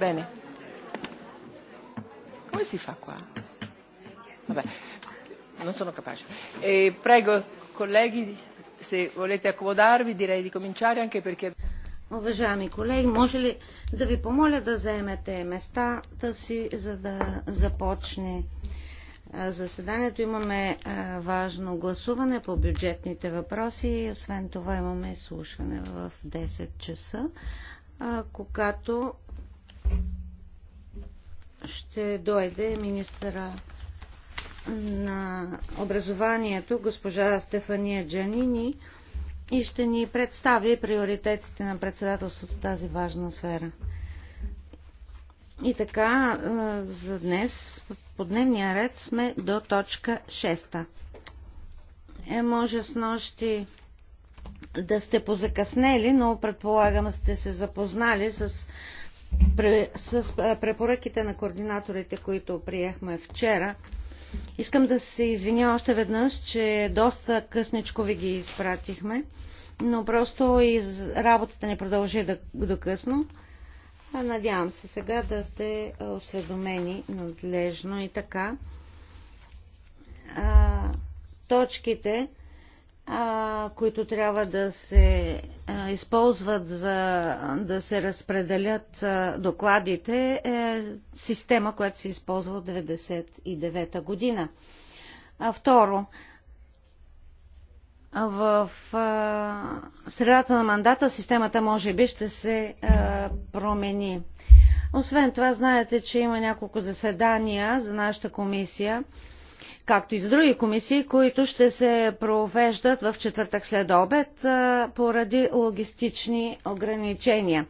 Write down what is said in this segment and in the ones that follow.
Bene. Come si fa qua? Vabbè, non sono capace. E prego, colleghi, se volete accomodarvi, direi di cominciare anche perché... Уважаеми колеги, може ли да ви помоля да заемете местата си, за да започне заседанието? Имаме важно гласуване по бюджетните въпроси и освен това имаме слушане в 10 часа, когато ще дойде министъра на образованието госпожа Стефания Джанини и ще ни представи приоритетите на председателството в тази важна сфера. И така, за днес по дневния ред сме до точка 6. Е, може с нощи да сте позакъснели, но предполагам сте се запознали с с препоръките на координаторите, които приехме вчера, искам да се извиня още веднъж, че доста късничко ви ги изпратихме, но просто из... работата не продължи до късно. Надявам се сега да сте осведомени надлежно и така. А, точките, а, които трябва да се използват за да се разпределят докладите е система, която се използва от 1999 година. А второ, в средата на мандата системата може би ще се промени. Освен това, знаете, че има няколко заседания за нашата комисия както и за други комисии, които ще се провеждат в четвъртък след обед поради логистични ограничения.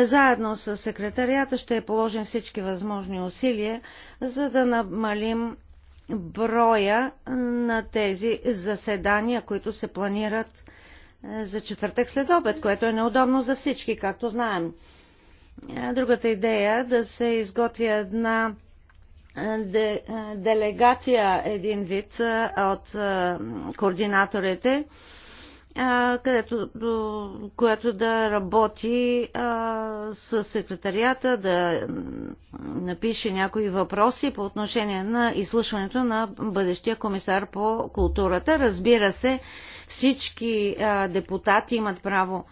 Заедно с секретарията ще положим всички възможни усилия, за да намалим броя на тези заседания, които се планират за четвъртък след обед, което е неудобно за всички, както знаем. Другата идея е да се изготви една е, де, е, делегация един вид е, от координаторите, където, което да работи с секретарията, да напише някои въпроси по отношение на изслушването на бъдещия комисар по културата. Разбира се, всички депутати имат право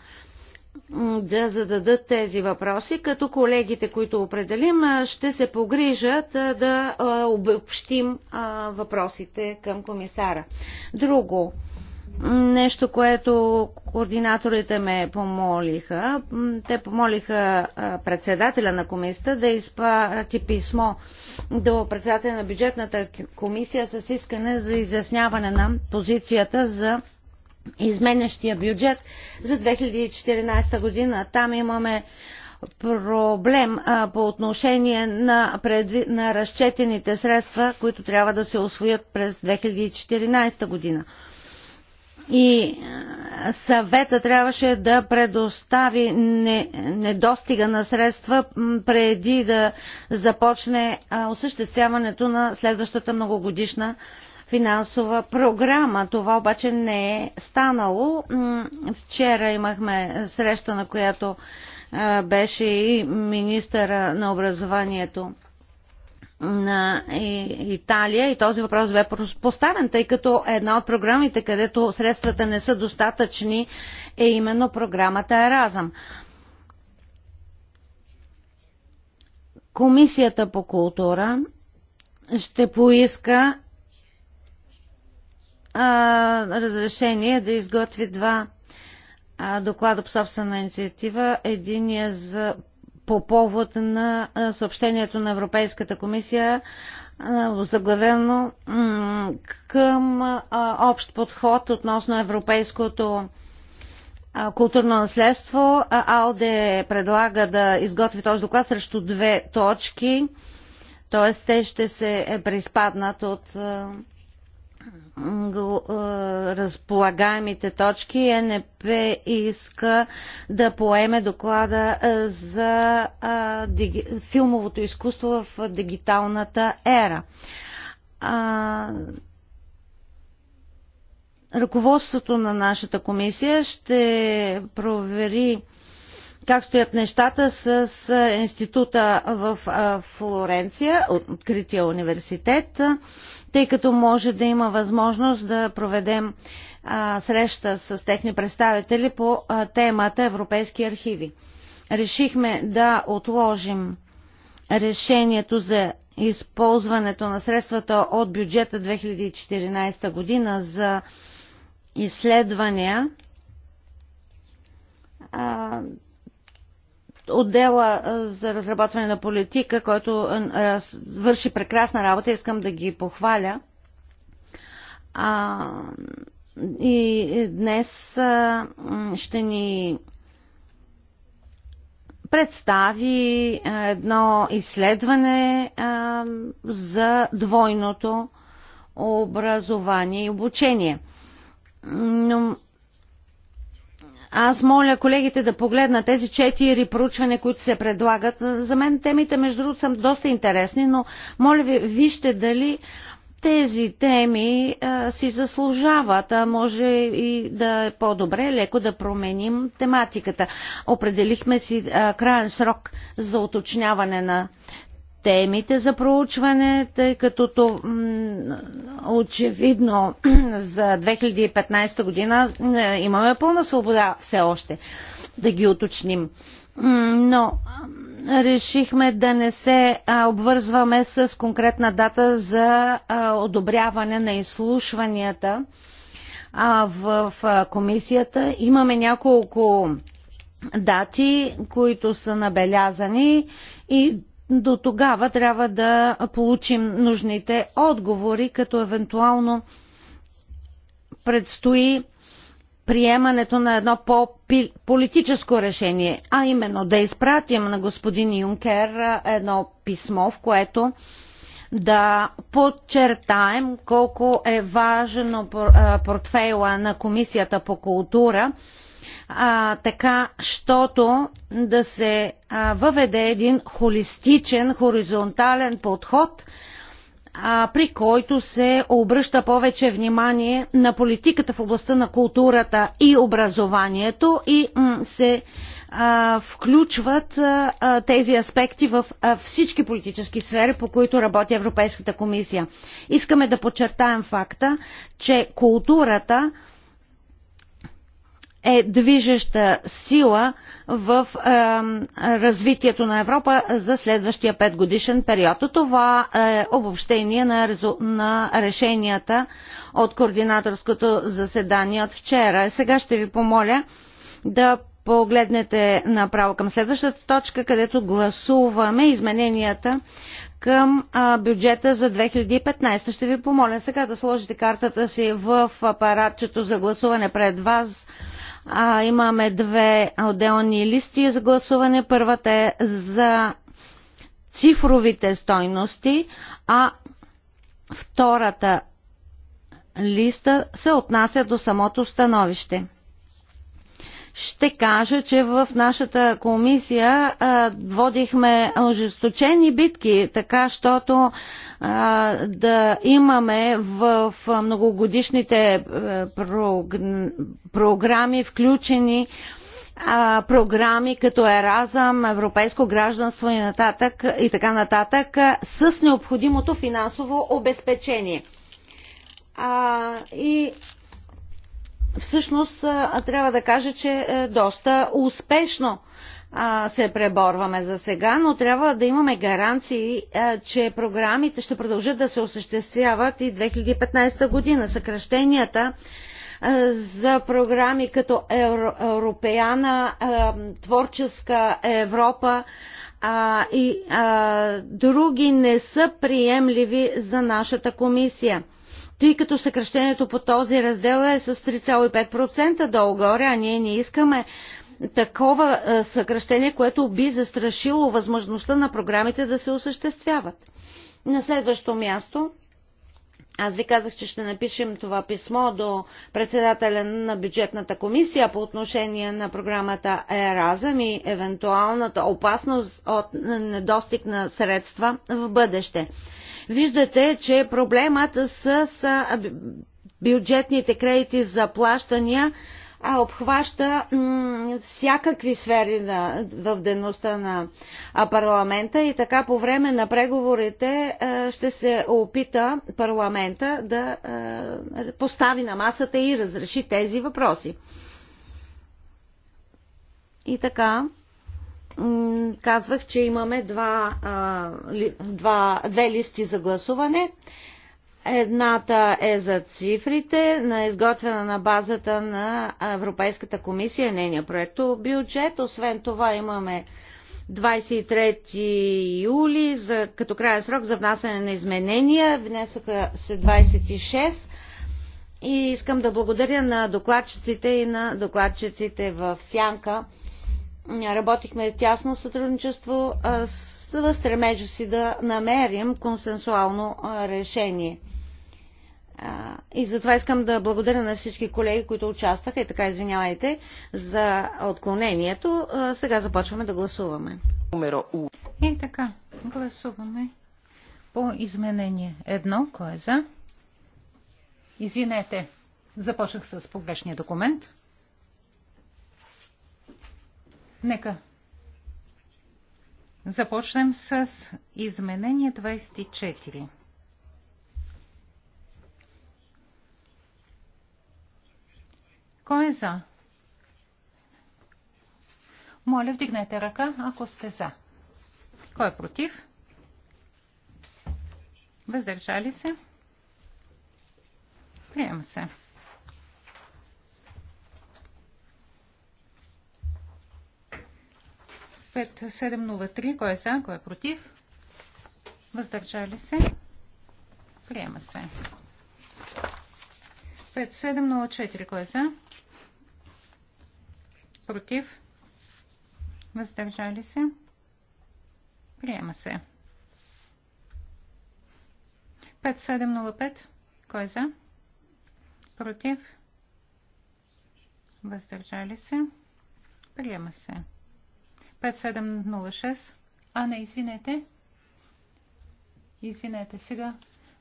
да зададат тези въпроси, като колегите, които определим, ще се погрижат да обобщим въпросите към комисара. Друго, нещо, което координаторите ме помолиха, те помолиха председателя на комисията да изпрати писмо до председателя на бюджетната комисия с искане за изясняване на позицията за изменящия бюджет за 2014 година. Там имаме проблем а, по отношение на, предви... на разчетените средства, които трябва да се освоят през 2014 година. И съвета трябваше да предостави не, недостига на средства преди да започне осъществяването на следващата многогодишна а, финансова програма. Това обаче не е станало. Вчера имахме среща, на която беше и министъра на образованието на Италия и този въпрос бе поставен, тъй като една от програмите, където средствата не са достатъчни, е именно програмата Еразъм. Комисията по култура ще поиска разрешение да изготви два а, доклада по собствена инициатива. Единия за по повод на съобщението на Европейската комисия, заглавено към общ подход относно европейското културно наследство. АЛДЕ предлага да изготви този доклад срещу две точки, т.е. те ще се е, приспаднат от разполагаемите точки, е НП иска да поеме доклада за филмовото изкуство в дигиталната ера. Ръководството на нашата комисия ще провери как стоят нещата с института в Флоренция, открития университет тъй като може да има възможност да проведем а, среща с техни представители по а, темата Европейски архиви. Решихме да отложим решението за използването на средствата от бюджета 2014 година за изследвания. А, отдела за разработване на политика, който върши прекрасна работа, искам да ги похваля. А, и днес а, ще ни представи едно изследване а, за двойното образование и обучение. Но аз моля колегите да погледнат тези четири проучвания, които се предлагат. За мен темите, между другото, са доста интересни, но моля ви, вижте дали тези теми а, си заслужават, а може и да е по-добре леко да променим тематиката. Определихме си а, краен срок за уточняване на темите за проучване, тъй като то, очевидно за 2015 година е, имаме пълна свобода все още да ги уточним. Но решихме да не се обвързваме с конкретна дата за одобряване на изслушванията в комисията. Имаме няколко дати, които са набелязани и до тогава трябва да получим нужните отговори, като евентуално предстои приемането на едно по-политическо решение, а именно да изпратим на господин Юнкер едно писмо, в което да подчертаем колко е важно портфейла на Комисията по култура – а, така, щото да се а, въведе един холистичен, хоризонтален подход, а, при който се обръща повече внимание на политиката в областта на културата и образованието и се а, включват а, тези аспекти в а, всички политически сфери, по които работи Европейската комисия. Искаме да подчертаем факта, че културата е движеща сила в е, развитието на Европа за следващия петгодишен период. Това е обобщение на, резу... на решенията от координаторското заседание от вчера. Сега ще ви помоля да погледнете направо към следващата точка, където гласуваме измененията към бюджета за 2015. Ще ви помоля сега да сложите картата си в апаратчето за гласуване пред вас а, имаме две отделни листи за гласуване. Първата е за цифровите стойности, а втората листа се отнася до самото становище ще кажа, че в нашата комисия а, водихме ожесточени битки, така, щото а, да имаме в, в многогодишните е, прог... програми включени програми като Еразъм, Европейско гражданство и, нататък, и така нататък с необходимото финансово обезпечение. А, и всъщност трябва да кажа, че е, доста успешно се преборваме за сега, но трябва да имаме гаранции, е, че програмите ще продължат да се осъществяват и 2015 година. Съкръщенията е, за програми като Европеяна, Творческа Европа и други не са приемливи за нашата комисия тъй като съкръщението по този раздел е с 3,5% долу-горе, а ние не искаме такова е, съкръщение, което би застрашило възможността на програмите да се осъществяват. На следващо място, аз ви казах, че ще напишем това писмо до председателя на бюджетната комисия по отношение на програмата Еразъм и евентуалната опасност от недостиг на средства в бъдеще. Виждате, че проблемът с бюджетните кредити за плащания а обхваща всякакви сфери на, в дейността на парламента и така по време на преговорите е, ще се опита парламента да е, постави на масата и разреши тези въпроси. И така, казвах, че имаме два, два, две листи за гласуване. Едната е за цифрите, на изготвена на базата на Европейската комисия, нейния проекто бюджет. Освен това имаме 23 юли за, като крайен срок за внасяне на изменения. Внесоха се 26 и искам да благодаря на докладчиците и на докладчиците в Сянка работихме в тясно сътрудничество с стремежа си да намерим консенсуално решение. И затова искам да благодаря на всички колеги, които участваха и така извинявайте за отклонението. Сега започваме да гласуваме. И така, гласуваме по изменение едно. Кое е за? Извинете, започнах с погрешния документ. Нека започнем с изменение 24. Кой е за? Моля, вдигнете ръка, ако сте за. Кой е против? Въздържали се? Приема се. 5703. Кой е за? Кой е против? Въздържали се? Приема се. 5704. Кой е за? Против? Въздържали се? Приема се. 5705. Кой е за? Против? Въздържали се? Приема се. 5706. А, не, извинете. Извинете, сега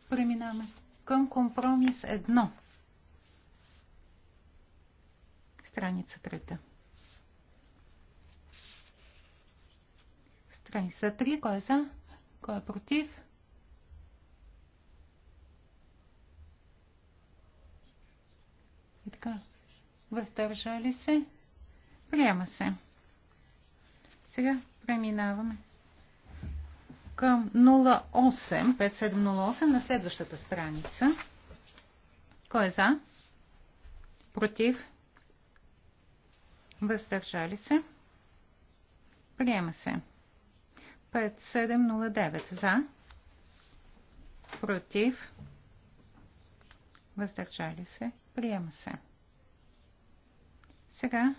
преминаваме към компромис 1. Страница 3. Страница 3. Кой е за? Кой е против? И така. Въздържали се. Приема се. Сега преминаваме към 08, 5708 на следващата страница. Кой е за? Против? Въздържали се? Приема се. 5709 за? Против? Въздържали се? Приема се. Сега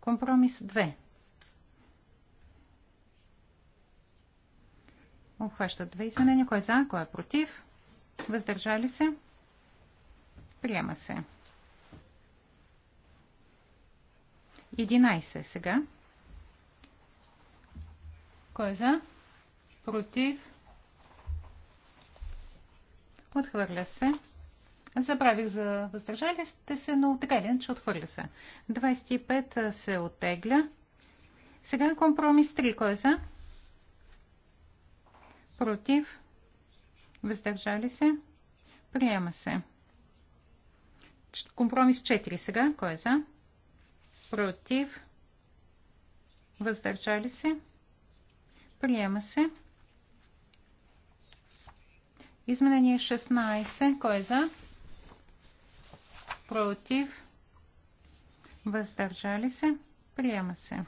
компромис 2. Обхващат две изменения. Кой е за, кой е против? Въздържали се? Приема се. 11 е сега. Кой е за? Против? Отхвърля се. Забравих за въздържали сте се, но така или иначе отхвърля се. 25 се оттегля. Сега компромис 3. Кой е за? против, въздържали се, приема се. Компромис 4 сега. Кой е за? Против, въздържали се, приема се. Изменение 16. Кой е за? Против, въздържали се, приема се.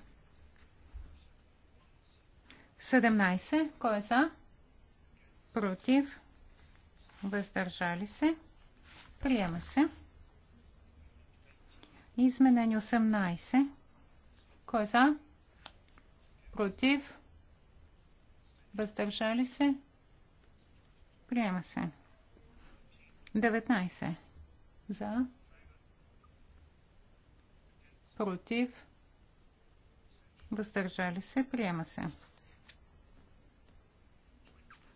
17. Кой е за? против, въздържали се, приема се. Изменение 18. Кой е за? Против? Въздържали се? Приема се. 19. За? Против? Въздържали се? Приема се.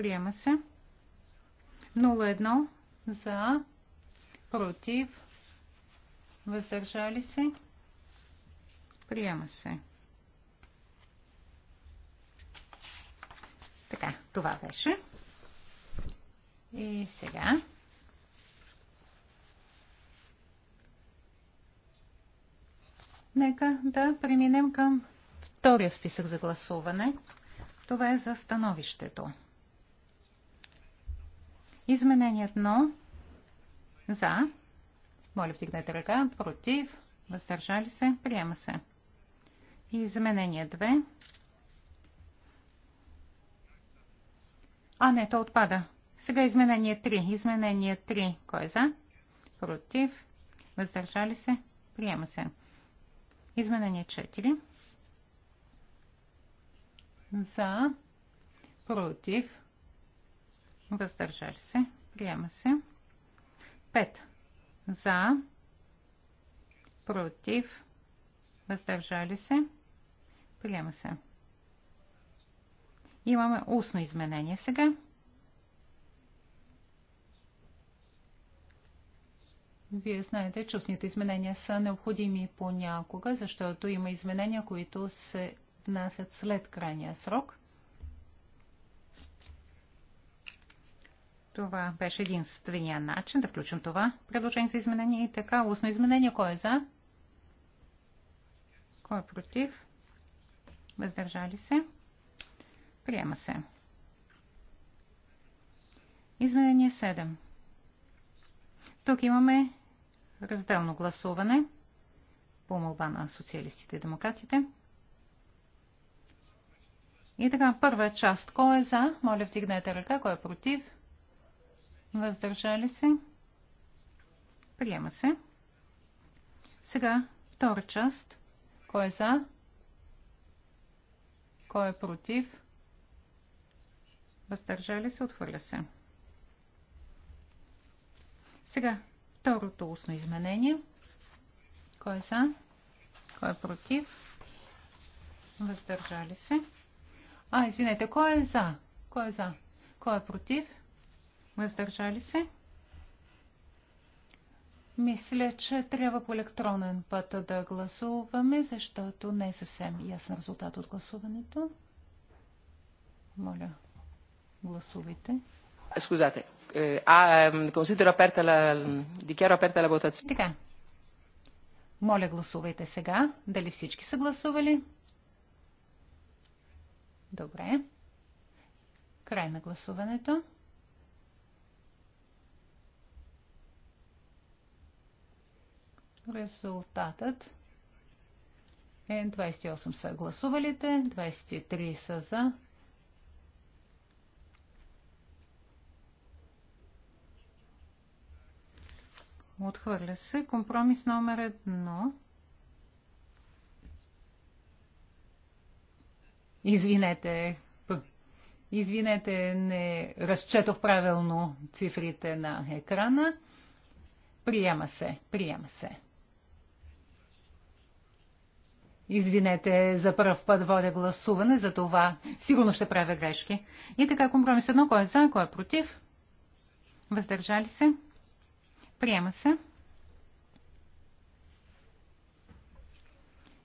Приема се. 01 за, против, въздържали се. Приема се. Така, това беше. И сега. Нека да преминем към втория списък за гласуване. Това е за становището. Изменение 1 за. Моля, вдигнете ръка. Против. Въздържали се. Приема се. И изменение 2. А, не, то отпада. Сега изменение 3. Изменение 3. Кой е за? Против. Въздържали се. Приема се. Изменение 4. За. Против въздържали се, приема се. 5. За, против, въздържали се, приема се. Имаме устно изменение сега. Вие знаете, че устните изменения са необходими понякога, защото има изменения, които се внасят след крайния срок. Това беше единствения начин да включим това предложение за изменение и така устно изменение. Кой е за? Кой е против? Въздържали се? Приема се. Изменение 7. Тук имаме разделно гласуване по молба на социалистите и демократите. И така, първа част. Кой е за? Моля, вдигнете ръка. Кой е против? Въздържали се. Приема се. Сега втора част. Кой е за? Кой е против? Въздържали се, отхвърля се. Сега, второто устно изменение. Кой е за? Кой е против? Въздържали се. А, извинете, кой е за? Кой е за? Кой е против? въздържали се. Мисля, че трябва по електронен път да гласуваме, защото не е съвсем ясен резултат от гласуването. Моля, гласувайте. Скузате. Eh, а, консидера aperta ла... dichiaro aperta ла votazione. Така. Моля, гласувайте сега. Дали всички са гласували? Добре. Край на гласуването. Резултатът е 28 са гласувалите, 23 са за. Отхвърля се компромис номер 1. Извинете, Извинете, не разчетох правилно цифрите на екрана. Приема се, приема се. Извинете, за първ път водя гласуване, за това сигурно ще правя грешки. И така компромис едно, кой е за, кой е против. Въздържали се. Приема се.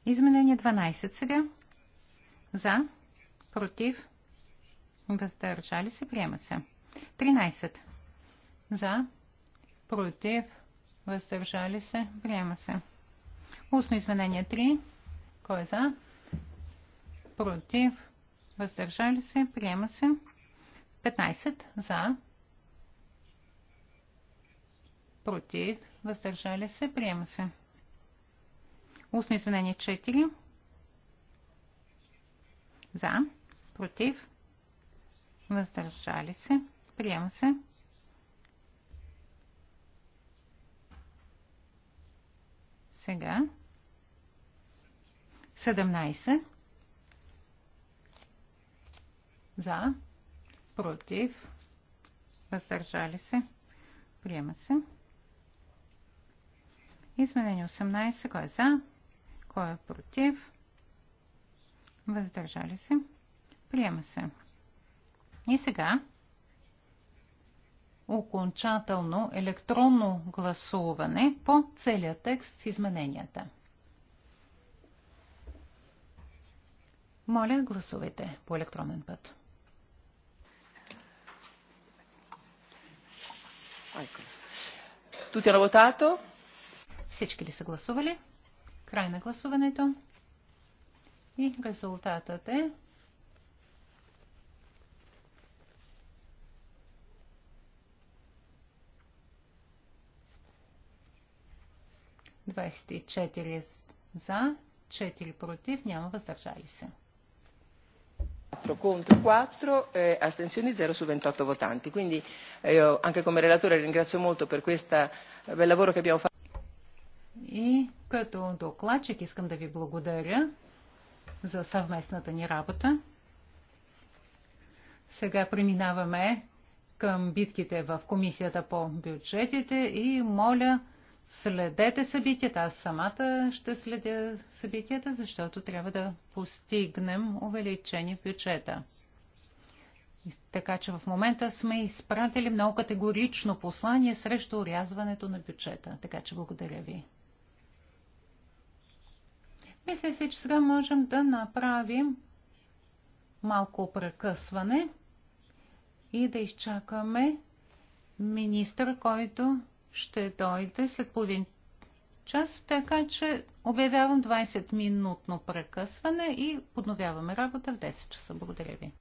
Изменение 12 сега. За, против, въздържали се, приема се. 13. За, против, въздържали се, приема се. Устно изменение 3. Кой е за? Против. Въздържали се. Приема се. 15 за. Против. Въздържали се. Приема се. Устно изменение 4. За. Против. Въздържали се. Приема се. Сега. 17. За. Против. Въздържали се. Приема се. Изменение 18. Кой е за? Кой е против? Въздържали се. Приема се. И сега окончателно електронно гласуване по целия текст с измененията. Моля, гласувайте по електронен път. Тут е работато. Всички ли са гласували? Край на гласуването. И резултатът е Двадесет и четири за, четири против, няма въздържали се. 4 contro 4, eh, astensioni 0 su 28 votanti. Quindi eh, io anche come relatore ringrazio molto per questo eh, bel lavoro che abbiamo fatto. И като докладчик искам да ви благодаря за съвместната ни работа. Сега преминаваме към битките в Комисията по бюджетите и моля Следете събитията. Аз самата ще следя събитията, защото трябва да постигнем увеличение в бюджета. Така че в момента сме изпратили много категорично послание срещу урязването на бюджета. Така че благодаря ви. Мисля си, че сега можем да направим малко прекъсване и да изчакаме министър, който ще дойде след половин час, така че обявявам 20-минутно прекъсване и подновяваме работа в 10 часа. Благодаря ви.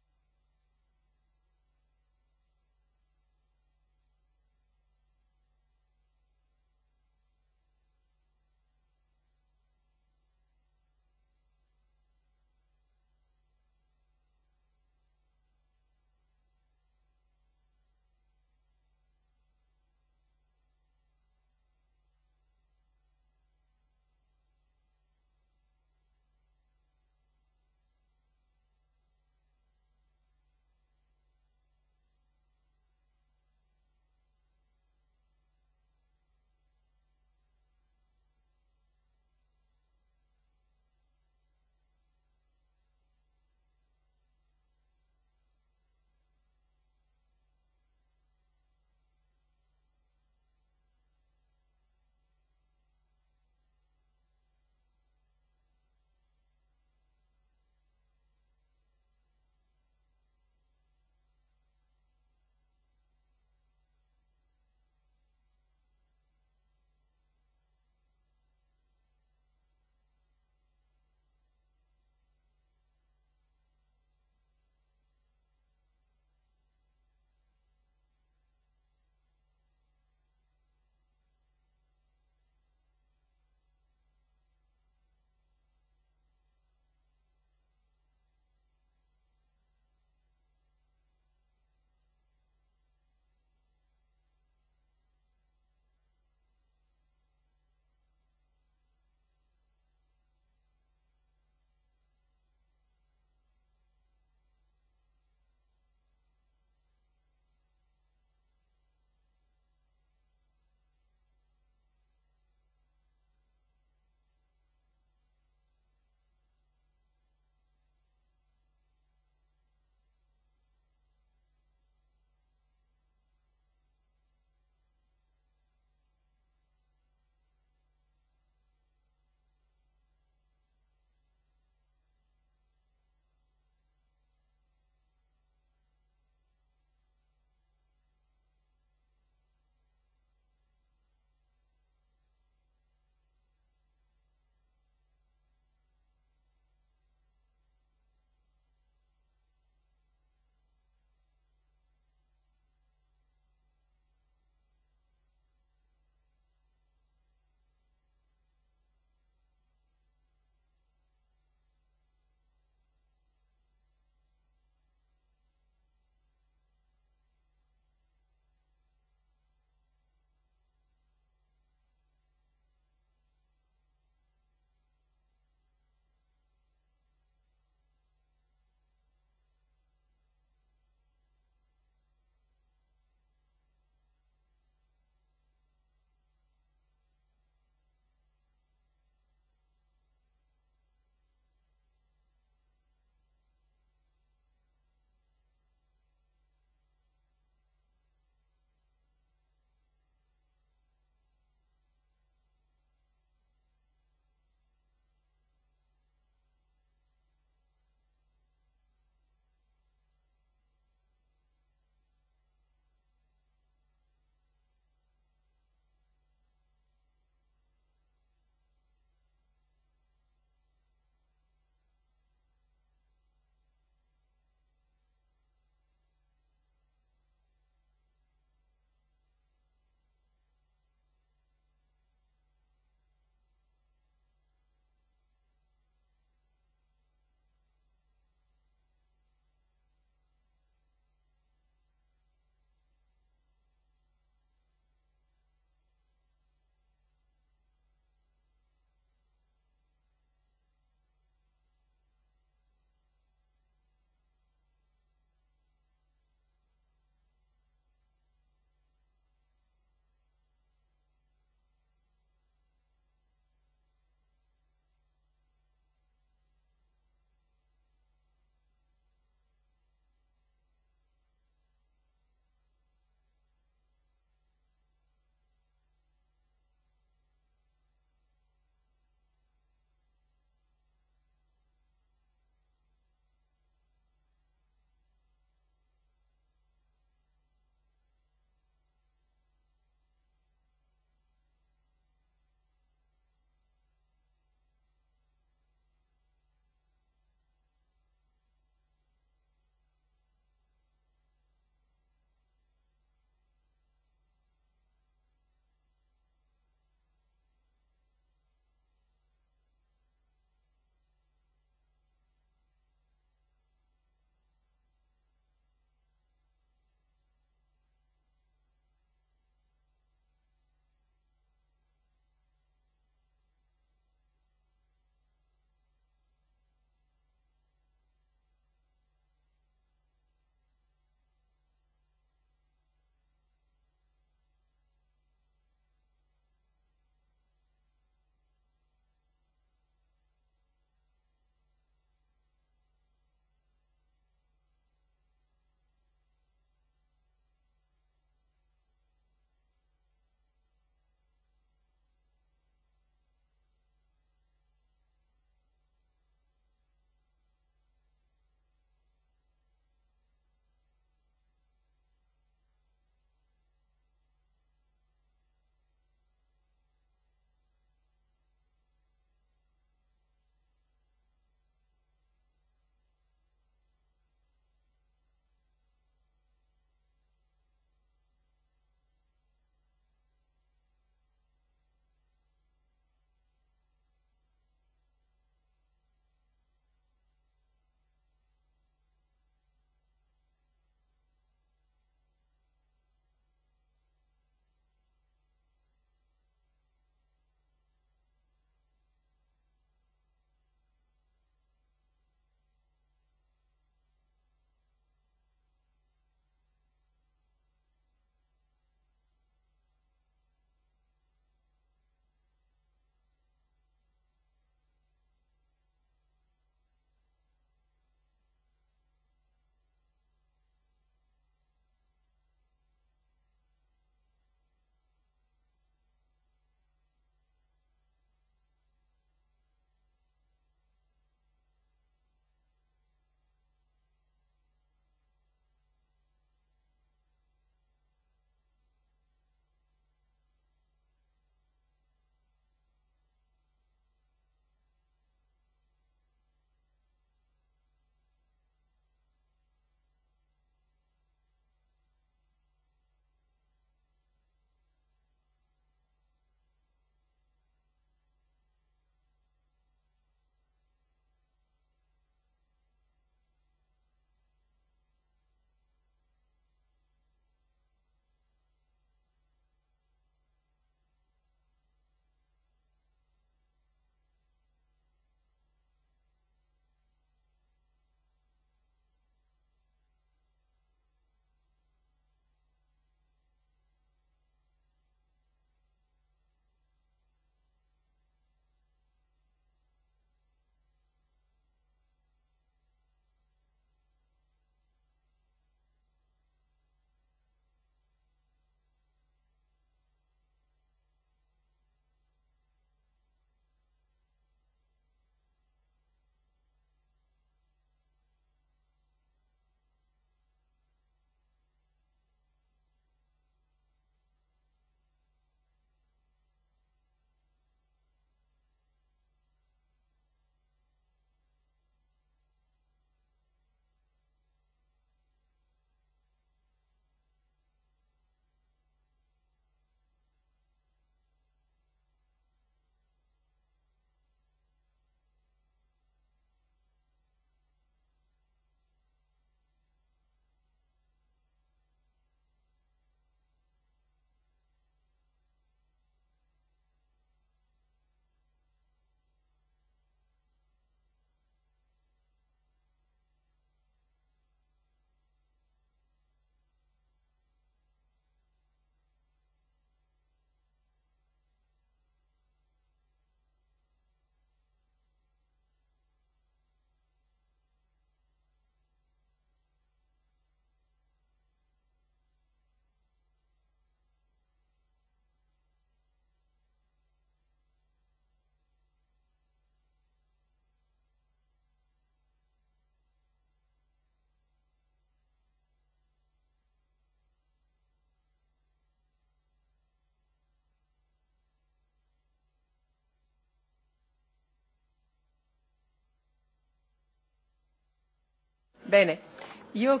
И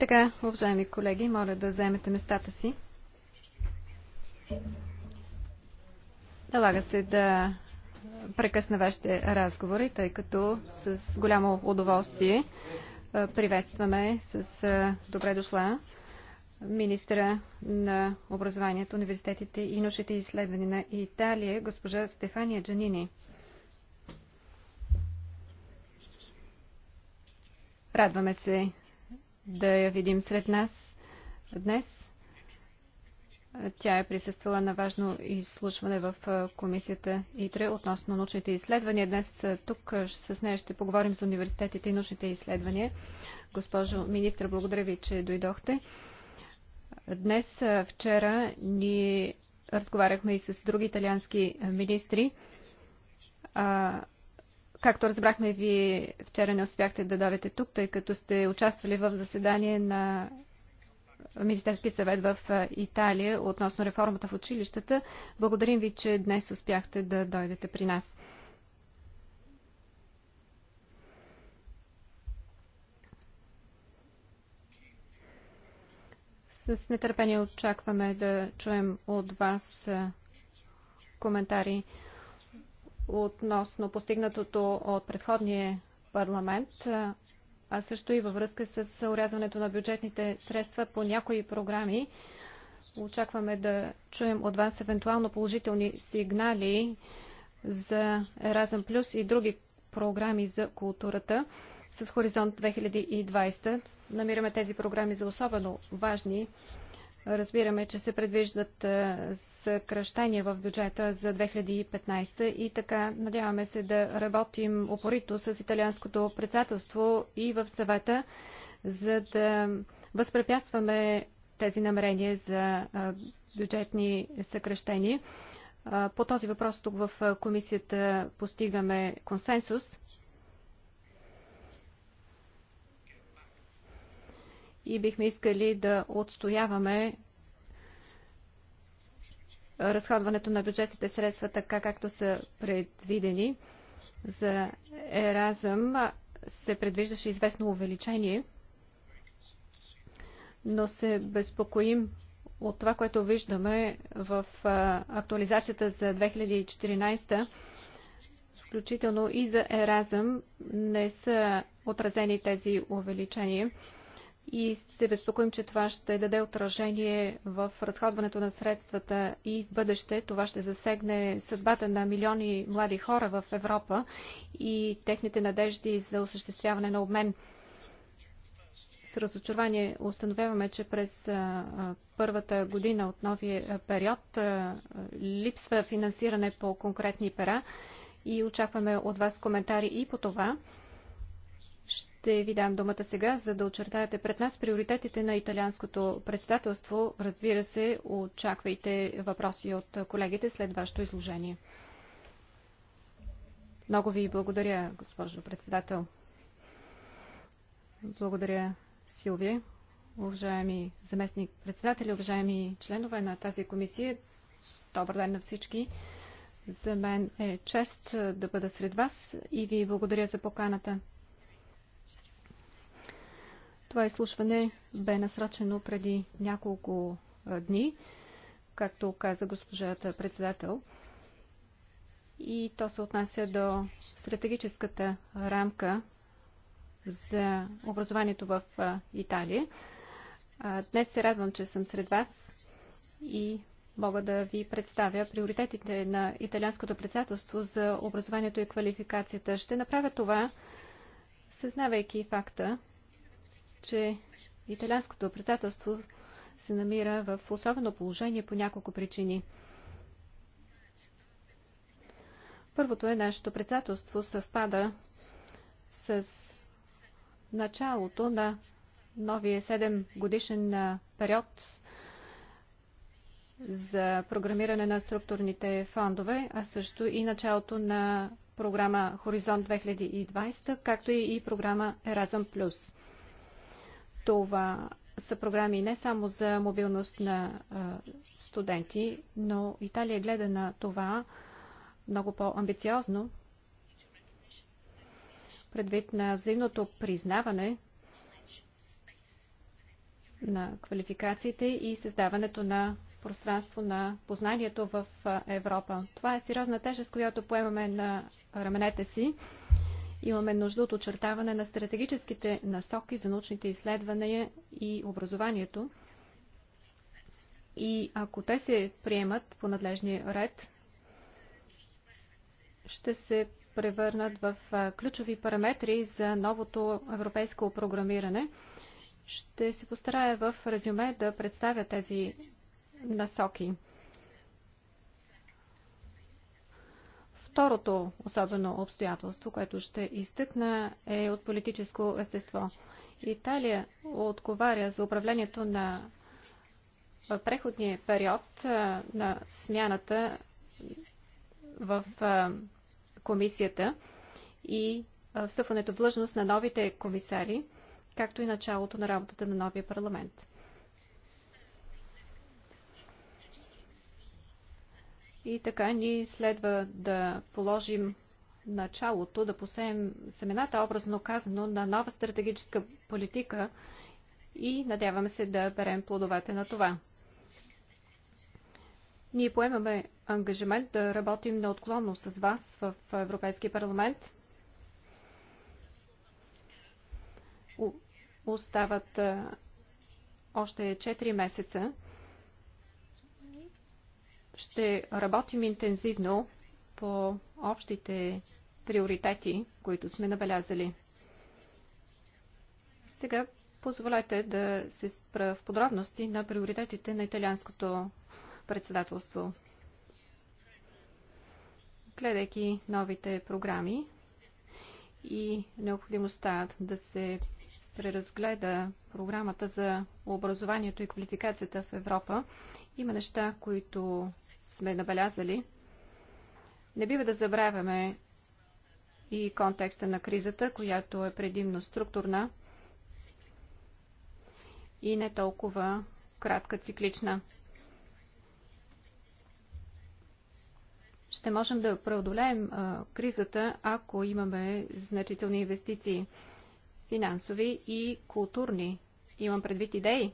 така, уважаеми колеги, моля да вземете местата си. Налага се да прекъсна вашите разговори, тъй като с голямо удоволствие приветстваме с добре дошла министра на образованието, университетите и научните изследвания на Италия, госпожа Стефания Джанини. Радваме се да я видим сред нас днес. Тя е присъствала на важно изслушване в комисията ИТРЕ относно научните изследвания. Днес тук с нея ще поговорим за университетите и научните изследвания. Госпожо министр, благодаря ви, че дойдохте. Днес, вчера, ние разговаряхме и с други италиански министри. А, Както разбрахме, вие вчера не успяхте да дойдете тук, тъй като сте участвали в заседание на Министерски съвет в Италия относно реформата в училищата. Благодарим ви, че днес успяхте да дойдете при нас. С нетърпение очакваме да чуем от вас коментари относно постигнатото от предходния парламент, а също и във връзка с урязването на бюджетните средства по някои програми. Очакваме да чуем от вас евентуално положителни сигнали за Еразъм Плюс и други програми за културата с Хоризонт 2020. Намираме тези програми за особено важни Разбираме, че се предвиждат е, съкръщения в бюджета за 2015 и така надяваме се да работим опорито с италианското председателство и в съвета, за да възпрепятстваме тези намерения за е, бюджетни съкръщения. Е, по този въпрос тук в комисията постигаме консенсус. и бихме искали да отстояваме разходването на бюджетите средства така, както са предвидени. За Еразъм се предвиждаше известно увеличение, но се безпокоим от това, което виждаме в актуализацията за 2014, включително и за Еразъм, не са отразени тези увеличения и се безпокоим, че това ще даде отражение в разходването на средствата и в бъдеще. Това ще засегне съдбата на милиони млади хора в Европа и техните надежди за осъществяване на обмен. С разочарование установяваме, че през първата година от новия период липсва финансиране по конкретни пера и очакваме от вас коментари и по това. Ще ви дам думата сега, за да очертаете пред нас приоритетите на италианското председателство. Разбира се, очаквайте въпроси от колегите след вашето изложение. Много ви благодаря, госпожо председател. Благодаря, Силви, Уважаеми заместник председатели, уважаеми членове на тази комисия, добър ден на всички. За мен е чест да бъда сред вас и ви благодаря за поканата. Това изслушване бе насрочено преди няколко дни, както каза госпожата председател. И то се отнася до стратегическата рамка за образованието в Италия. Днес се радвам, че съм сред вас и мога да ви представя приоритетите на италианското председателство за образованието и квалификацията. Ще направя това, съзнавайки факта, че италянското председателство се намира в особено положение по няколко причини. Първото е нашето председателство съвпада с началото на новия 7 годишен период за програмиране на структурните фондове, а също и началото на програма Хоризонт 2020, както и програма Еразъм Плюс. Това са програми не само за мобилност на студенти, но Италия гледа на това много по-амбициозно, предвид на взаимното признаване на квалификациите и създаването на пространство на познанието в Европа. Това е сериозна тежест, която поемаме на раменете си. Имаме нужда от очертаване на стратегическите насоки за научните изследвания и образованието. И ако те се приемат по надлежния ред, ще се превърнат в ключови параметри за новото европейско програмиране. Ще се постарая в резюме да представя тези насоки. Второто особено обстоятелство, което ще изтъкна, е от политическо естество. Италия отговаря за управлението на преходния период на смяната в комисията и встъпването в длъжност на новите комисари, както и началото на работата на новия парламент. И така ни следва да положим началото, да посеем семената, образно казано, на нова стратегическа политика и надяваме се да берем плодовете на това. Ние поемаме ангажимент да работим неотклонно с вас в Европейския парламент. Остават още 4 месеца ще работим интензивно по общите приоритети, които сме набелязали. Сега позволете да се спра в подробности на приоритетите на италианското председателство. Гледайки новите програми и необходимостта да се преразгледа програмата за образованието и квалификацията в Европа има неща, които сме набелязали. Не бива да забравяме и контекста на кризата, която е предимно структурна и не толкова кратка циклична. Ще можем да преодолеем а, кризата, ако имаме значителни инвестиции, финансови и културни. Имам предвид идеи,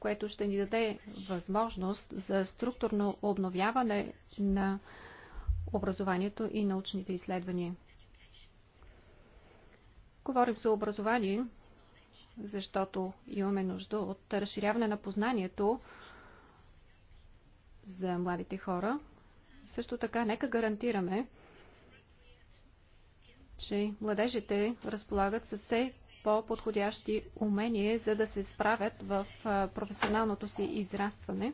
което ще ни даде възможност за структурно обновяване на образованието и научните изследвания. Говорим за образование, защото имаме нужда от разширяване на познанието за младите хора. Също така, нека гарантираме, че младежите разполагат със все по-подходящи умения, за да се справят в професионалното си израстване.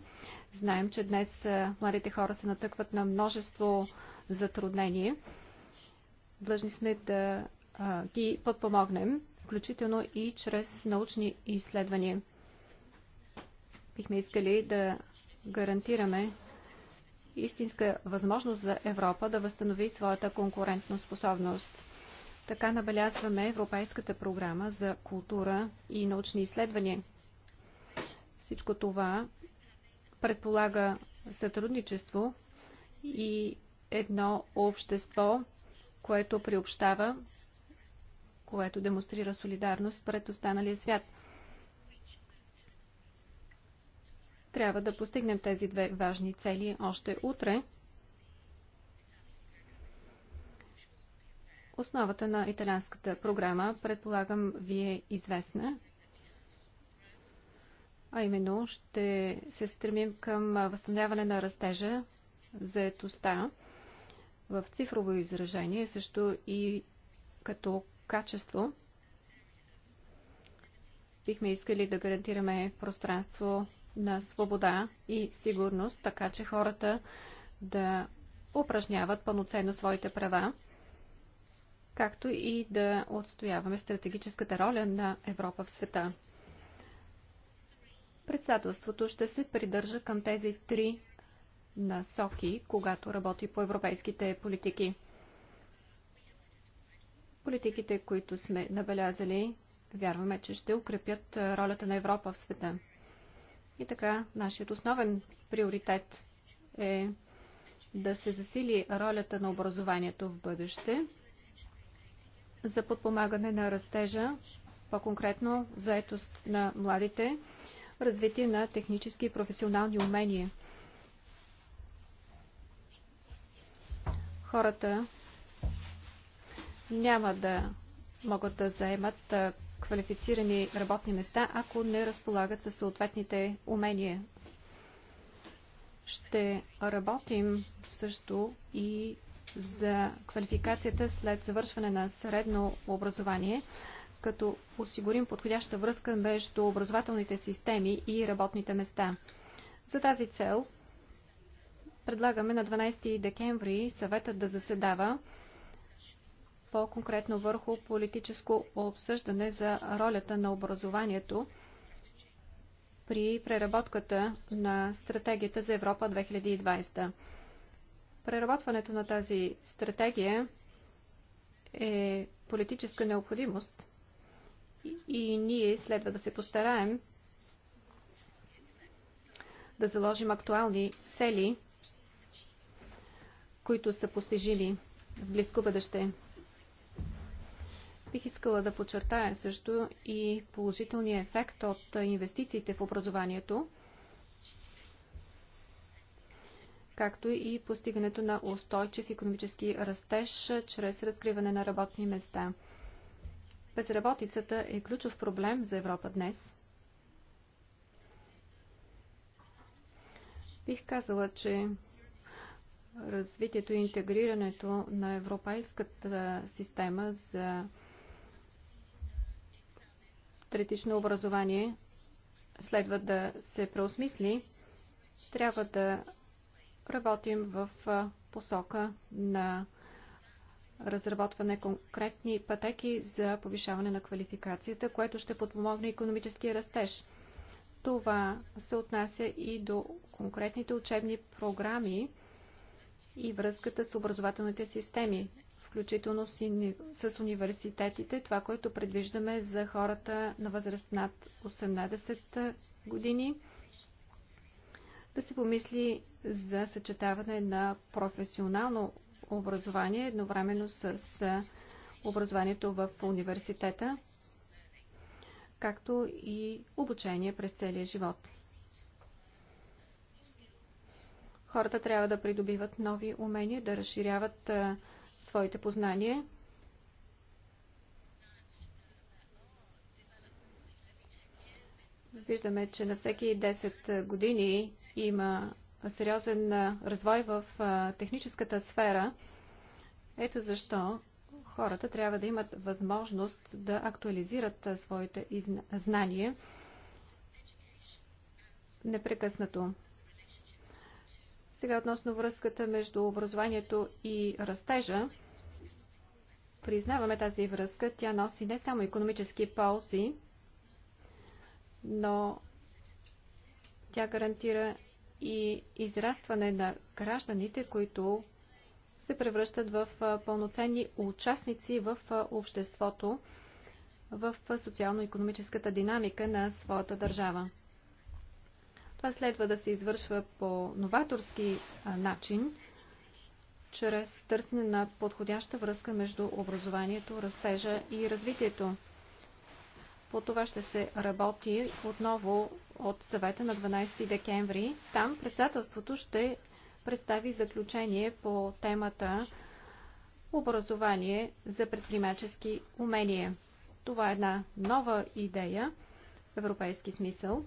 Знаем, че днес младите хора се натъкват на множество затруднения. Длъжни сме да ги подпомогнем, включително и чрез научни изследвания. Бихме искали да гарантираме истинска възможност за Европа да възстанови своята конкурентна способност. Така набелязваме Европейската програма за култура и научни изследвания. Всичко това предполага сътрудничество и едно общество, което приобщава, което демонстрира солидарност пред останалия свят. Трябва да постигнем тези две важни цели още утре – Основата на италянската програма, предполагам, ви е известна. А именно ще се стремим към възстановяване на растежа, заетостта в цифрово изражение, също и като качество. Бихме искали да гарантираме пространство на свобода и сигурност, така че хората да упражняват пълноценно своите права както и да отстояваме стратегическата роля на Европа в света. Председателството ще се придържа към тези три насоки, когато работи по европейските политики. Политиките, които сме набелязали, вярваме, че ще укрепят ролята на Европа в света. И така, нашият основен приоритет е да се засили ролята на образованието в бъдеще – за подпомагане на растежа, по-конкретно заетост на младите, развитие на технически и професионални умения. Хората няма да могат да заемат квалифицирани работни места, ако не разполагат със съответните умения. Ще работим също и за квалификацията след завършване на средно образование, като осигурим подходяща връзка между образователните системи и работните места. За тази цел предлагаме на 12 декември съветът да заседава по-конкретно върху политическо обсъждане за ролята на образованието при преработката на стратегията за Европа 2020. Преработването на тази стратегия е политическа необходимост и ние следва да се постараем да заложим актуални цели, които са постижими в близко бъдеще. Бих искала да подчертая също и положителния ефект от инвестициите в образованието, както и постигането на устойчив економически растеж чрез разкриване на работни места. Безработицата е ключов проблем за Европа днес. Бих казала, че развитието и интегрирането на европейската система за третично образование следва да се преосмисли. Трябва да Работим в посока на разработване конкретни пътеки за повишаване на квалификацията, което ще подпомогне економическия растеж. Това се отнася и до конкретните учебни програми и връзката с образователните системи, включително с университетите, това, което предвиждаме за хората на възраст над 18 години – да се помисли за съчетаване на професионално образование едновременно с образованието в университета, както и обучение през целия живот. Хората трябва да придобиват нови умения, да разширяват своите познания. Виждаме, че на всеки 10 години има сериозен развой в техническата сфера. Ето защо хората трябва да имат възможност да актуализират своите знания непрекъснато. Сега относно връзката между образованието и растежа. Признаваме тази връзка. Тя носи не само економически ползи, но тя гарантира и израстване на гражданите, които се превръщат в пълноценни участници в обществото, в социално-економическата динамика на своята държава. Това следва да се извършва по новаторски начин, чрез търсене на подходяща връзка между образованието, растежа и развитието. По това ще се работи отново от съвета на 12 декември. Там председателството ще представи заключение по темата образование за предприемачески умения. Това е една нова идея в европейски смисъл.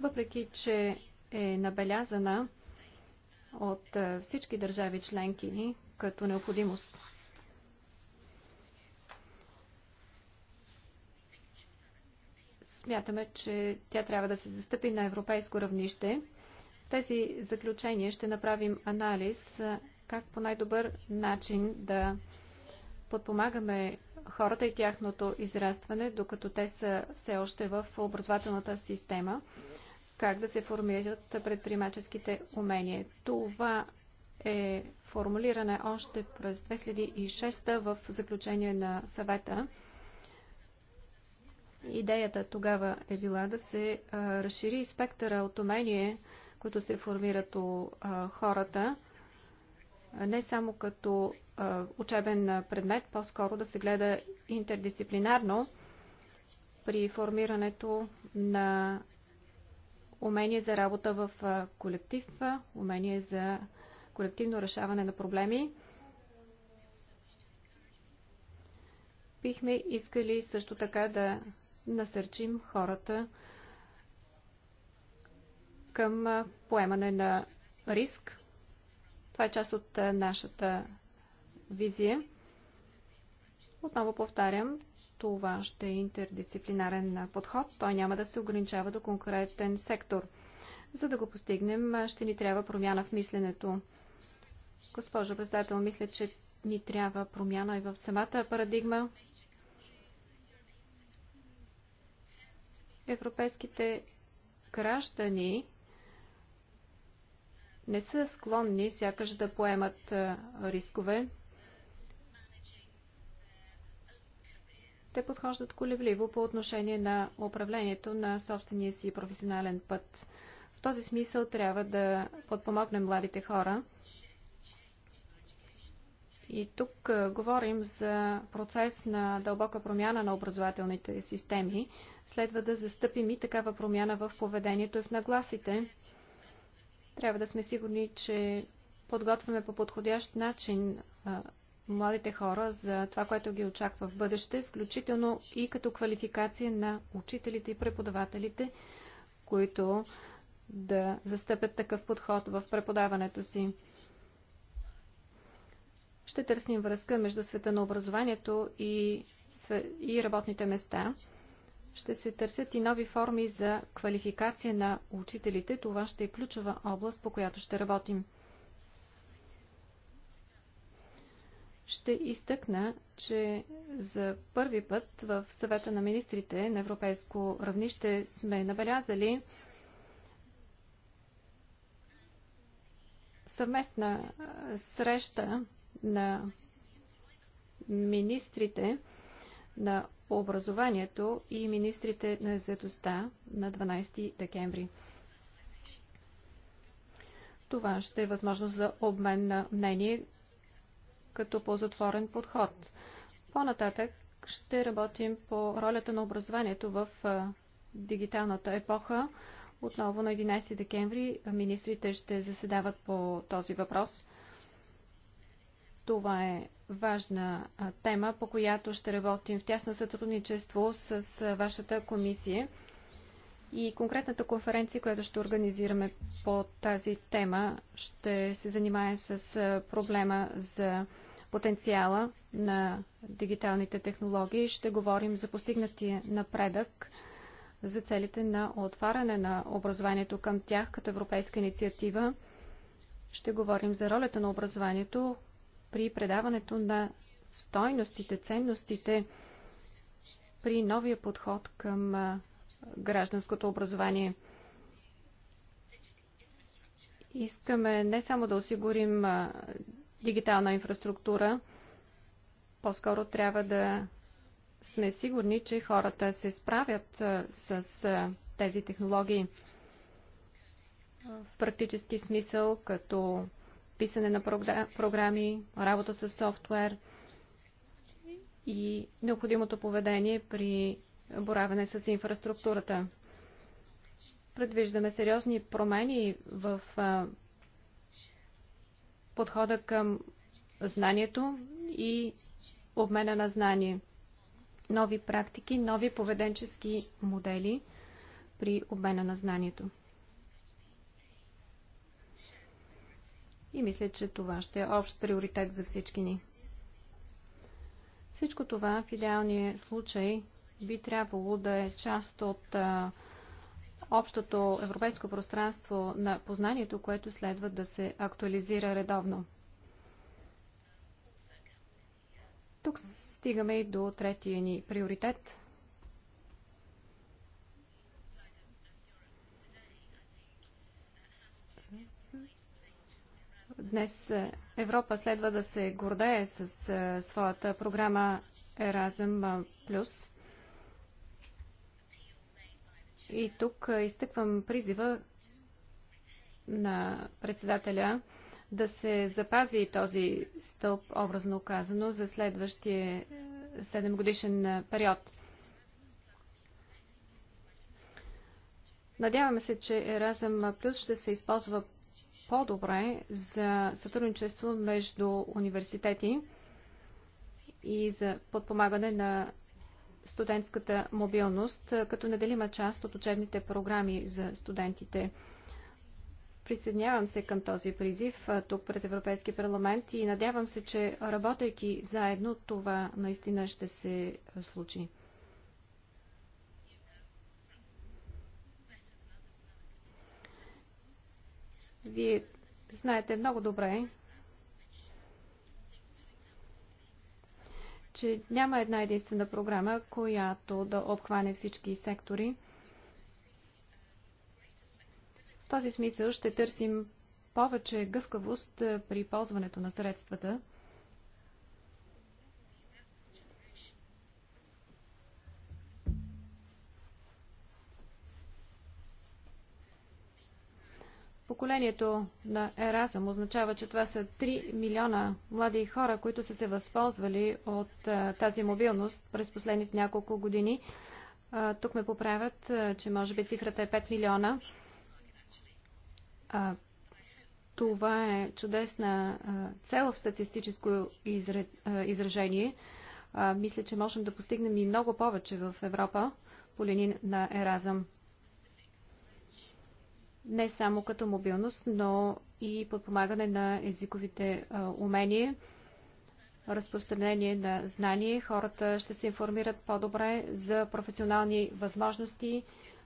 Въпреки, че е набелязана от всички държави членки като необходимост. Смятаме, че тя трябва да се застъпи на европейско равнище. В тези заключения ще направим анализ как по най-добър начин да подпомагаме хората и тяхното израстване, докато те са все още в образователната система, как да се формират предприемаческите умения. Това е формулиране още през 2006 в заключение на съвета Идеята тогава е била да се разшири спектъра от умение, които се формират у хората, не само като учебен предмет, по-скоро да се гледа интердисциплинарно при формирането на умение за работа в колектив, умение за колективно решаване на проблеми. Бихме искали също така да насърчим хората към поемане на риск. Това е част от нашата визия. Отново повтарям, това ще е интердисциплинарен подход. Той няма да се ограничава до конкретен сектор. За да го постигнем, ще ни трябва промяна в мисленето. Госпожо председател, мисля, че ни трябва промяна и в самата парадигма. европейските граждани не са склонни сякаш да поемат рискове. Те подхождат колебливо по отношение на управлението на собствения си професионален път. В този смисъл трябва да подпомогнем младите хора и тук говорим за процес на дълбока промяна на образователните системи. Следва да застъпим и такава промяна в поведението и в нагласите. Трябва да сме сигурни, че подготвяме по подходящ начин младите хора за това, което ги очаква в бъдеще, включително и като квалификация на учителите и преподавателите, които да застъпят такъв подход в преподаването си. Ще търсим връзка между света на образованието и, и работните места. Ще се търсят и нови форми за квалификация на учителите. Това ще е ключова област, по която ще работим. ще изтъкна, че за първи път в съвета на министрите на европейско равнище сме набелязали съвместна среща на министрите на образованието и министрите на заедостта на 12 декември. Това ще е възможно за обмен на мнение като по-затворен подход. По-нататък ще работим по ролята на образованието в дигиталната епоха. Отново на 11 декември министрите ще заседават по този въпрос – това е важна тема, по която ще работим в тясно сътрудничество с вашата комисия. И конкретната конференция, която ще организираме по тази тема, ще се занимае с проблема за потенциала на дигиталните технологии. Ще говорим за постигнатия напредък за целите на отваряне на образованието към тях като европейска инициатива. Ще говорим за ролята на образованието при предаването на стойностите, ценностите при новия подход към гражданското образование. Искаме не само да осигурим дигитална инфраструктура, по-скоро трябва да сме сигурни, че хората се справят с тези технологии в практически смисъл, като писане на програми, работа с софтуер и необходимото поведение при боравене с инфраструктурата. Предвиждаме сериозни промени в подхода към знанието и обмена на знание. Нови практики, нови поведенчески модели при обмена на знанието. И мисля, че това ще е общ приоритет за всички ни. Всичко това в идеалния случай би трябвало да е част от а, общото европейско пространство на познанието, което следва да се актуализира редовно. Тук стигаме и до третия ни приоритет Днес е, Европа следва да се гордее с е, своята програма Erasm+. И тук е, изтъквам призива на председателя да се запази този стълб, образно казано, за следващия 7 годишен период. Надяваме се, че Erasm Plus ще се използва по-добре за сътрудничество между университети и за подпомагане на студентската мобилност, като неделима част от учебните програми за студентите. Присъединявам се към този призив тук пред Европейски парламент и надявам се, че работейки заедно това наистина ще се случи. Вие знаете много добре, че няма една единствена програма, която да обхване всички сектори. В този смисъл ще търсим повече гъвкавост при ползването на средствата. поколението на Еразъм означава, че това са 3 милиона млади хора, които са се възползвали от тази мобилност през последните няколко години. тук ме поправят, че може би цифрата е 5 милиона. А, това е чудесна цел в статистическо изражение. мисля, че можем да постигнем и много повече в Европа по линия на Еразъм не само като мобилност, но и подпомагане на езиковите умения, разпространение на знание. Хората ще се информират по-добре за професионални възможности,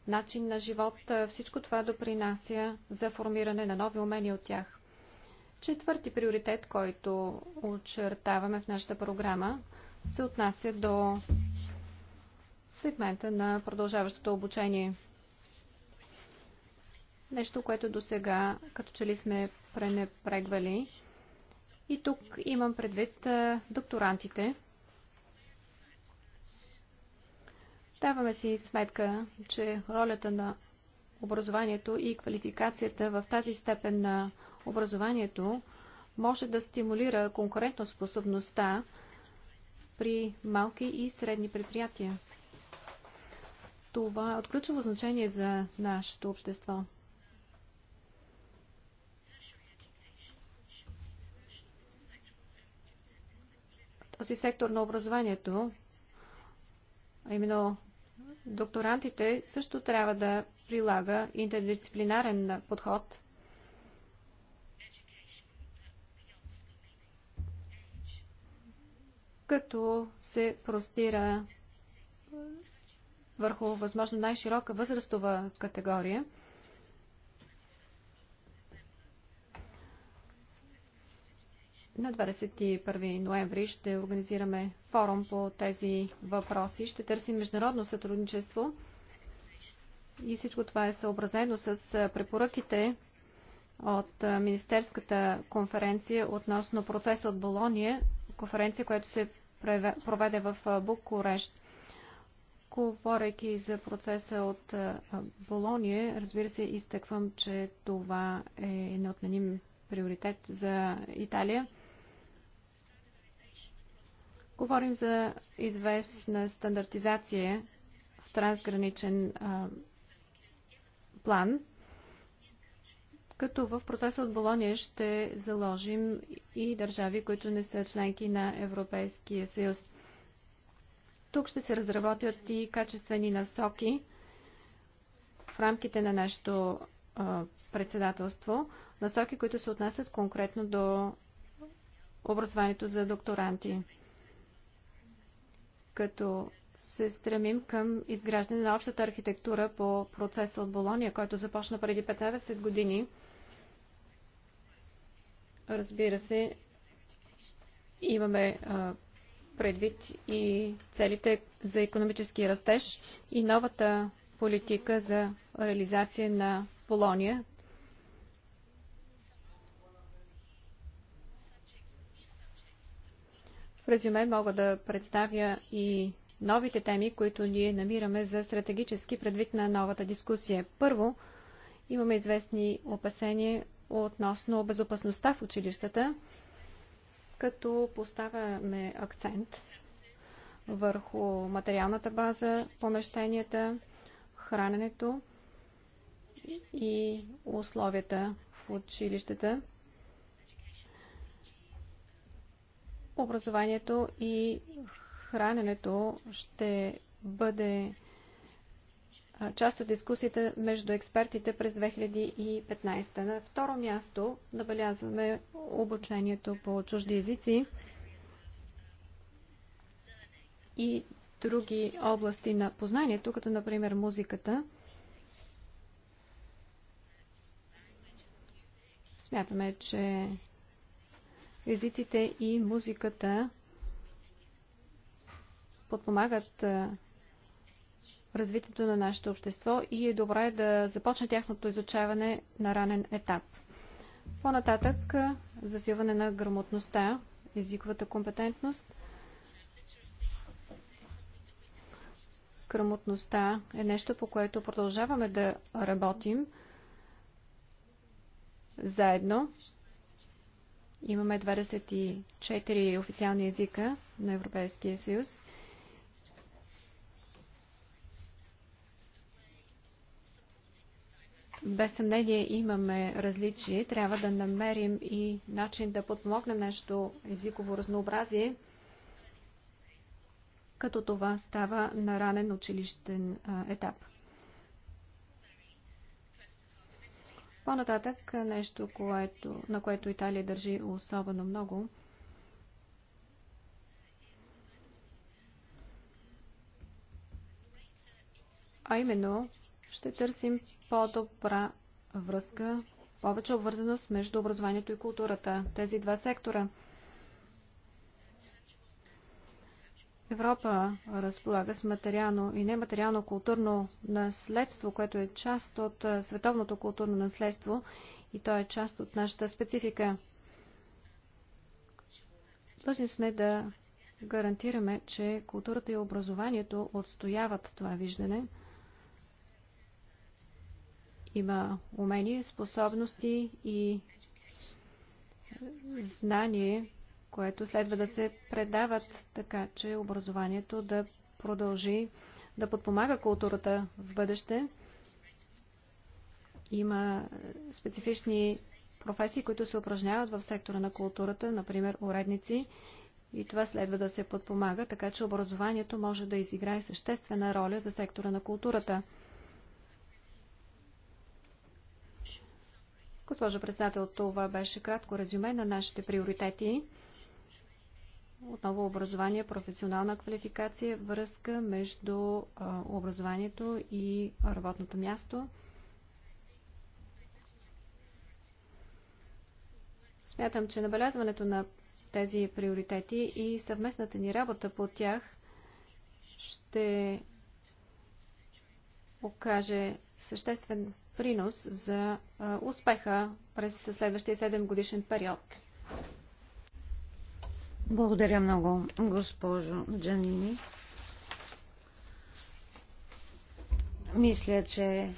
начин на живот. Всичко това допринася за формиране на нови умения от тях. Четвърти приоритет, който очертаваме в нашата програма, се отнася до сегмента на продължаващото обучение – Нещо, което до сега като че ли сме пренепрегвали. И тук имам предвид докторантите. Даваме си сметка, че ролята на образованието и квалификацията в тази степен на образованието може да стимулира конкурентоспособността при малки и средни предприятия. Това е от ключово значение за нашето общество. този сектор на образованието, а именно докторантите, също трябва да прилага интердисциплинарен подход. като се простира върху възможно най-широка възрастова категория – На 21 ноември ще организираме форум по тези въпроси. Ще търсим международно сътрудничество и всичко това е съобразено с препоръките от Министерската конференция относно процеса от Болония, конференция, която се проведе в Букурещ. Говорейки за процеса от Болония, разбира се, изтъквам, че това е неотменим приоритет за Италия. Говорим за известна стандартизация в трансграничен а, план, като в процеса от Болония ще заложим и държави, които не са членки на Европейския съюз. Тук ще се разработят и качествени насоки в рамките на нашето а, председателство, насоки, които се отнасят конкретно до образованието за докторанти като се стремим към изграждане на общата архитектура по процеса от Болония, който започна преди 15 години. Разбира се, имаме предвид и целите за економически растеж и новата политика за реализация на Болония, В резюме мога да представя и новите теми, които ние намираме за стратегически предвид на новата дискусия. Първо, имаме известни опасения относно безопасността в училищата, като поставяме акцент върху материалната база, помещенията, храненето и условията в училищата. образованието и храненето ще бъде част от дискусията между експертите през 2015. На второ място набелязваме обучението по чужди езици и други области на познанието, като например музиката. Смятаме, че Езиците и музиката подпомагат развитието на нашето общество и е добре да започне тяхното изучаване на ранен етап. По-нататък засилване на грамотността, езиковата компетентност. Грамотността е нещо, по което продължаваме да работим заедно Имаме 24 официални езика на Европейския съюз. Без съмнение имаме различия, Трябва да намерим и начин да подмогнем нещо езиково разнообразие, като това става на ранен училищен етап. По-нататък нещо, което, на което Италия държи особено много, а именно ще търсим по-добра връзка, повече обвързаност между образованието и културата. Тези два сектора – Европа разполага с материално и нематериално културно наследство, което е част от световното културно наследство и то е част от нашата специфика. Длъжни сме да гарантираме, че културата и образованието отстояват това виждане. Има умения, способности и знание, което следва да се предават така, че образованието да продължи да подпомага културата в бъдеще. Има е, специфични професии, които се упражняват в сектора на културата, например уредници, и това следва да се подпомага, така че образованието може да изиграе съществена роля за сектора на културата. Госпожо председател, това беше кратко резюме на нашите приоритети отново образование, професионална квалификация, връзка между образованието и работното място. Смятам, че набелязването на тези приоритети и съвместната ни работа по тях ще окаже съществен принос за успеха през следващия 7 годишен период. Благодаря много, госпожо Джанини. Мисля, че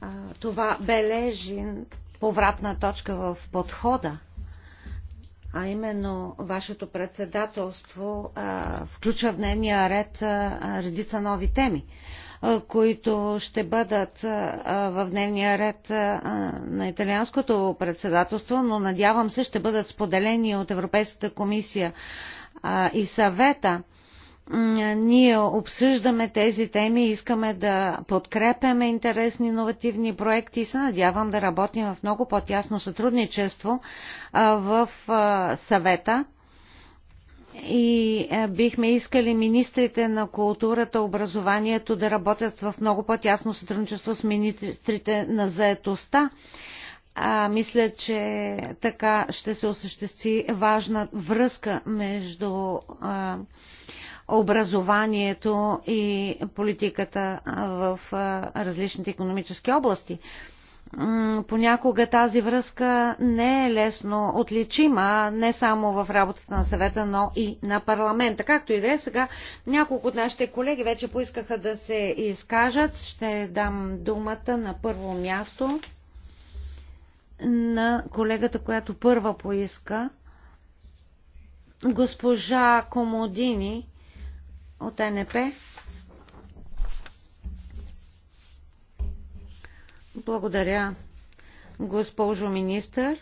а, това бележи повратна точка в подхода, а именно вашето председателство а, включва в дневния ред а, редица нови теми които ще бъдат в дневния ред на италианското председателство, но надявам се ще бъдат споделени от Европейската комисия и съвета ние обсъждаме тези теми, искаме да подкрепяме интересни иновативни проекти и се надявам да работим в много по-тясно сътрудничество в съвета и е, бихме искали министрите на културата, образованието да работят в много по-тясно сътрудничество с министрите на заетостта. А, мисля, че така ще се осъществи важна връзка между а, образованието и политиката в а, различните економически области понякога тази връзка не е лесно отличима не само в работата на съвета, но и на парламента. Както и да е, сега няколко от нашите колеги вече поискаха да се изкажат. Ще дам думата на първо място на колегата, която първа поиска, госпожа Комодини от НП. Благодаря, госпожо министър.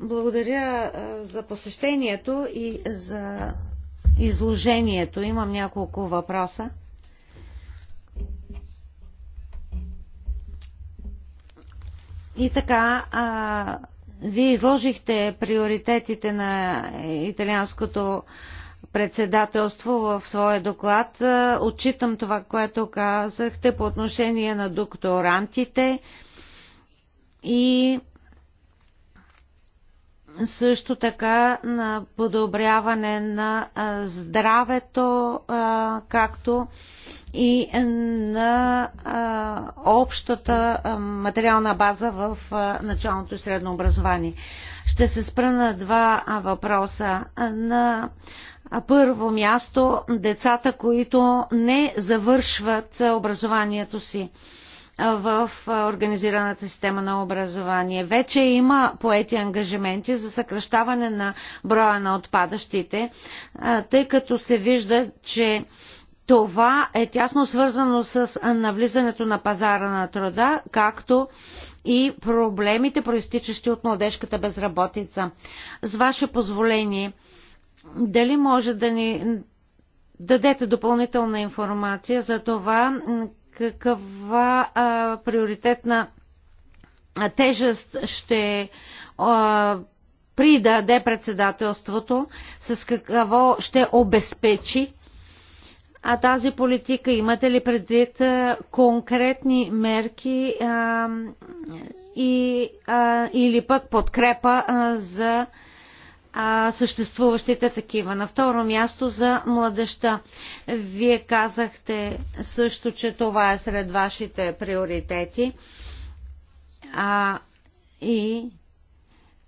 Благодаря за посещението и за изложението. Имам няколко въпроса. И така, а, вие изложихте приоритетите на италианското председателство в своя доклад. Е, отчитам това, което казахте по отношение на докторантите и също така на подобряване на е, здравето, е, както и на общата материална база в началното и средно образование. Ще се спра на два въпроса. На първо място децата, които не завършват образованието си в организираната система на образование. Вече има поети ангажименти за съкръщаване на броя на отпадащите, тъй като се вижда, че това е тясно свързано с навлизането на пазара на труда, както и проблемите, проистичащи от младежката безработица. С ваше позволение, дали може да ни дадете допълнителна информация за това каква а, приоритетна тежест ще а, придаде председателството, с какво ще обезпечи а тази политика. Имате ли предвид а, конкретни мерки а, и, а, или пък подкрепа а, за а, а, съществуващите такива. На второ място за младеща. Вие казахте също, че това е сред вашите приоритети. А, и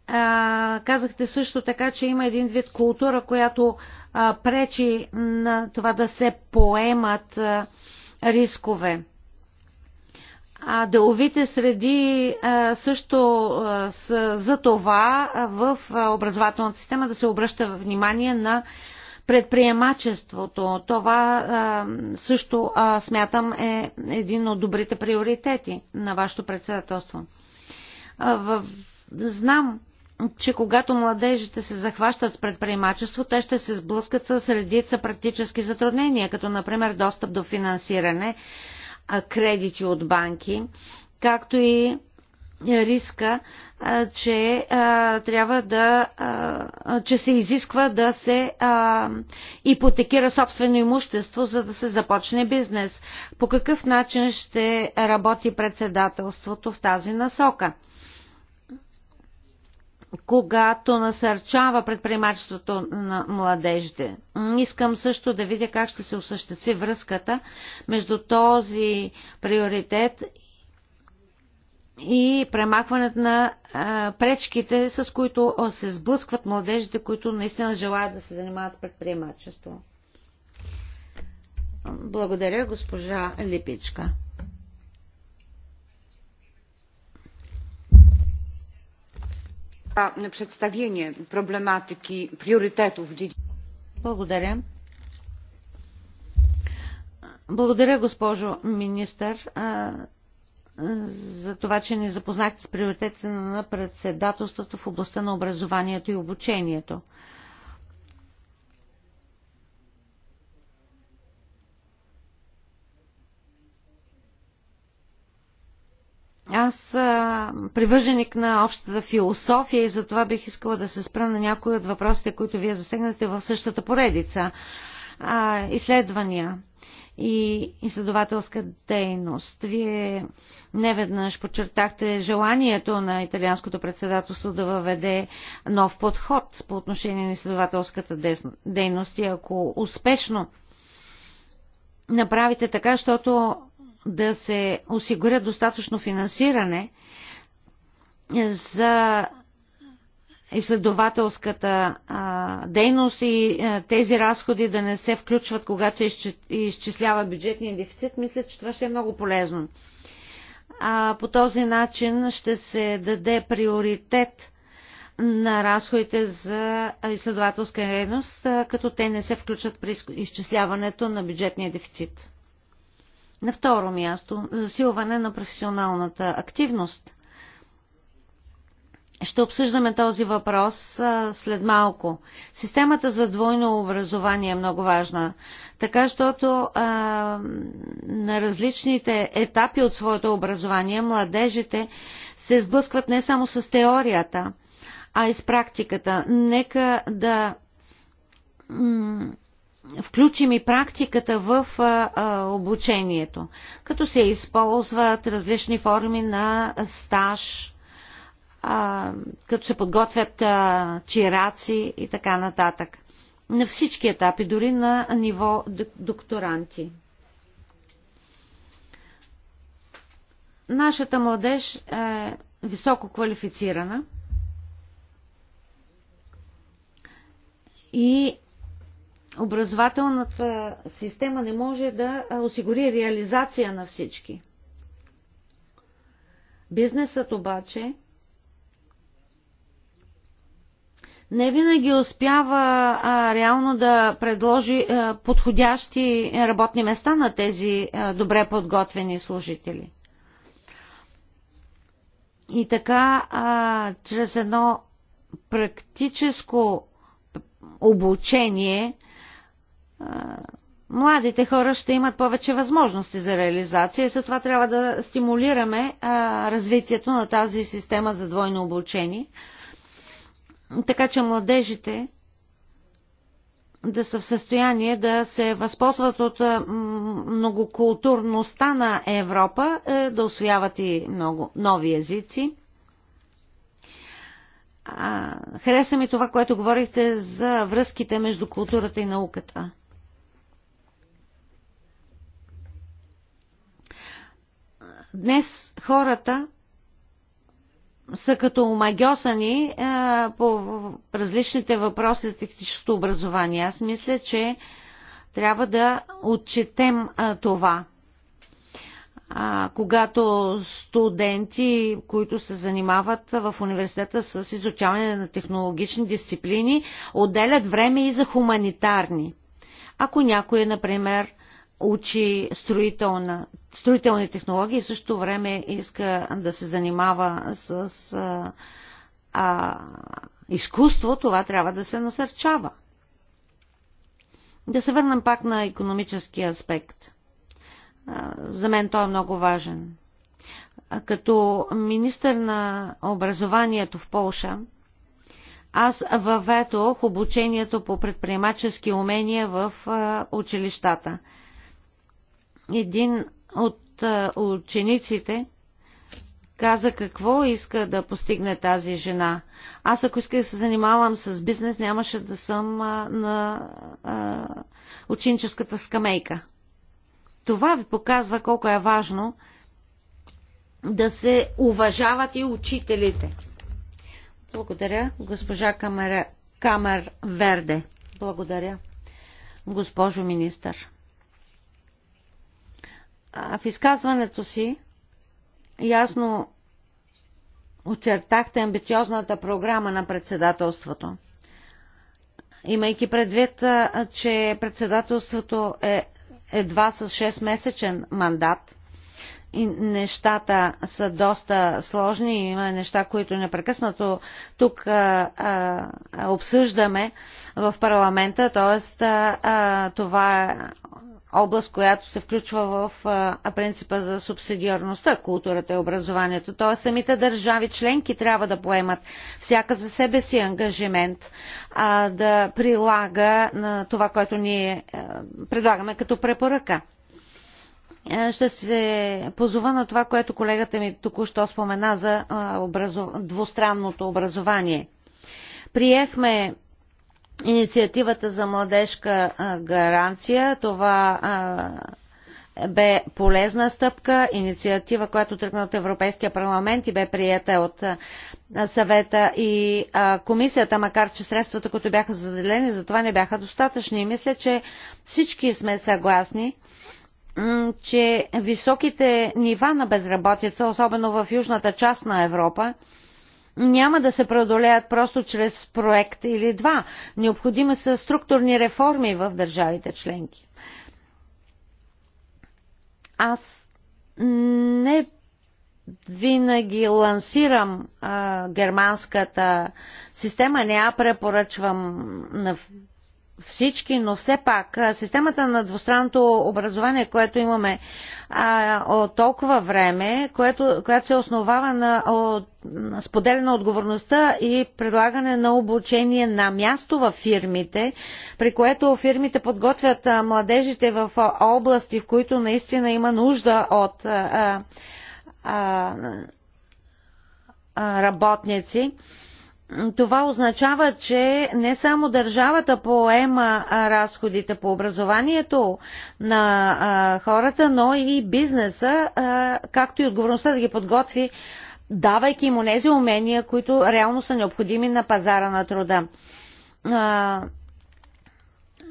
а, казахте също така, че има един вид култура, която а, пречи на това да се поемат а, рискове. А деловите среди също са за това в образователната система да се обръща внимание на предприемачеството. Това също смятам е един от добрите приоритети на вашето председателство. Знам, че когато младежите се захващат с предприемачество, те ще се сблъскат с редица практически затруднения, като например достъп до финансиране, кредити от банки, както и риска, че трябва да, че се изисква да се ипотекира собствено имущество, за да се започне бизнес. По какъв начин ще работи председателството в тази насока? когато насърчава предприемачеството на младежите. Искам също да видя как ще се осъществи връзката между този приоритет и премахването на а, пречките, с които се сблъскват младежите, които наистина желаят да се занимават с предприемачество. Благодаря, госпожа Липичка. представление проблематики, приоритетов. Благодаря. Благодаря, госпожо министър, за това, че ни запознахте с приоритетите на председателството в областта на образованието и обучението. Аз привърженик на общата философия и затова бих искала да се спра на някои от въпросите, които вие засегнахте в същата поредица. А, изследвания и изследователска дейност. Вие неведнъж подчертахте желанието на италианското председателство да въведе нов подход по отношение на изследователската дейност и ако успешно направите така, защото да се осигуря достатъчно финансиране – за изследователската а, дейност и а, тези разходи да не се включват, когато се изчислява бюджетния дефицит, мисля, че това ще е много полезно. А, по този начин ще се даде приоритет на разходите за изследователска дейност, а, като те не се включат при изчисляването на бюджетния дефицит. На второ място, засилване на професионалната активност – ще обсъждаме този въпрос а, след малко. Системата за двойно образование е много важна, така защото а, на различните етапи от своето образование младежите се сблъскват не само с теорията, а и с практиката. Нека да включим и практиката в а, а, обучението, като се използват различни форми на стаж, като се подготвят а, чираци и така нататък. На всички етапи, дори на ниво докторанти. Нашата младеж е високо квалифицирана и образователната система не може да осигури реализация на всички. Бизнесът обаче не винаги успява а, реално да предложи а, подходящи работни места на тези а, добре подготвени служители. И така, а, чрез едно практическо обучение, а, младите хора ще имат повече възможности за реализация и затова трябва да стимулираме а, развитието на тази система за двойно обучение – така че младежите да са в състояние да се възползват от многокултурността на Европа, е, да освояват и много нови езици. Хареса ми това, което говорихте за връзките между културата и науката. Днес хората са като магиосани е, по различните въпроси за техническото образование. Аз мисля, че трябва да отчетем е, това. А, когато студенти, които се занимават в университета с изучаване на технологични дисциплини, отделят време и за хуманитарни. Ако някой, например, учи строителна строителни технологии в също време иска да се занимава с а, а, изкуство, това трябва да се насърчава. Да се върнем пак на економическия аспект. А, за мен той е много важен. А, като министър на образованието в Полша, аз въведох обучението по предприемачески умения в а, училищата. Един от учениците каза какво иска да постигне тази жена. Аз ако исках да се занимавам с бизнес, нямаше да съм а, на а, ученическата скамейка. Това ви показва колко е важно да се уважават и учителите. Благодаря, госпожа Камер Верде. Благодаря, госпожо министър в изказването си ясно очертахте амбициозната програма на председателството. Имайки предвид, че председателството е едва с 6-месечен мандат, и нещата са доста сложни, има неща, които непрекъснато тук а, а, обсъждаме в парламента, т.е. това е област, която се включва в принципа за субсидиорността, културата и образованието. Т.е. самите държави членки трябва да поемат всяка за себе си ангажимент а, да прилага на това, което ние е, предлагаме като препоръка. Е, ще се позова на това, което колегата ми току-що спомена за образов... двустранното образование. Приехме инициативата за младежка гаранция. Това бе полезна стъпка, инициатива, която тръгна от Европейския парламент и бе приета от съвета и комисията, макар че средствата, които бяха заделени, за това не бяха достатъчни. Мисля, че всички сме съгласни, че високите нива на безработица, особено в южната част на Европа, няма да се преодолеят просто чрез проект или два. Необходими са структурни реформи в държавите членки. Аз не винаги лансирам а, германската система, не я препоръчвам на всички, но все пак системата на двустранното образование, което имаме а, от толкова време, което, която се основава на от, споделена отговорността и предлагане на обучение на място във фирмите, при което фирмите подготвят а, младежите в а, области, в които наистина има нужда от а, а, а, работници. А, това означава, че не само държавата поема разходите по образованието на хората, но и бизнеса, както и отговорността да ги подготви, давайки им унези умения, които реално са необходими на пазара на труда.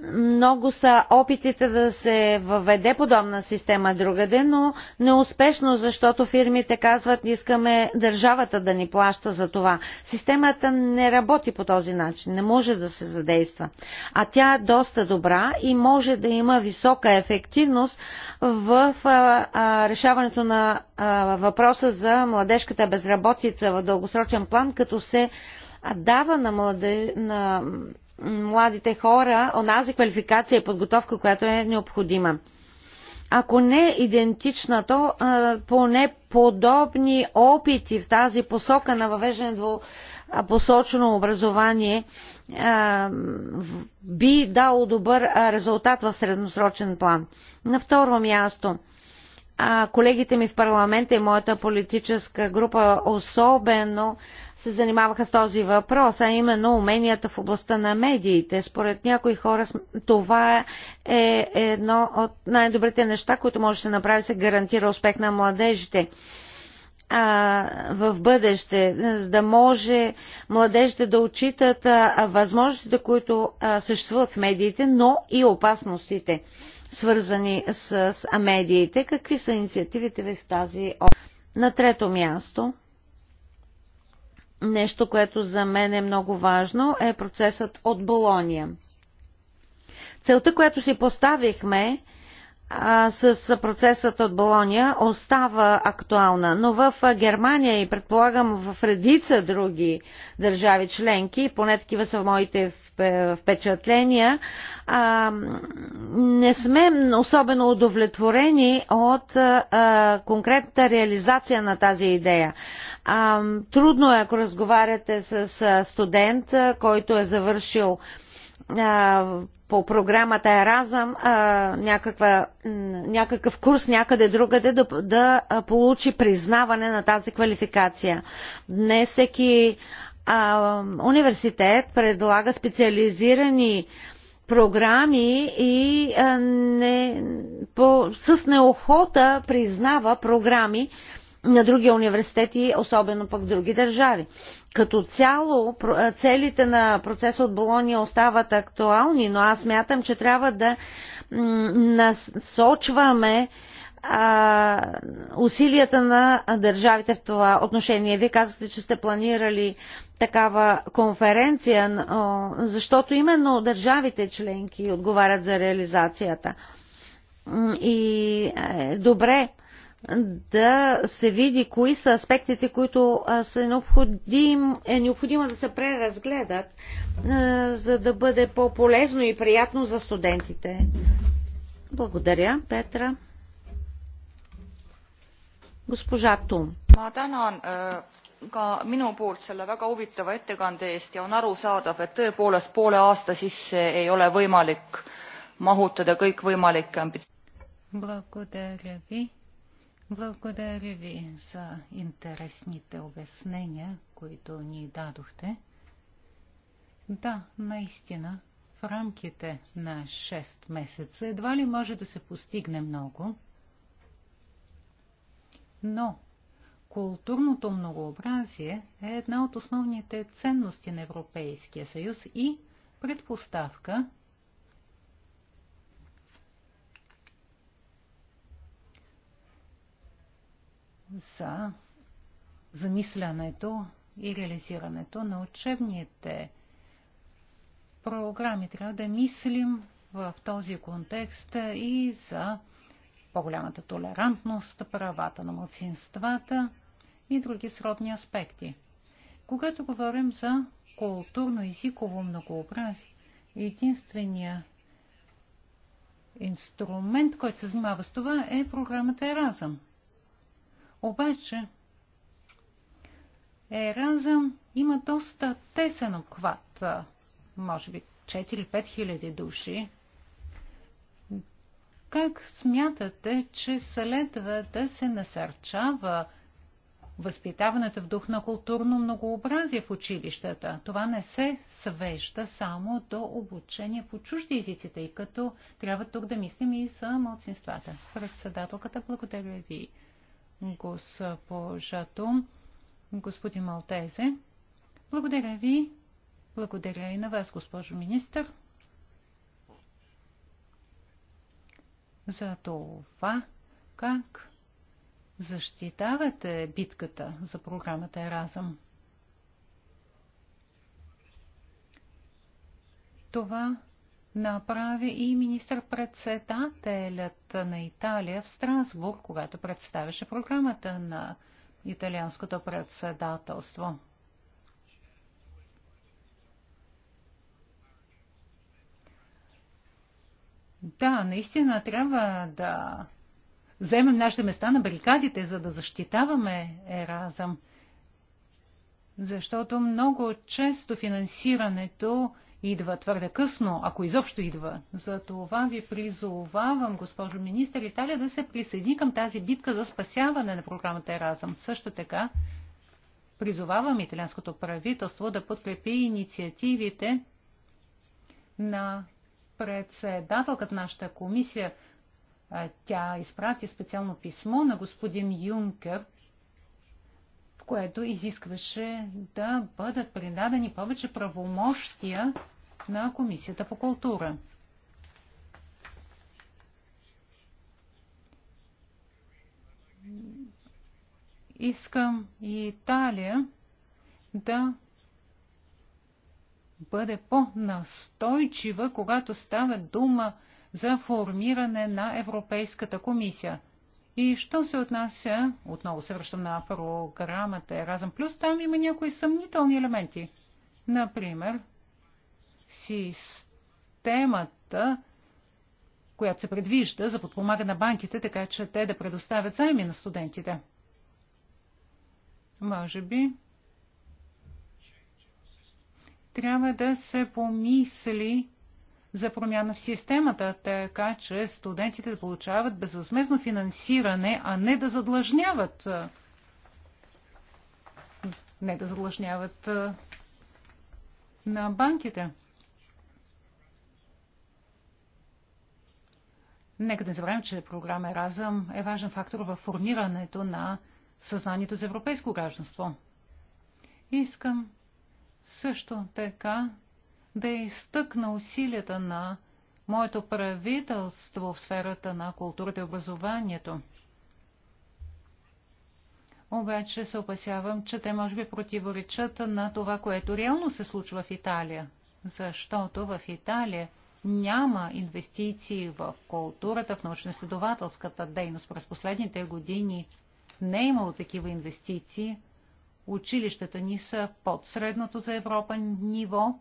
Много са опитите да се въведе подобна система другаде, но неуспешно, защото фирмите казват, искаме държавата да ни плаща за това. Системата не работи по този начин, не може да се задейства. А тя е доста добра и може да има висока ефективност в решаването на въпроса за младежката безработица в дългосрочен план, като се дава на, младе... на младите хора онази квалификация и подготовка, която е необходима. Ако не идентична, то поне подобни опити в тази посока на въвеждане в посочено образование би дало добър резултат в средносрочен план. На второ място, колегите ми в парламента и моята политическа група особено се занимаваха с този въпрос, а именно уменията в областта на медиите. Според някои хора това е едно от най-добрите неща, които може да се направи, се гарантира успех на младежите а, в бъдеще, за да може младежите да отчитат а, възможностите, които а, съществуват в медиите, но и опасностите, свързани с, с медиите. Какви са инициативите ви в тази област? На трето място – нещо, което за мен е много важно, е процесът от Болония. Целта, която си поставихме с процесът от Болония остава актуална, но в Германия и предполагам в редица други държави членки, поне такива са моите впечатления, не сме особено удовлетворени от конкретната реализация на тази идея. Трудно е, ако разговаряте с студент, който е завършил по програмата Еразъм някакъв курс някъде другаде да, да получи признаване на тази квалификация. Днес всеки а, университет предлага специализирани програми и а, не, по, с неохота признава програми, на други университети, особено пък в други държави. Като цяло, целите на процеса от Болония остават актуални, но аз мятам, че трябва да насочваме усилията на държавите в това отношение. Вие казахте, че сте планирали такава конференция, защото именно държавите членки отговарят за реализацията. И е, добре, да се види кои са аспектите, които са необходим, е необходимо да се преразгледат, за да бъде по-полезно и приятно за студентите. Благодаря, Петра. Госпожа Тум. Ma tänan э, ka minu poolt selle väga huvitava ettekande eest ja on arusaadav, et tõepoolest poole aasta sisse ei ole võimalik mahutada kõikvõimalikke ambitsioone. Благодаря ви. Благодаря ви за интересните обяснения, които ни дадохте. Да, наистина, в рамките на 6 месеца едва ли може да се постигне много, но културното многообразие е една от основните ценности на Европейския съюз и предпоставка за замислянето и реализирането на учебните програми. Трябва да мислим в този контекст и за по-голямата толерантност, правата на младсинствата и други сродни аспекти. Когато говорим за културно-езиково многообразие, единствения инструмент, който се занимава с това, е програмата Еразъм. Обаче Еразъм има доста тесен обхват, може би 4-5 хиляди души. Как смятате, че следва да се насърчава възпитаването в дух на културно многообразие в училищата? Това не се свежда само до обучение по чужди езици, тъй като трябва тук да мислим и за младсинствата. Председателката, благодаря ви Госпожато, господин Малтезе. Благодаря ви. Благодаря и на вас, госпожо министър. За това, как защитавате битката за програмата Еразъм. Това направи и министър-председателят на Италия в Страсбург, когато представяше програмата на италианското председателство. Да, наистина трябва да вземем нашите места на барикадите, за да защитаваме еразъм. Защото много често финансирането идва твърде късно, ако изобщо идва. За това ви призовавам, госпожо министър, Италия да се присъедини към тази битка за спасяване на програмата Еразъм. Също така призовавам италианското правителство да подкрепи инициативите на председателката на нашата комисия. Тя изпрати специално писмо на господин Юнкер, което изискваше да бъдат предадени повече правомощия на Комисията по култура. Искам и Италия да бъде по-настойчива, когато става дума за формиране на Европейската комисия. И що се отнася, отново се връщам на програмата Еразъм Плюс, там има някои съмнителни елементи. Например, системата, която се предвижда за подпомага на банките, така че те да предоставят заеми на студентите. Може би трябва да се помисли за промяна в системата, така че студентите да получават безвъзмезно финансиране, а не да задлъжняват не да задлъжняват на банките. Нека да не забравим, че програма Еразъм е важен фактор в формирането на съзнанието за европейско гражданство. Искам също така да изтъкна усилията на моето правителство в сферата на културата и образованието. Обаче се опасявам, че те може би противоречат на това, което реално се случва в Италия. Защото в Италия – няма инвестиции в културата, в научно-изследователската дейност. През последните години не е имало такива инвестиции. Училищата ни са под средното за Европа ниво.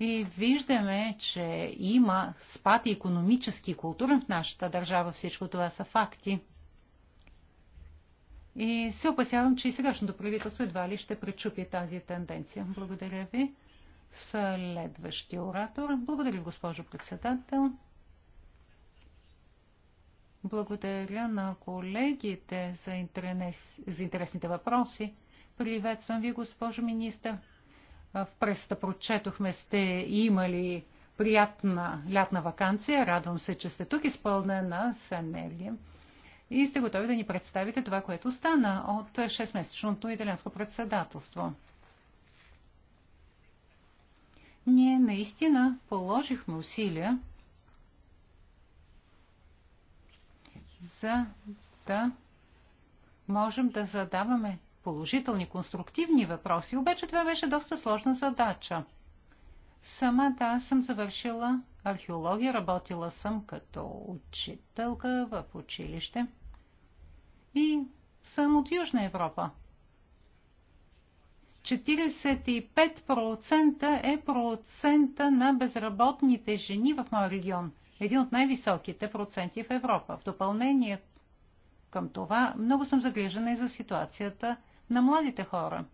И виждаме, че има спад економически и културен в нашата държава. Всичко това са факти. И се опасявам, че и сегашното правителство едва ли ще пречупи тази тенденция. Благодаря ви. Следващия оратор. Благодаря, госпожо председател. Благодаря на колегите за, интерес, за интересните въпроси. Приветствам ви, госпожо министър. В преста прочетохме сте имали приятна лятна вакансия. Радвам се, че сте тук изпълнена с енергия. И сте готови да ни представите това, което стана от 6-месечното италианско председателство. Ние наистина положихме усилия за да можем да задаваме положителни, конструктивни въпроси. Обаче това беше доста сложна задача. Самата да, аз съм завършила археология, работила съм като учителка в училище и съм от Южна Европа. 45% е процента на безработните жени в моя регион. Един от най-високите проценти в Европа. В допълнение към това, много съм загрижена и за ситуацията на младите хора.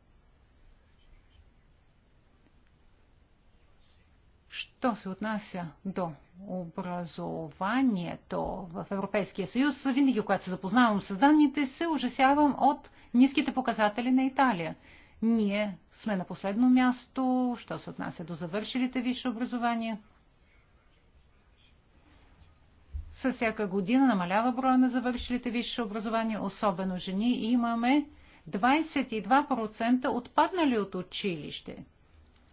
Що се отнася до образованието в Европейския съюз, винаги, когато се запознавам с данните, се ужасявам от ниските показатели на Италия. Ние сме на последно място, що се отнася до завършилите висше образование. С всяка година намалява броя на завършилите висше образование, особено жени. И имаме 22% отпаднали от училище.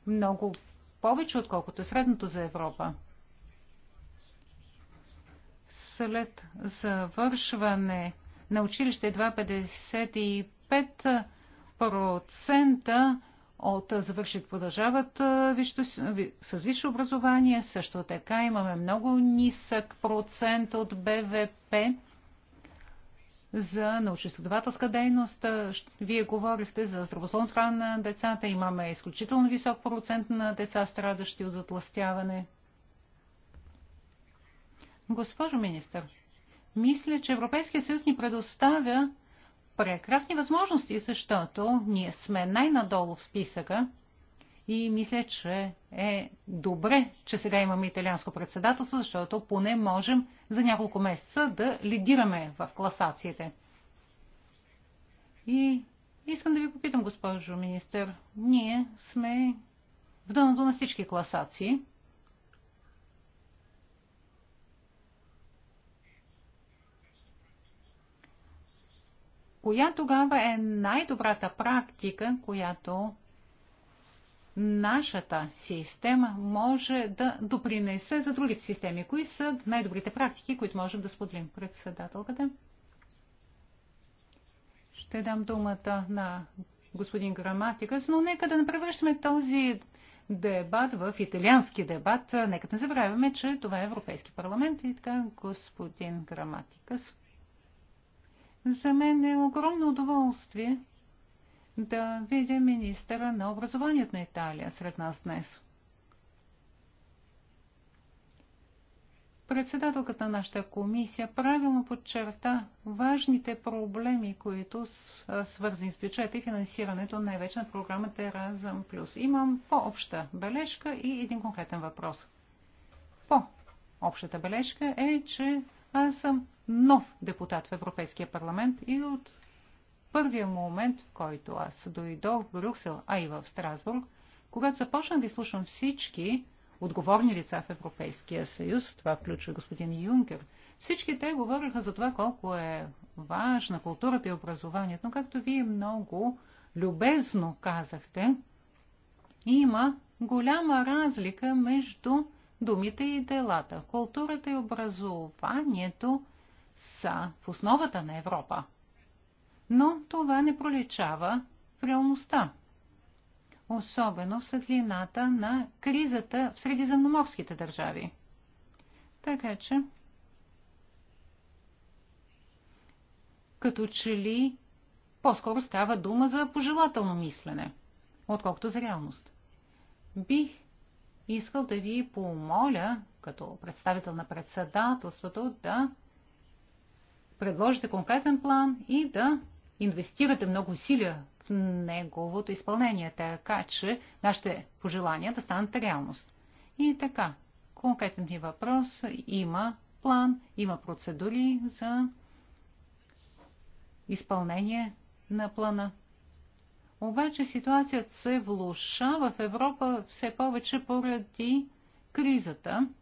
Много повече, отколкото е средното за Европа. След завършване на училище 255% процента от завършит продължават с висше образование. Също така имаме много нисък процент от БВП за научно-изследователска дейност. Вие говорихте за здравословно хранене на децата. Имаме изключително висок процент на деца, страдащи от затластяване. Госпожо министър, мисля, че Европейския съюз ни предоставя прекрасни възможности, защото ние сме най-надолу в списъка и мисля, че е добре, че сега имаме италианско председателство, защото поне можем за няколко месеца да лидираме в класациите. И искам да ви попитам, госпожо министър, ние сме в дъното на всички класации – Коя тогава е най-добрата практика, която нашата система може да допринесе за другите системи? Кои са най-добрите практики, които можем да споделим председателката? Ще дам думата на господин Граматикас, но нека да не превръщаме този дебат в италиански дебат. Нека не забравяме, че това е Европейски парламент и така господин Граматикас. За мен е огромно удоволствие да видя министъра на образованието на Италия сред нас днес. Председателката на нашата комисия правилно подчерта важните проблеми, които са свързани с бюджета и финансирането най-вече на програмата Еразъм Плюс. Имам по-обща бележка и един конкретен въпрос. По-общата бележка е, че аз съм нов депутат в Европейския парламент и от първия момент, в който аз дойдох в Брюксел, а и в Страсбург, когато започнах да изслушвам всички отговорни лица в Европейския съюз, това включва господин Юнкер, всички те говориха за това колко е важна културата и образованието, но както вие много любезно казахте, има голяма разлика между думите и делата. Културата и образованието – са в основата на Европа. Но това не проличава в реалността. Особено в светлината на кризата в средиземноморските държави. Така че, като че ли по-скоро става дума за пожелателно мислене, отколкото за реалност. Бих искал да ви помоля, като представител на председателството, да предложите конкретен план и да инвестирате много усилия в неговото изпълнение, така че нашите пожелания да станат реалност. И така, конкретен ми въпрос има план, има процедури за изпълнение на плана. Обаче ситуацията се влушава в Европа все повече поради кризата –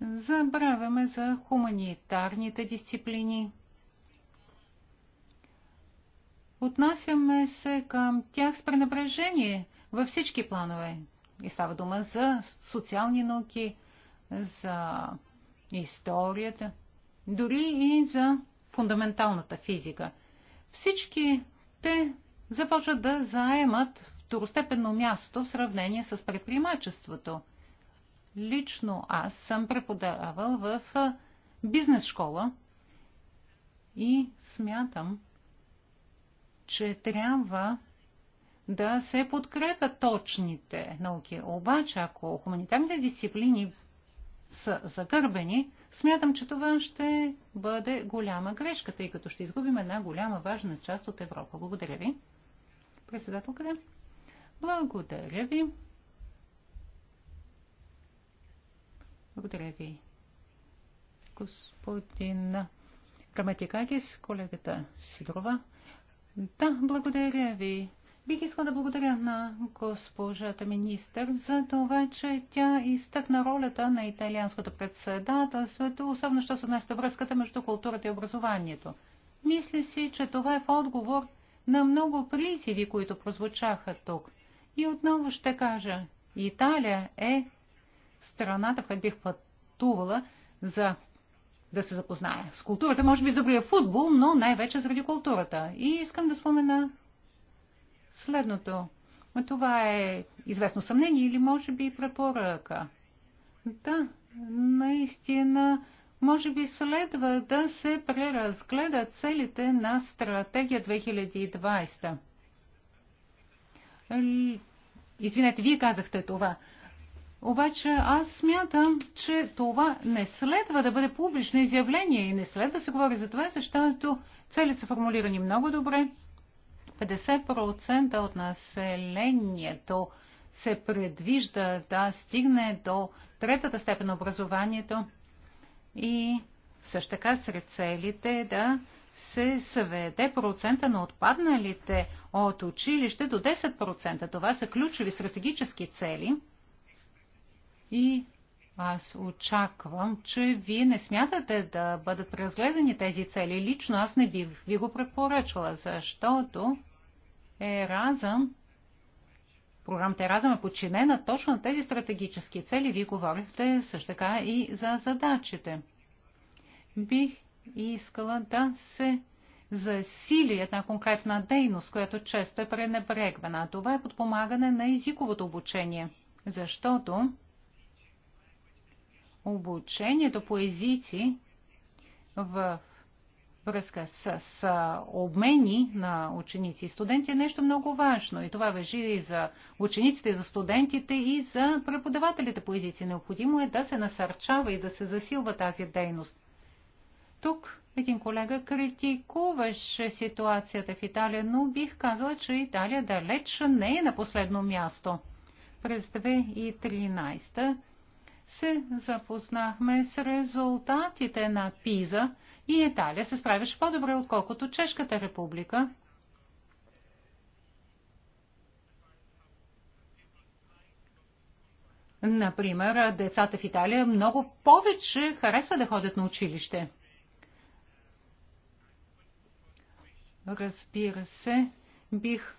забравяме за хуманитарните дисциплини. Отнасяме се към тях с пренебрежение във всички планове. И става дума за социални науки, за историята, дори и за фундаменталната физика. Всички те започват да заемат второстепенно място в сравнение с предприемачеството – Лично аз съм преподавал в бизнес школа и смятам, че трябва да се подкрепят точните науки. Обаче, ако хуманитарните дисциплини са загърбени, смятам, че това ще бъде голяма грешка, тъй като ще изгубим една голяма важна част от Европа. Благодаря ви. Председателката. Благодаря ви. Благодаря ви. Господин Граматикакис, колегата Сидорова. Да, благодаря ви. Бих искала да благодаря на госпожата министър за това, че тя изтъкна ролята на италианското председателство, особено що се отнася връзката между културата и образованието. Мисля си, че това е в отговор на много призиви, които прозвучаха тук. И отново ще кажа, Италия е страната, в която бих пътувала за да се запозная с културата. Може би забрия футбол, но най-вече заради културата. И искам да спомена следното. Това е известно съмнение или може би препоръка. Да, наистина, може би следва да се преразгледат целите на стратегия 2020. Извинете, вие казахте това, обаче аз смятам, че това не следва да бъде публично изявление и не следва да се говори за това, защото целите са формулирани много добре. 50% от населението се предвижда да стигне до третата степен образованието и също така сред целите да се съведе процента на отпадналите от училище до 10%. Това са ключови стратегически цели – и аз очаквам, че вие не смятате да бъдат преразгледани тези цели. Лично аз не бих ви го препоръчвала, защото разъм. програмата разъм е подчинена точно на тези стратегически цели. Вие говорихте също така и за задачите. Бих искала да се засили една конкретна дейност, която често е пренебрегвана. Това е подпомагане на езиковото обучение, защото обучението по езици в връзка с, с обмени на ученици и студенти е нещо много важно. И това въжи и за учениците, и за студентите, и за преподавателите по езици. Необходимо е да се насърчава и да се засилва тази дейност. Тук един колега критикуваше ситуацията в Италия, но бих казала, че Италия далеч не е на последно място. През 2013 се запознахме с резултатите на ПИЗа и Италия се справяше по-добре, отколкото Чешката република. Например, децата в Италия много повече харесва да ходят на училище. Разбира се, бих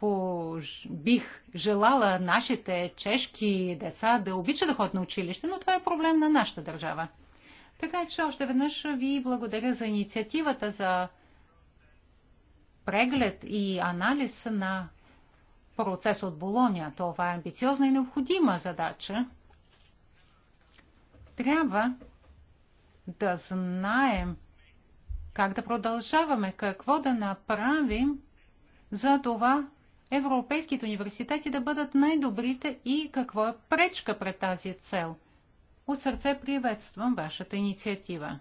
пож... бих желала нашите чешки деца да обичат да ходят на училище, но това е проблем на нашата държава. Така че още веднъж ви благодаря за инициативата за преглед и анализ на процес от Болония. Това е амбициозна и необходима задача. Трябва да знаем как да продължаваме, какво да направим за това европейските университети да бъдат най-добрите и какво е пречка пред тази цел. От сърце приветствам вашата инициатива.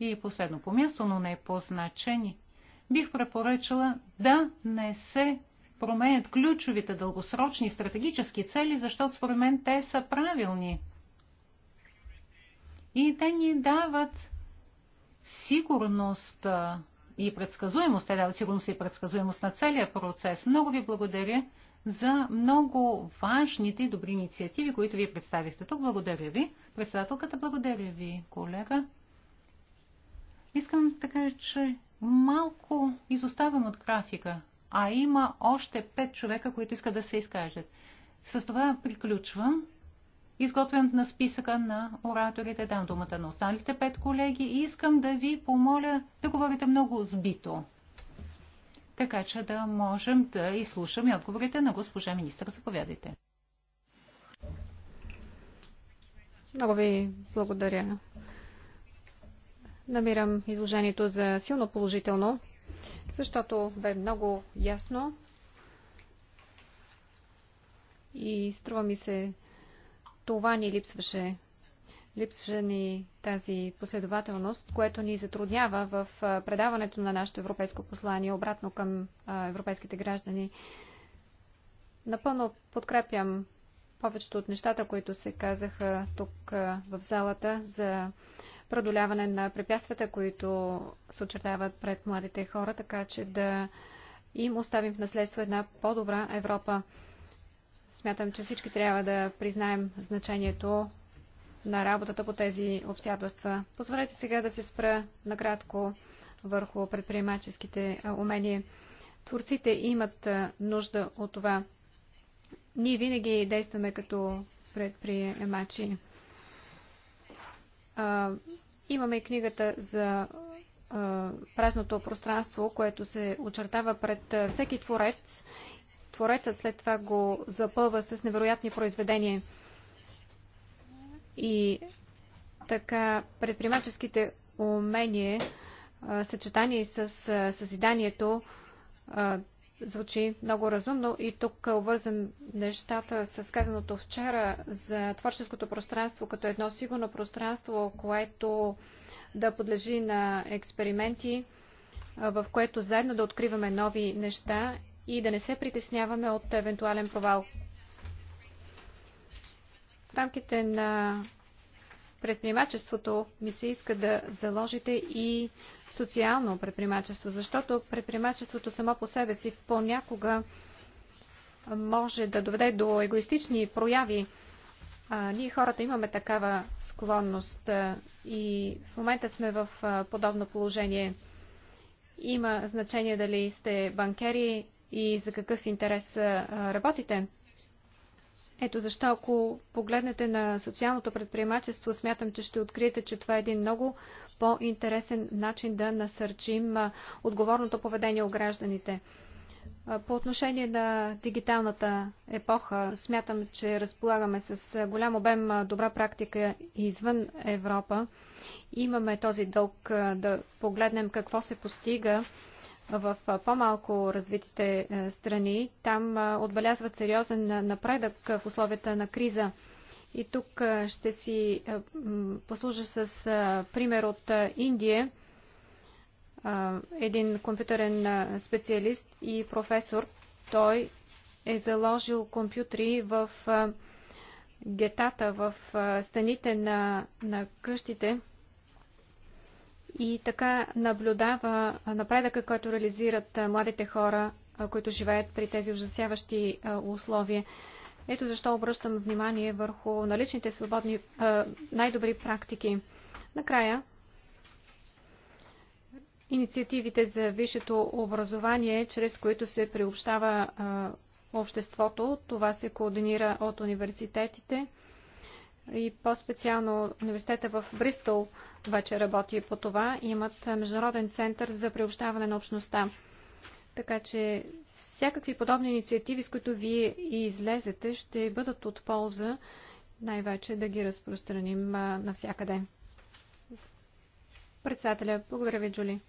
И последно по място, но не е по значени, бих препоръчала да не се променят ключовите дългосрочни стратегически цели, защото според мен те са правилни. И те ни дават сигурност и предсказуемост. Те дават сигурност и предсказуемост на целия процес. Много ви благодаря за много важните и добри инициативи, които вие представихте тук. Благодаря ви. Председателката, благодаря ви, колега. Искам да че малко изоставям от графика, а има още пет човека, които искат да се изкажат. С това приключвам изготвянето на списъка на ораторите. Дам думата на останалите пет колеги и искам да ви помоля да говорите много сбито, така че да можем да изслушаме отговорите на госпожа министър. Заповядайте. Много ви благодаря. Намирам изложението за силно положително, защото бе много ясно и струва ми се, това ни липсваше. Липсваше ни тази последователност, което ни затруднява в предаването на нашето европейско послание обратно към европейските граждани. Напълно подкрепям повечето от нещата, които се казаха тук в залата за преодоляване на препятствията, които се очертават пред младите хора, така че да им оставим в наследство една по-добра Европа. Смятам, че всички трябва да признаем значението на работата по тези обстоятелства. Позволете сега да се спра накратко върху предприемаческите умения. Творците имат нужда от това. Ние винаги действаме като предприемачи. А, имаме и книгата за а, празното пространство, което се очертава пред всеки творец творецът след това го запълва с невероятни произведения. И така предприемаческите умения, съчетани с съзиданието, звучи много разумно и тук е обвързан нещата с казаното вчера за творческото пространство като едно сигурно пространство, което да подлежи на експерименти, в което заедно да откриваме нови неща и да не се притесняваме от евентуален провал. В рамките на предприемачеството ми се иска да заложите и социално предприемачество, защото предприемачеството само по себе си понякога може да доведе до егоистични прояви. А, ние хората имаме такава склонност а, и в момента сме в а, подобно положение. Има значение дали сте банкери, и за какъв интерес работите. Ето защо, ако погледнете на социалното предприемачество, смятам, че ще откриете, че това е един много по-интересен начин да насърчим отговорното поведение у гражданите. По отношение на дигиталната епоха, смятам, че разполагаме с голям обем добра практика извън Европа. Имаме този дълг да погледнем какво се постига в по-малко развитите е, страни. Там отбелязват сериозен напредък в условията на криза. И тук ще си послужа с пример от Индия. Един компютърен специалист и професор, той е заложил компютри в гетата, в стените на, на къщите – и така наблюдава напредъка, който реализират младите хора, които живеят при тези ужасяващи условия. Ето защо обръщам внимание върху наличните свободни най-добри практики. Накрая, инициативите за висшето образование, чрез които се приобщава обществото, това се координира от университетите и по-специално университета в Бристол вече работи по това. Имат Международен център за приобщаване на общността. Така че всякакви подобни инициативи, с които вие и излезете, ще бъдат от полза най-вече да ги разпространим навсякъде. Председателя, благодаря ви, Джули.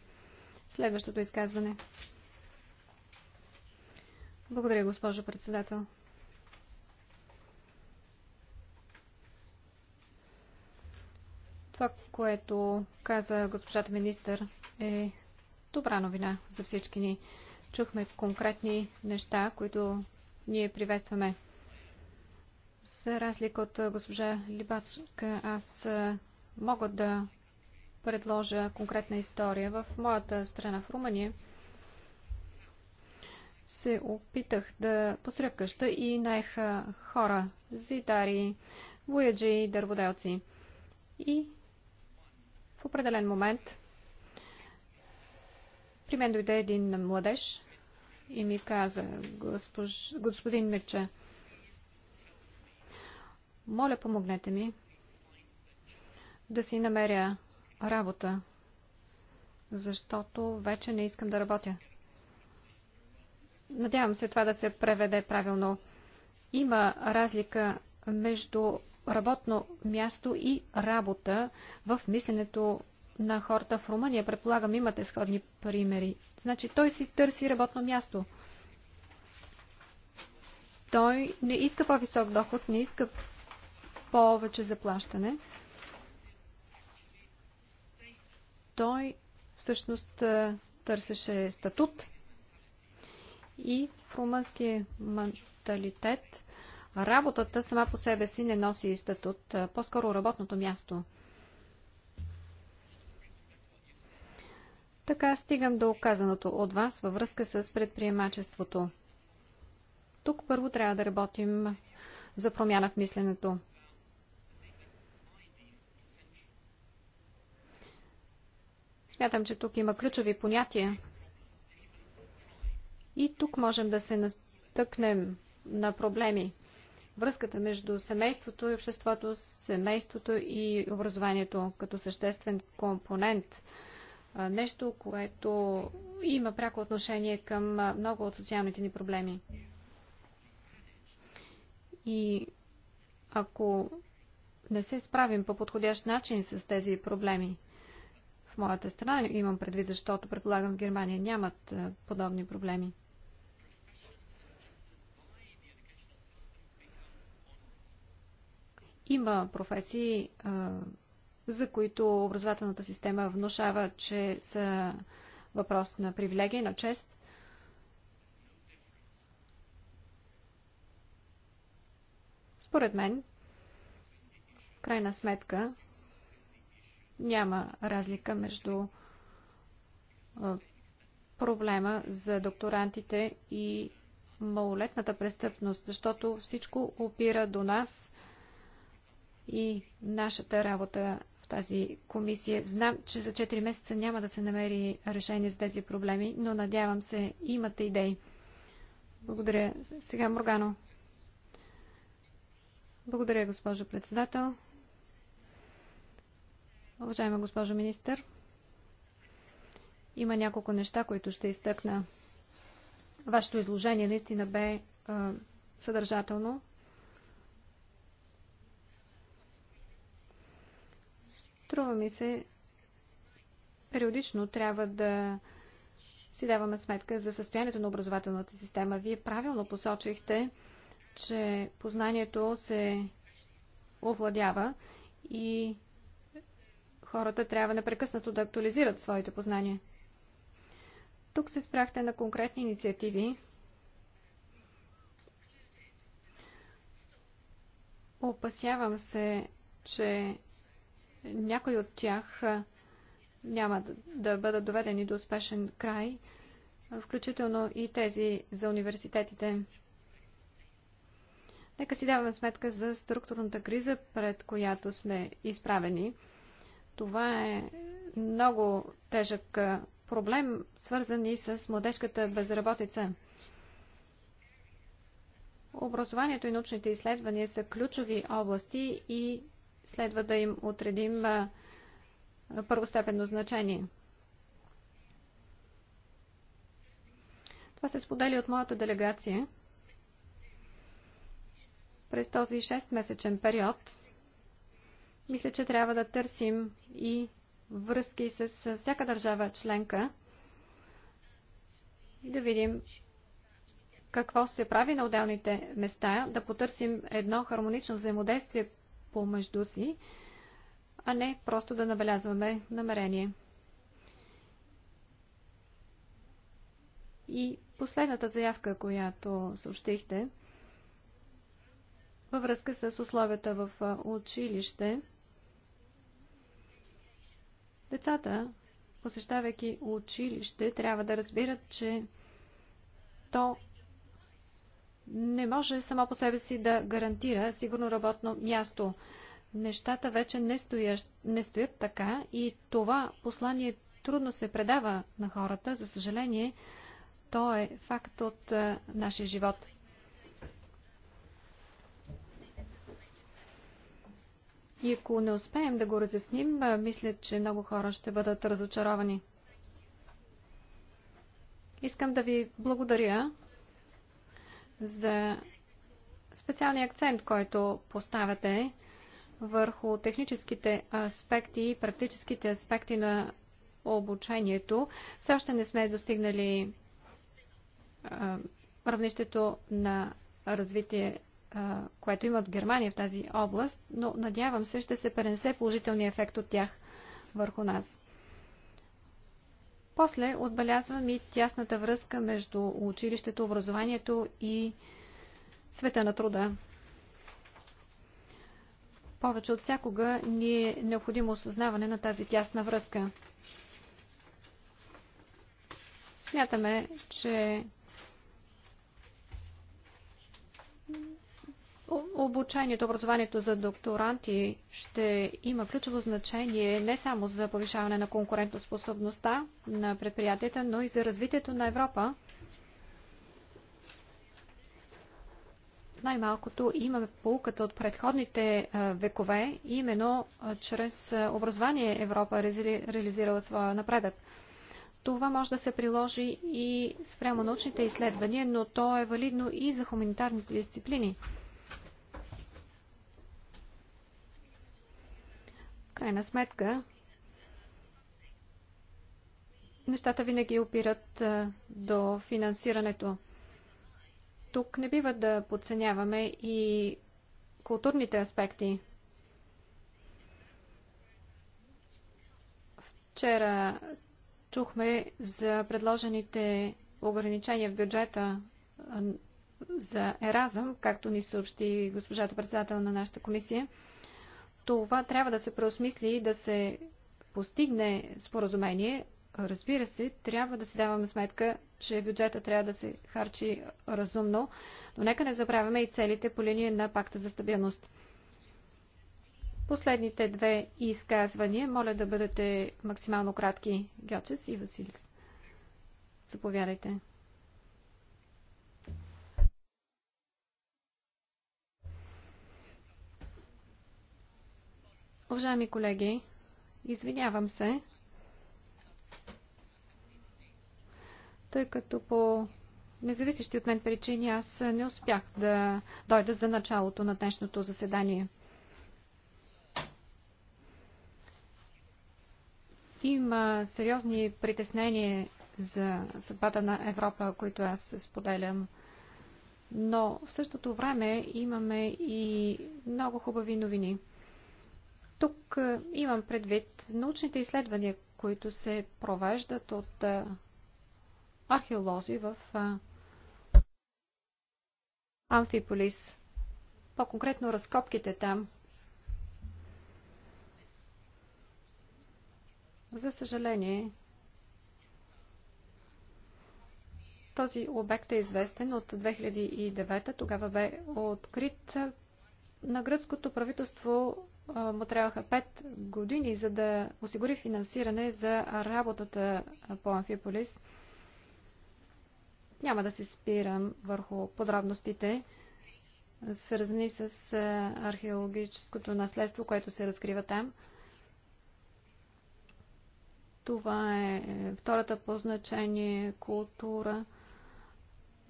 Следващото изказване. Благодаря, госпожо председател. Това, което каза госпожата министър, е добра новина за всички ни. Чухме конкретни неща, които ние приветстваме. За разлика от госпожа Либацка, аз мога да предложа конкретна история. В моята страна, в Румъния, се опитах да построя къща и наеха хора, зидари, вояджи и дърводелци. И в определен момент при мен дойде един младеж и ми каза, госпож... господин Мирче, моля помогнете ми да си намеря работа, защото вече не искам да работя. Надявам се това да се преведе правилно. Има разлика между работно място и работа в мисленето на хората в Румъния. Предполагам, имате сходни примери. Значи той си търси работно място. Той не иска по-висок доход, не иска повече заплащане. Той всъщност е, търсеше статут и в румънския менталитет работата сама по себе си не носи статут, по-скоро работното място. Така стигам до оказаното от вас във връзка с предприемачеството. Тук първо трябва да работим за промяна в мисленето. Смятам, че тук има ключови понятия. И тук можем да се натъкнем на проблеми връзката между семейството и обществото, семейството и образованието като съществен компонент. Нещо, което има пряко отношение към много от социалните ни проблеми. И ако не се справим по подходящ начин с тези проблеми, в моята страна имам предвид, защото предполагам в Германия нямат подобни проблеми. Има професии, за които образователната система внушава, че са въпрос на привилегия, на чест. Според мен, в крайна сметка, няма разлика между проблема за докторантите и малолетната престъпност, защото всичко опира до нас – и нашата работа в тази комисия. Знам, че за 4 месеца няма да се намери решение за тези проблеми, но надявам се, имате идеи. Благодаря. Сега Моргано. Благодаря, госпожо председател. Уважаема госпожо министър, има няколко неща, които ще изтъкна. Вашето изложение наистина бе съдържателно, Струва ми се, периодично трябва да си даваме сметка за състоянието на образователната система. Вие правилно посочихте, че познанието се овладява и хората трябва непрекъснато да актуализират своите познания. Тук се спряхте на конкретни инициативи, Опасявам се, че някои от тях няма да бъдат доведени до успешен край, включително и тези за университетите. Нека си даваме сметка за структурната криза, пред която сме изправени. Това е много тежък проблем, свързан и с младежката безработица. Образованието и научните изследвания са ключови области и следва да им отредим първостепенно значение. Това се сподели от моята делегация. През този 6-месечен период мисля, че трябва да търсим и връзки с всяка държава членка и да видим какво се прави на отделните места, да потърсим едно хармонично взаимодействие помежду си, а не просто да набелязваме намерение. И последната заявка, която съобщихте, във връзка с условията в училище, децата, посещавайки училище, трябва да разбират, че то не може само по себе си да гарантира сигурно работно място. Нещата вече не, стоящ, не стоят така и това послание трудно се предава на хората. За съжаление, то е факт от а, нашия живот. И ако не успеем да го разясним, а, мисля, че много хора ще бъдат разочаровани. Искам да ви благодаря за специалния акцент, който поставяте върху техническите аспекти и практическите аспекти на обучението. Все още не сме достигнали а, равнището на развитие, а, което имат Германия в тази област, но надявам се ще се пренесе положителния ефект от тях върху нас. После отбелязвам и тясната връзка между училището, образованието и света на труда. Повече от всякога ни е необходимо осъзнаване на тази тясна връзка. Смятаме, че Обучението, образованието за докторанти ще има ключово значение не само за повишаване на конкурентоспособността на предприятията, но и за развитието на Европа. Най-малкото имаме полуката от предходните векове, именно чрез образование Европа е реализирала своя напредък. Това може да се приложи и спрямо научните изследвания, но то е валидно и за хуманитарните дисциплини. крайна сметка нещата винаги опират до финансирането. Тук не бива да подценяваме и културните аспекти. Вчера чухме за предложените ограничения в бюджета за Еразъм, както ни съобщи госпожата председател на нашата комисия това трябва да се преосмисли и да се постигне споразумение. Разбира се, трябва да си даваме сметка, че бюджета трябва да се харчи разумно, но нека не забравяме и целите по линия на пакта за стабилност. Последните две изказвания, моля да бъдете максимално кратки, Гьочес и Василис. Заповядайте. Уважаеми колеги, извинявам се, тъй като по независещи от мен причини аз не успях да дойда за началото на днешното заседание. Има сериозни притеснения за съдбата на Европа, които аз споделям. Но в същото време имаме и много хубави новини – тук имам предвид научните изследвания, които се провеждат от археолози в Амфиполис. По-конкретно разкопките там. За съжаление, този обект е известен от 2009. Тогава бе открит на гръцкото правителство му трябваха 5 години, за да осигури финансиране за работата по Амфиполис. Няма да се спирам върху подробностите, свързани с археологическото наследство, което се разкрива там. Това е, е втората по значение култура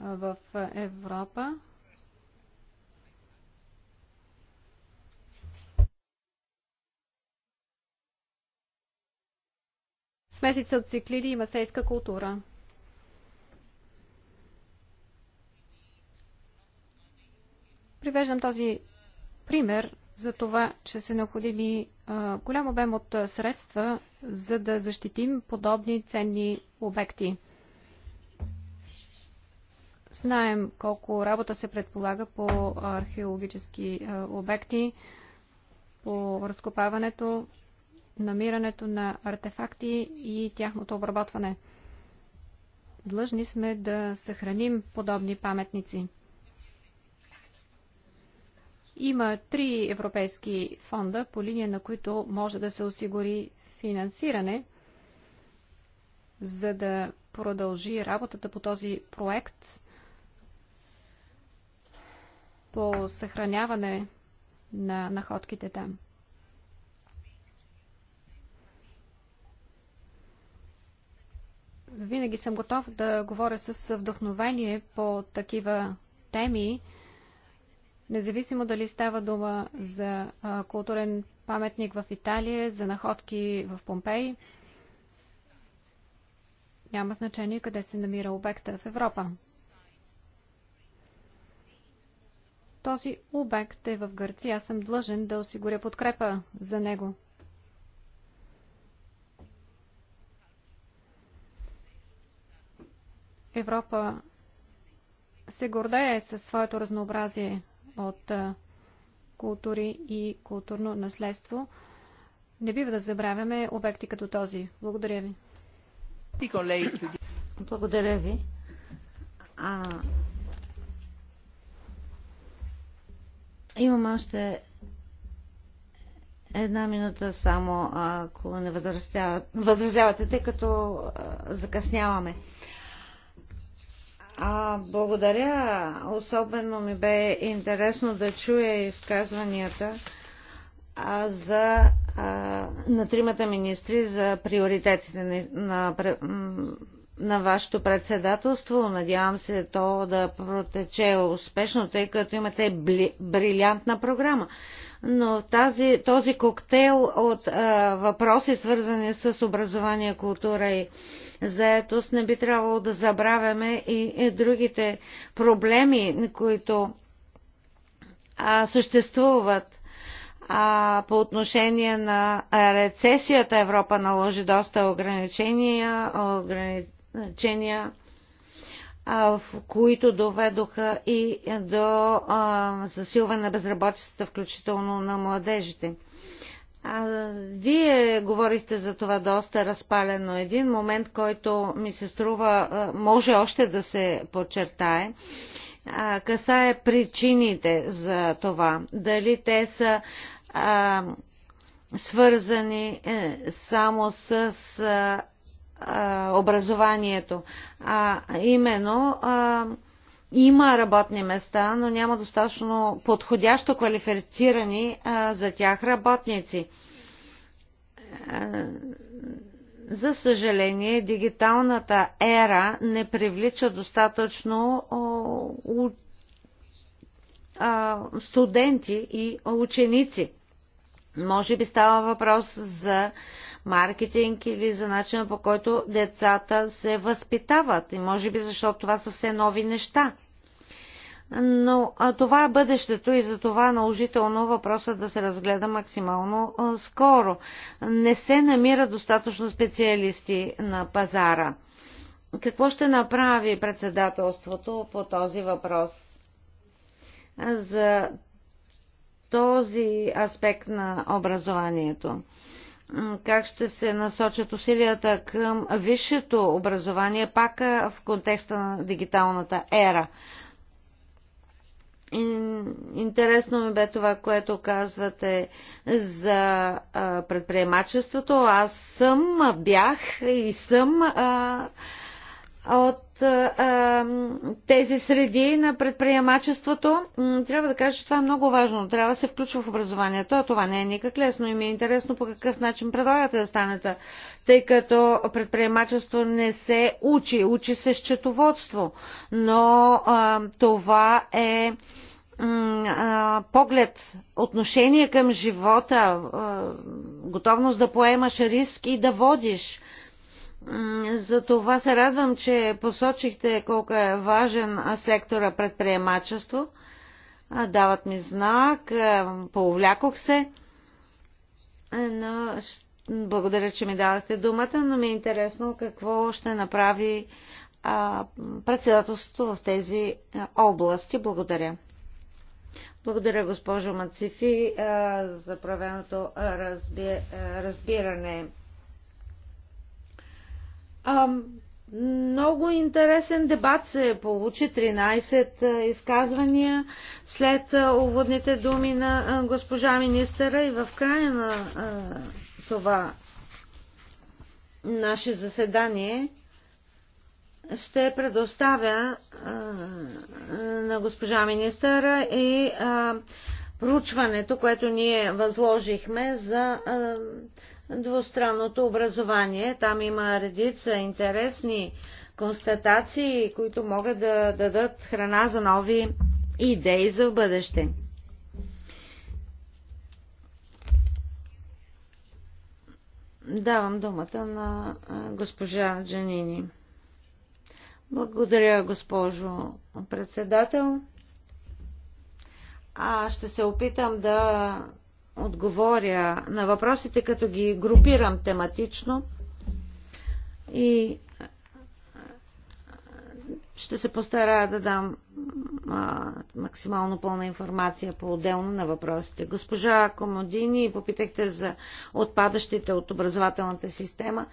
в Европа. смесица от циклили и масейска култура. Привеждам този пример за това, че са необходими голям обем от средства, за да защитим подобни ценни обекти. Знаем колко работа се предполага по археологически обекти, по разкопаването намирането на артефакти и тяхното обработване. Длъжни сме да съхраним подобни паметници. Има три европейски фонда, по линия на които може да се осигури финансиране, за да продължи работата по този проект по съхраняване на находките там. Винаги съм готов да говоря с вдъхновение по такива теми, независимо дали става дума за културен паметник в Италия, за находки в Помпей. Няма значение къде се намира обекта в Европа. Този обект е в Гърция. Аз съм длъжен да осигуря подкрепа за него. Европа се гордее със своето разнообразие от култури и културно наследство. Не бива да забравяме обекти като този. Благодаря ви. Благодаря ви. А... Имам още една минута само, ако не възразявате, тъй като а, закъсняваме. А, благодаря. Особено ми бе интересно да чуя изказванията а, за, а, на тримата министри за приоритетите на, на, на вашето председателство. Надявам се то да протече успешно, тъй като имате бли, брилянтна програма. Но тази, този коктейл от а, въпроси, свързани с образование, култура и а, заетост, не би трябвало да забравяме и, другите проблеми, които а, съществуват. А, по отношение на рецесията Европа наложи доста ограничения, ограничения в които доведоха и до засилване на безработицата, включително на младежите. А, вие говорихте за това доста разпалено. Един момент, който ми се струва, може още да се подчертае, а, касае причините за това. Дали те са а, свързани е, само с а, образованието, а именно а, има работни места, но няма достатъчно подходящо квалифицирани а, за тях работници. А, за съжаление, дигиталната ера не привлича достатъчно о, а, студенти и ученици. Може би става въпрос за маркетинг или за начина по който децата се възпитават. И може би защото това са все нови неща. Но а това е бъдещето и за това е наложително въпросът да се разгледа максимално а, скоро. Не се намира достатъчно специалисти на пазара. Какво ще направи председателството по този въпрос? За този аспект на образованието как ще се насочат усилията към висшето образование, пак в контекста на дигиталната ера. Интересно ми бе това, което казвате за предприемачеството. Аз съм, бях и съм от а, тези среди на предприемачеството. Трябва да кажа, че това е много важно. Трябва да се включва в образованието, а това не е никак лесно. И ми е интересно по какъв начин предлагате да станете, тъй като предприемачество не се учи. Учи се счетоводство. Но а, това е поглед, отношение към живота, готовност да поемаш риск и да водиш – за това се радвам, че посочихте колко е важен сектора предприемачество. Дават ми знак, повлякох се. Е, но благодаря, че ми дадахте думата, но ми е интересно какво ще направи председателството в тези области. Благодаря. Благодаря, госпожо Мацифи, за правеното разби... разбиране. А, много интересен дебат се получи, 13 изказвания след уводните думи на госпожа министъра и в края на това наше заседание ще предоставя на госпожа министъра и проучването, което ние възложихме за двустранното образование. Там има редица интересни констатации, които могат да дадат храна за нови идеи за бъдеще. Давам думата на госпожа Джанини. Благодаря, госпожо председател. А ще се опитам да отговоря на въпросите, като ги групирам тематично и ще се постарая да дам а, максимално пълна информация по-отделно на въпросите. Госпожа Комодини, попитахте за отпадащите от образователната система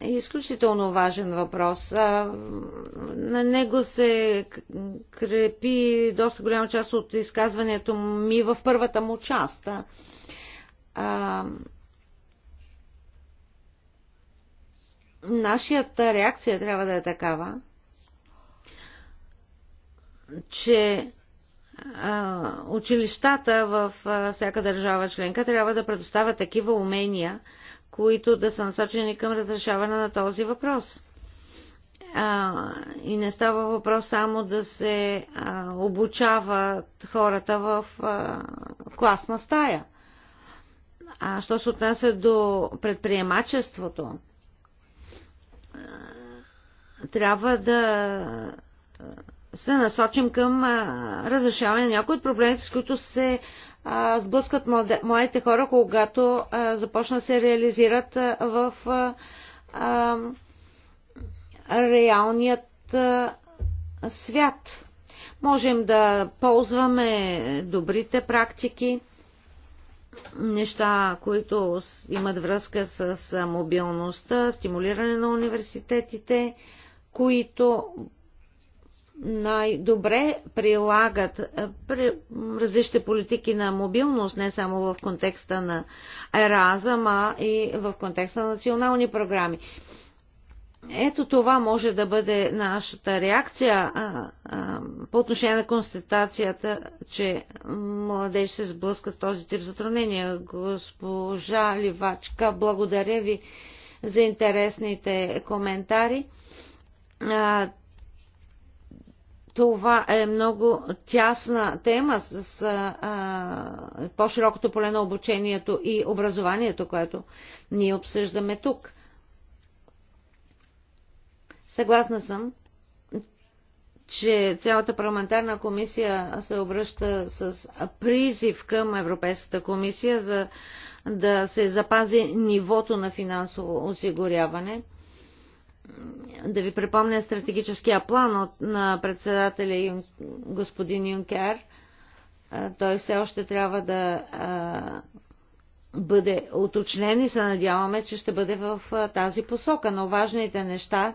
е изключително важен въпрос. На него се крепи доста голяма част от изказването ми в първата му част. А, нашията реакция трябва да е такава, че училищата във всяка държава членка трябва да предоставят такива умения – които да са насочени към разрешаване на този въпрос. А, и не става въпрос само да се а, обучават хората в а, класна стая. А що се отнася до предприемачеството, а, трябва да се насочим към а, разрешаване на някои от проблемите, с които се сблъскват сблъскат младите хора, когато започна започнат да се реализират в реалният свят. Можем да ползваме добрите практики, неща, които имат връзка с мобилността, стимулиране на университетите, които най-добре прилагат при различните политики на мобилност, не само в контекста на Еразъм, а и в контекста на национални програми. Ето това може да бъде нашата реакция а, а, по отношение на констатацията, че младеж се сблъска с този тип затруднения. Госпожа Ливачка, благодаря ви за интересните коментари. А, това е много тясна тема с по-широкото поле на обучението и образованието, което ние обсъждаме тук. Съгласна съм, че цялата парламентарна комисия се обръща с призив към Европейската комисия за да се запази нивото на финансово осигуряване – да ви припомня стратегическия план от, на председателя Юн, господин Юнкер. Той все още трябва да а, бъде уточнен и се надяваме, че ще бъде в а, тази посока. Но важните неща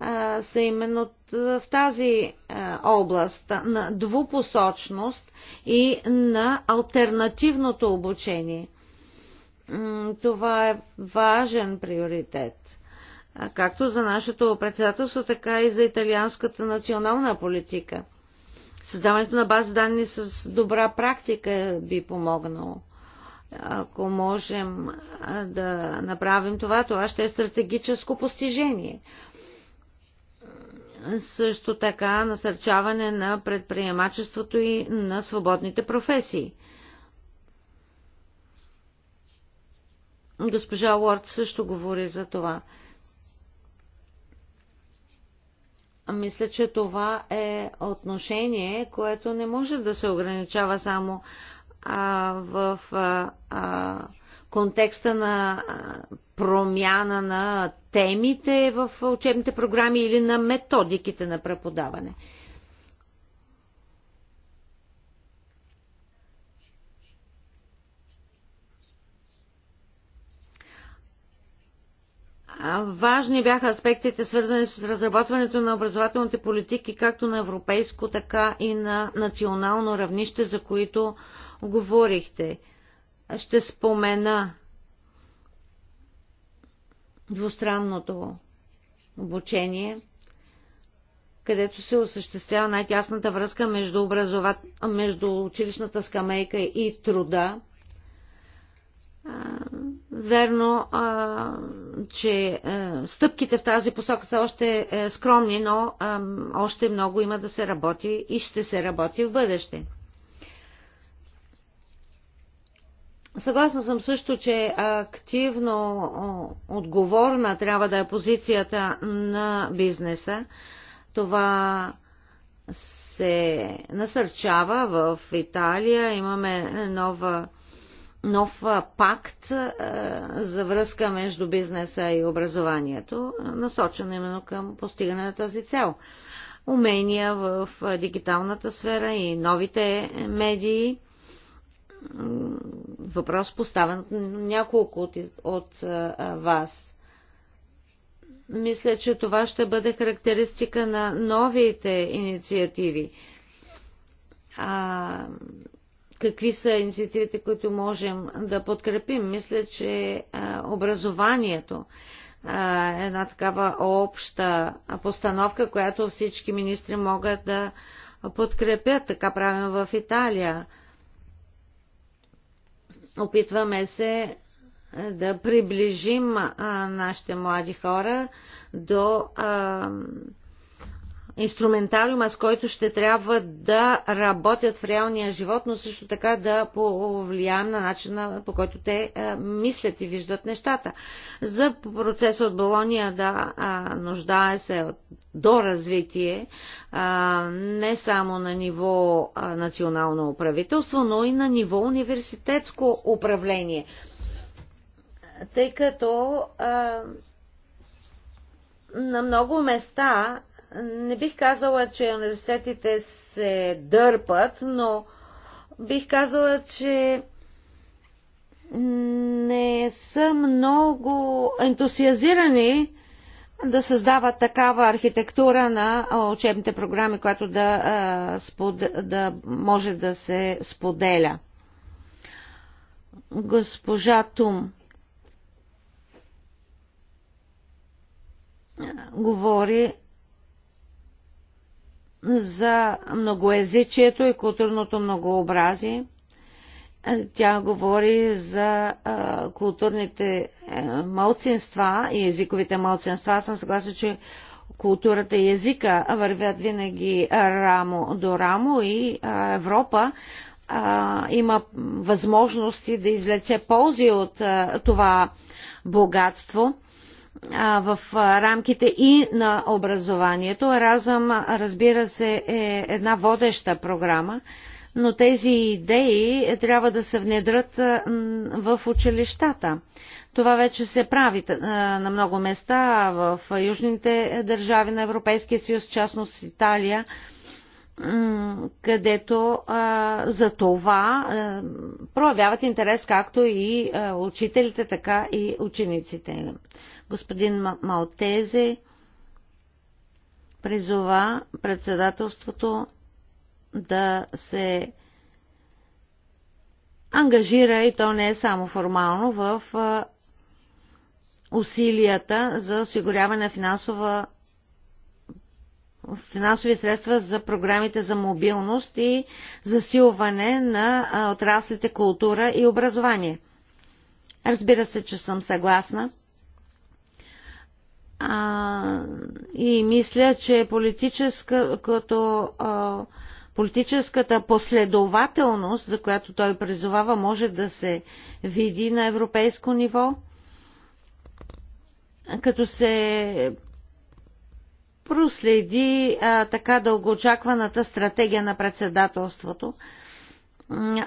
а, са именно в тази а, област на двупосочност и на альтернативното обучение. Това е важен приоритет както за нашето председателство, така и за италианската национална политика. Създаването на база данни с добра практика би помогнало. Ако можем да направим това, това ще е стратегическо постижение. Също така насърчаване на предприемачеството и на свободните професии. Госпожа Уорд също говори за това. Мисля, че това е отношение, което не може да се ограничава само а, в а, а, контекста на промяна на темите в учебните програми или на методиките на преподаване. Важни бяха аспектите, свързани с разработването на образователните политики, както на европейско, така и на национално равнище, за които говорихте. Ще спомена двустранното обучение, където се осъществява най-тясната връзка между, образова... между училищната скамейка и труда. Верно, че стъпките в тази посока са още е, скромни, но още много има да се работи и ще се работи в бъдеще. Съгласна съм също, че активно отговорна трябва да е позицията на бизнеса. Това се насърчава в Италия. Имаме нова нов пакт за връзка между бизнеса и образованието, насочен именно към постигане на тази цел. Умения в дигиталната сфера и новите медии. Въпрос поставен от няколко от, от вас. Мисля, че това ще бъде характеристика на новите инициативи. А, какви са инициативите, които можем да подкрепим. Мисля, че образованието е една такава обща постановка, която всички министри могат да подкрепят. Така правим в Италия. Опитваме се да приближим нашите млади хора до инструментариума, с който ще трябва да работят в реалния живот, но също така да повлияем на начина по който те е, мислят и виждат нещата. За процеса от Болония да нуждае се от до развитие не само на ниво национално управителство, но и на ниво университетско управление. Тъй като на много места не бих казала, че университетите се дърпат, но бих казала, че не са много ентусиазирани да създават такава архитектура на учебните програми, която да, да може да се споделя. Госпожа Тум говори за многоезичието и културното многообразие. Тя говори за а, културните а, малцинства и езиковите малцинства. Аз съм съгласен, че културата и езика вървят винаги рамо до рамо и а, Европа а, има възможности да извлече ползи от а, това богатство в рамките и на образованието. Разъм, разбира се, е една водеща програма, но тези идеи трябва да се внедрят в училищата. Това вече се прави на много места в южните държави на Европейския съюз, частност Италия, където за това проявяват интерес както и учителите, така и учениците. Господин Малтези призова председателството да се ангажира, и то не е само формално, в усилията за осигуряване на финансова финансови средства за програмите за мобилност и засилване на отраслите култура и образование. Разбира се, че съм съгласна а, и мисля, че политическа, като, а, политическата последователност, за която той призовава, може да се види на европейско ниво, като се проследи а, така дългоочакваната стратегия на председателството.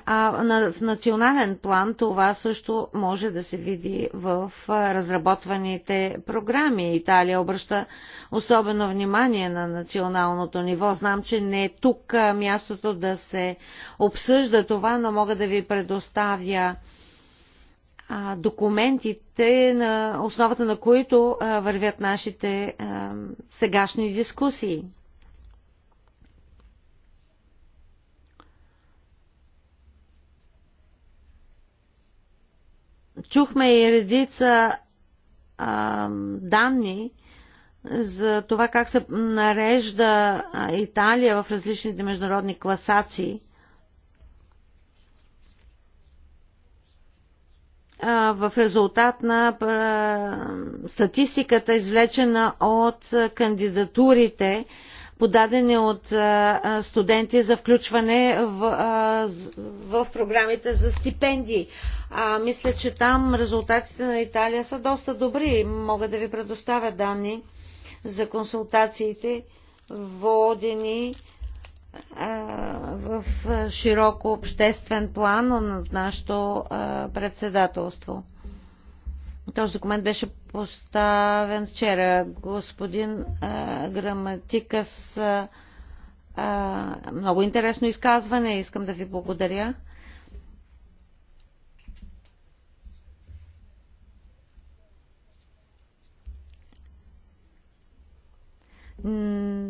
А в национален план това също може да се види в разработваните програми. Италия обръща особено внимание на националното ниво. Знам, че не е тук мястото да се обсъжда това, но мога да ви предоставя документите, на основата на които вървят нашите сегашни дискусии. Чухме и редица а, данни за това как се нарежда Италия в различните международни класации. в резултат на статистиката, извлечена от кандидатурите подадени от студенти за включване в, в програмите за стипендии. А, мисля, че там резултатите на Италия са доста добри. Мога да ви предоставя данни за консултациите, водени в широко обществен план от нашето председателство. Този документ беше поставен вчера. Господин а, Граматикас, а, а, много интересно изказване. Искам да ви благодаря.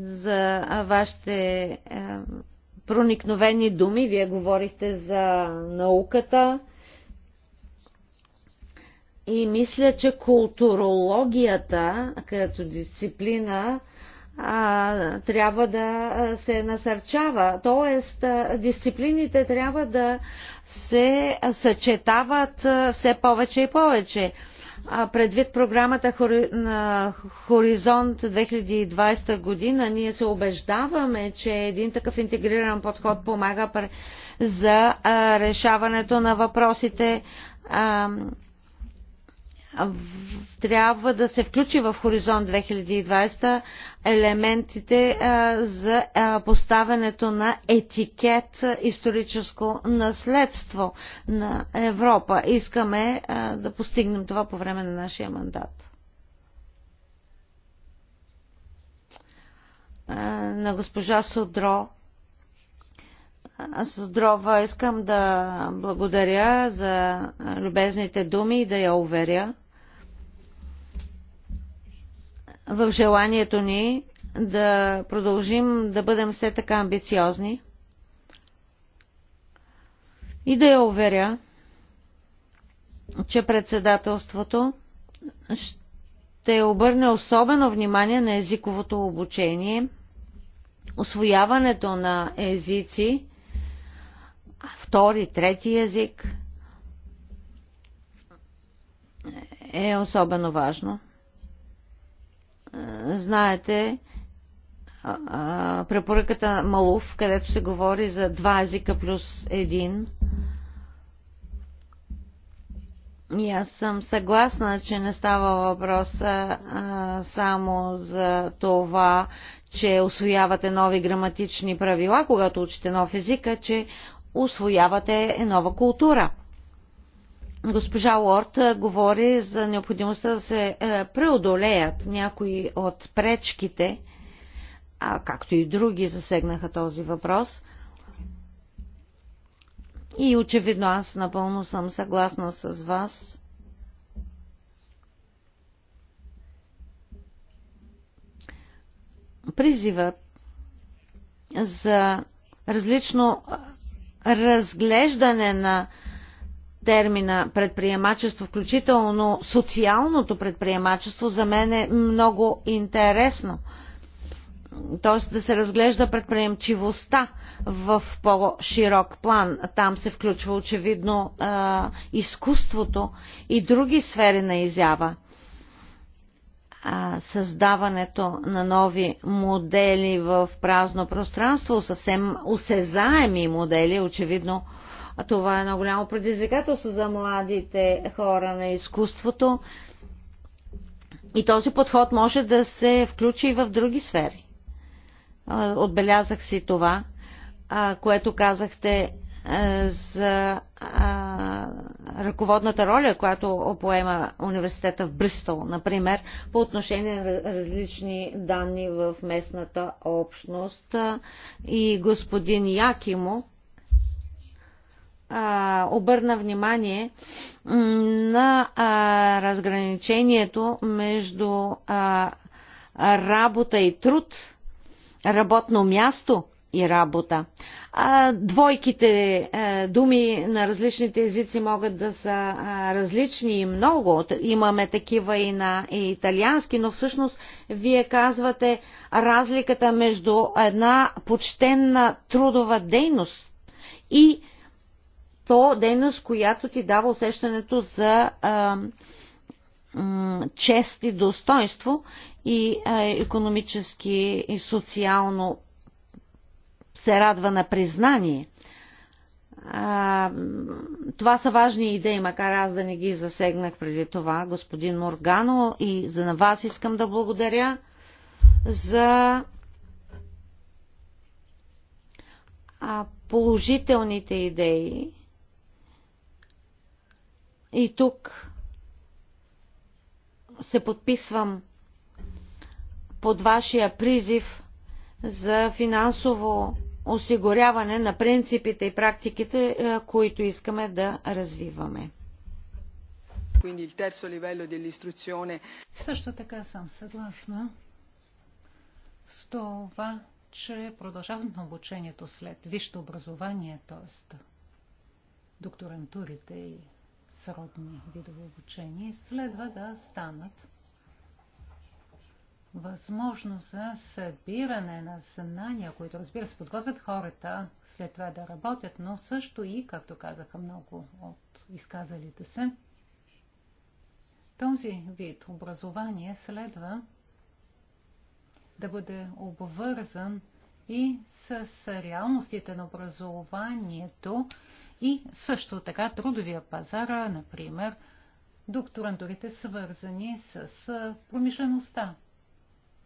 за вашите проникновени думи. Вие говорихте за науката, и мисля, че културологията като дисциплина а, трябва да се насърчава. Тоест, дисциплините трябва да се съчетават все повече и повече. А предвид програмата на Хоризонт 2020 година, ние се убеждаваме, че един такъв интегриран подход помага за решаването на въпросите трябва да се включи в Хоризонт 2020 елементите за поставянето на етикет историческо наследство на Европа. Искаме да постигнем това по време на нашия мандат. На госпожа Судро. Судрова искам да благодаря за любезните думи и да я уверя, в желанието ни да продължим да бъдем все така амбициозни и да я уверя, че председателството ще обърне особено внимание на езиковото обучение, освояването на езици, втори, трети език е особено важно знаете препоръката Малуф, където се говори за два езика плюс един. И аз съм съгласна, че не става въпрос а, само за това, че освоявате нови граматични правила, когато учите нов език, а че освоявате нова култура. Госпожа Уорд говори за необходимостта да се преодолеят някои от пречките, а както и други засегнаха този въпрос. И очевидно аз напълно съм съгласна с вас. Призивът за различно разглеждане на термина предприемачество, включително социалното предприемачество, за мен е много интересно. Тоест да се разглежда предприемчивостта в по-широк план. Там се включва очевидно е, изкуството и други сфери на изява. създаването на нови модели в празно пространство, съвсем осезаеми модели, очевидно а това е едно голямо предизвикателство за младите хора на изкуството. И този подход може да се включи и в други сфери. Отбелязах си това, което казахте за ръководната роля, която поема университета в Бристол, например, по отношение на различни данни в местната общност. И господин Якимо а, обърна внимание на а, разграничението между а, работа и труд, работно място и работа. А, двойките а, думи на различните езици могат да са а, различни и много. Имаме такива и на и италиански, но всъщност вие казвате разликата между една почтенна трудова дейност и то дейност, която ти дава усещането за а, чест и достоинство и а, економически и социално се радва на признание. А, това са важни идеи, макар аз да не ги засегнах преди това, господин Моргано, и за на вас искам да благодаря за положителните идеи, и тук се подписвам под вашия призив за финансово осигуряване на принципите и практиките, е, които искаме да развиваме. Също така съм съгласна с това, че продължаването на обучението след висшето образование, т.е. докторантурите и сродни видове обучение, следва да станат възможно за събиране на знания, които разбира се подготвят хората след това да работят, но също и, както казаха много от изказалите се, този вид образование следва да бъде обвързан и с реалностите на образованието и също така трудовия пазар, например, докторантурите свързани с промишлеността.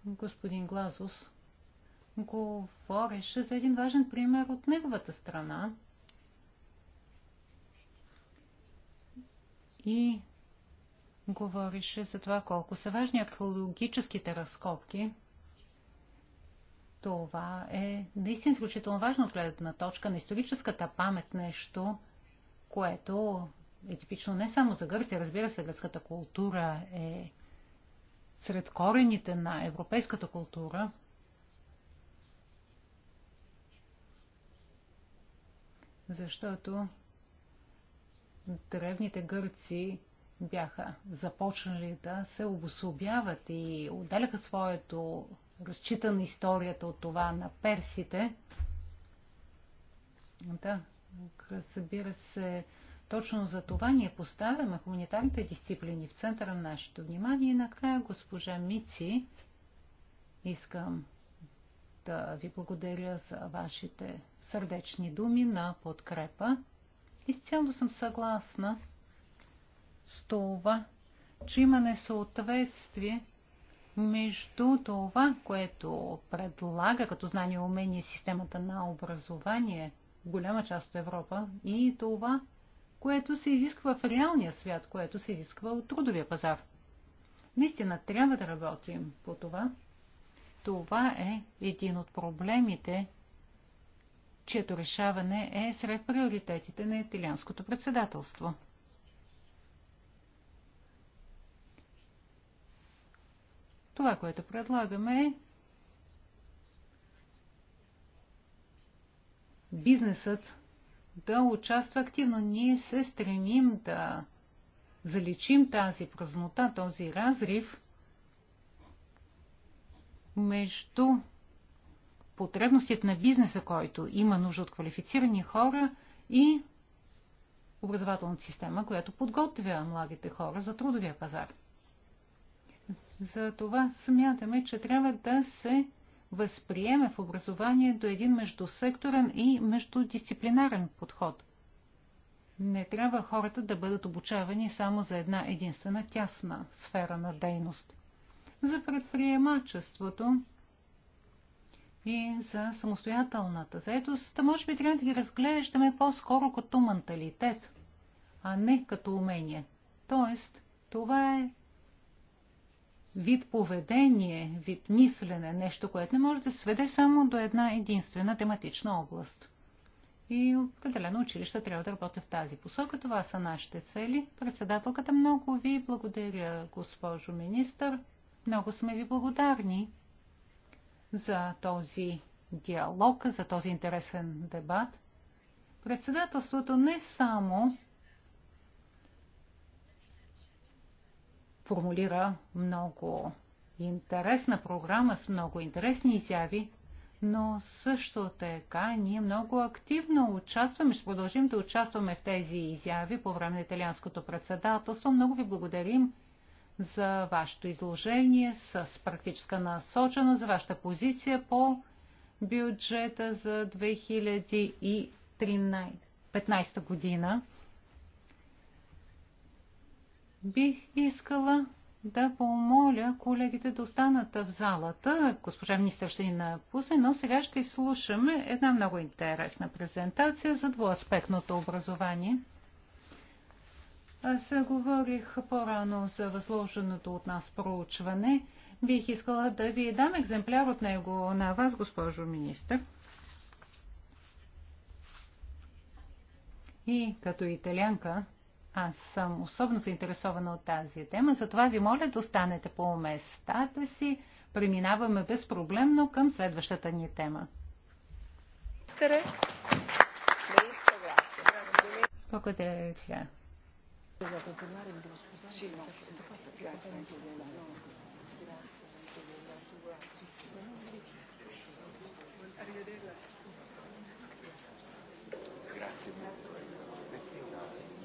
Господин Глазус говореше за един важен пример от неговата страна. И говореше за това колко са важни археологическите разкопки – това е наистина изключително важно от гледна точка на историческата памет нещо, което е типично не само за Гърция. Разбира се, гръцката култура е сред корените на европейската култура. Защото древните гърци бяха започнали да се обособяват и отделяха своето разчитан историята от това на персите. Да, разбира се, точно за това ние поставяме хуманитарните дисциплини в центъра на нашето внимание. И накрая госпожа Мици, искам да ви благодаря за вашите сърдечни думи на подкрепа. Изцяло съм съгласна с това, че има несъответствие между това, което предлага като знание и умение системата на образование в голяма част от Европа и това, което се изисква в реалния свят, което се изисква от трудовия пазар. Наистина трябва да работим по това. Това е един от проблемите, чието решаване е сред приоритетите на италианското председателство. Това, което предлагаме е бизнесът да участва активно. Ние се стремим да заличим тази празнота, този разрив между потребностите на бизнеса, който има нужда от квалифицирани хора и образователната система, която подготвя младите хора за трудовия пазар. За това смятаме, че трябва да се възприеме в образованието един междусекторен и междудисциплинарен подход. Не трябва хората да бъдат обучавани само за една единствена тясна сфера на дейност. За предприемачеството и за самостоятелната заетост, може би трябва да ги разглеждаме по-скоро като менталитет, а не като умение. Тоест, това е вид поведение, вид мислене, нещо, което не може да се сведе само до една единствена тематична област. И определено училище трябва да работи в тази посока. Това са нашите цели. Председателката, много ви благодаря, госпожо министър. Много сме ви благодарни за този диалог, за този интересен дебат. Председателството не само формулира много интересна програма с много интересни изяви, но също така ние много активно участваме, ще продължим да участваме в тези изяви по време на италианското председателство. Много ви благодарим за вашето изложение с практическа насоченост, за вашата позиция по бюджета за 2015 година. Бих искала да помоля колегите да останат в залата. Госпожа министър ще ни напусне, но сега ще изслушаме една много интересна презентация за двуаспектното образование. Аз говорих по-рано за възложеното от нас проучване. Бих искала да ви дам екземпляр от него на вас, госпожо министър. И като италянка, аз съм особено заинтересована от тази тема, затова ви моля да останете по местата си. Преминаваме безпроблемно към следващата ни тема. Благодаря. Grazie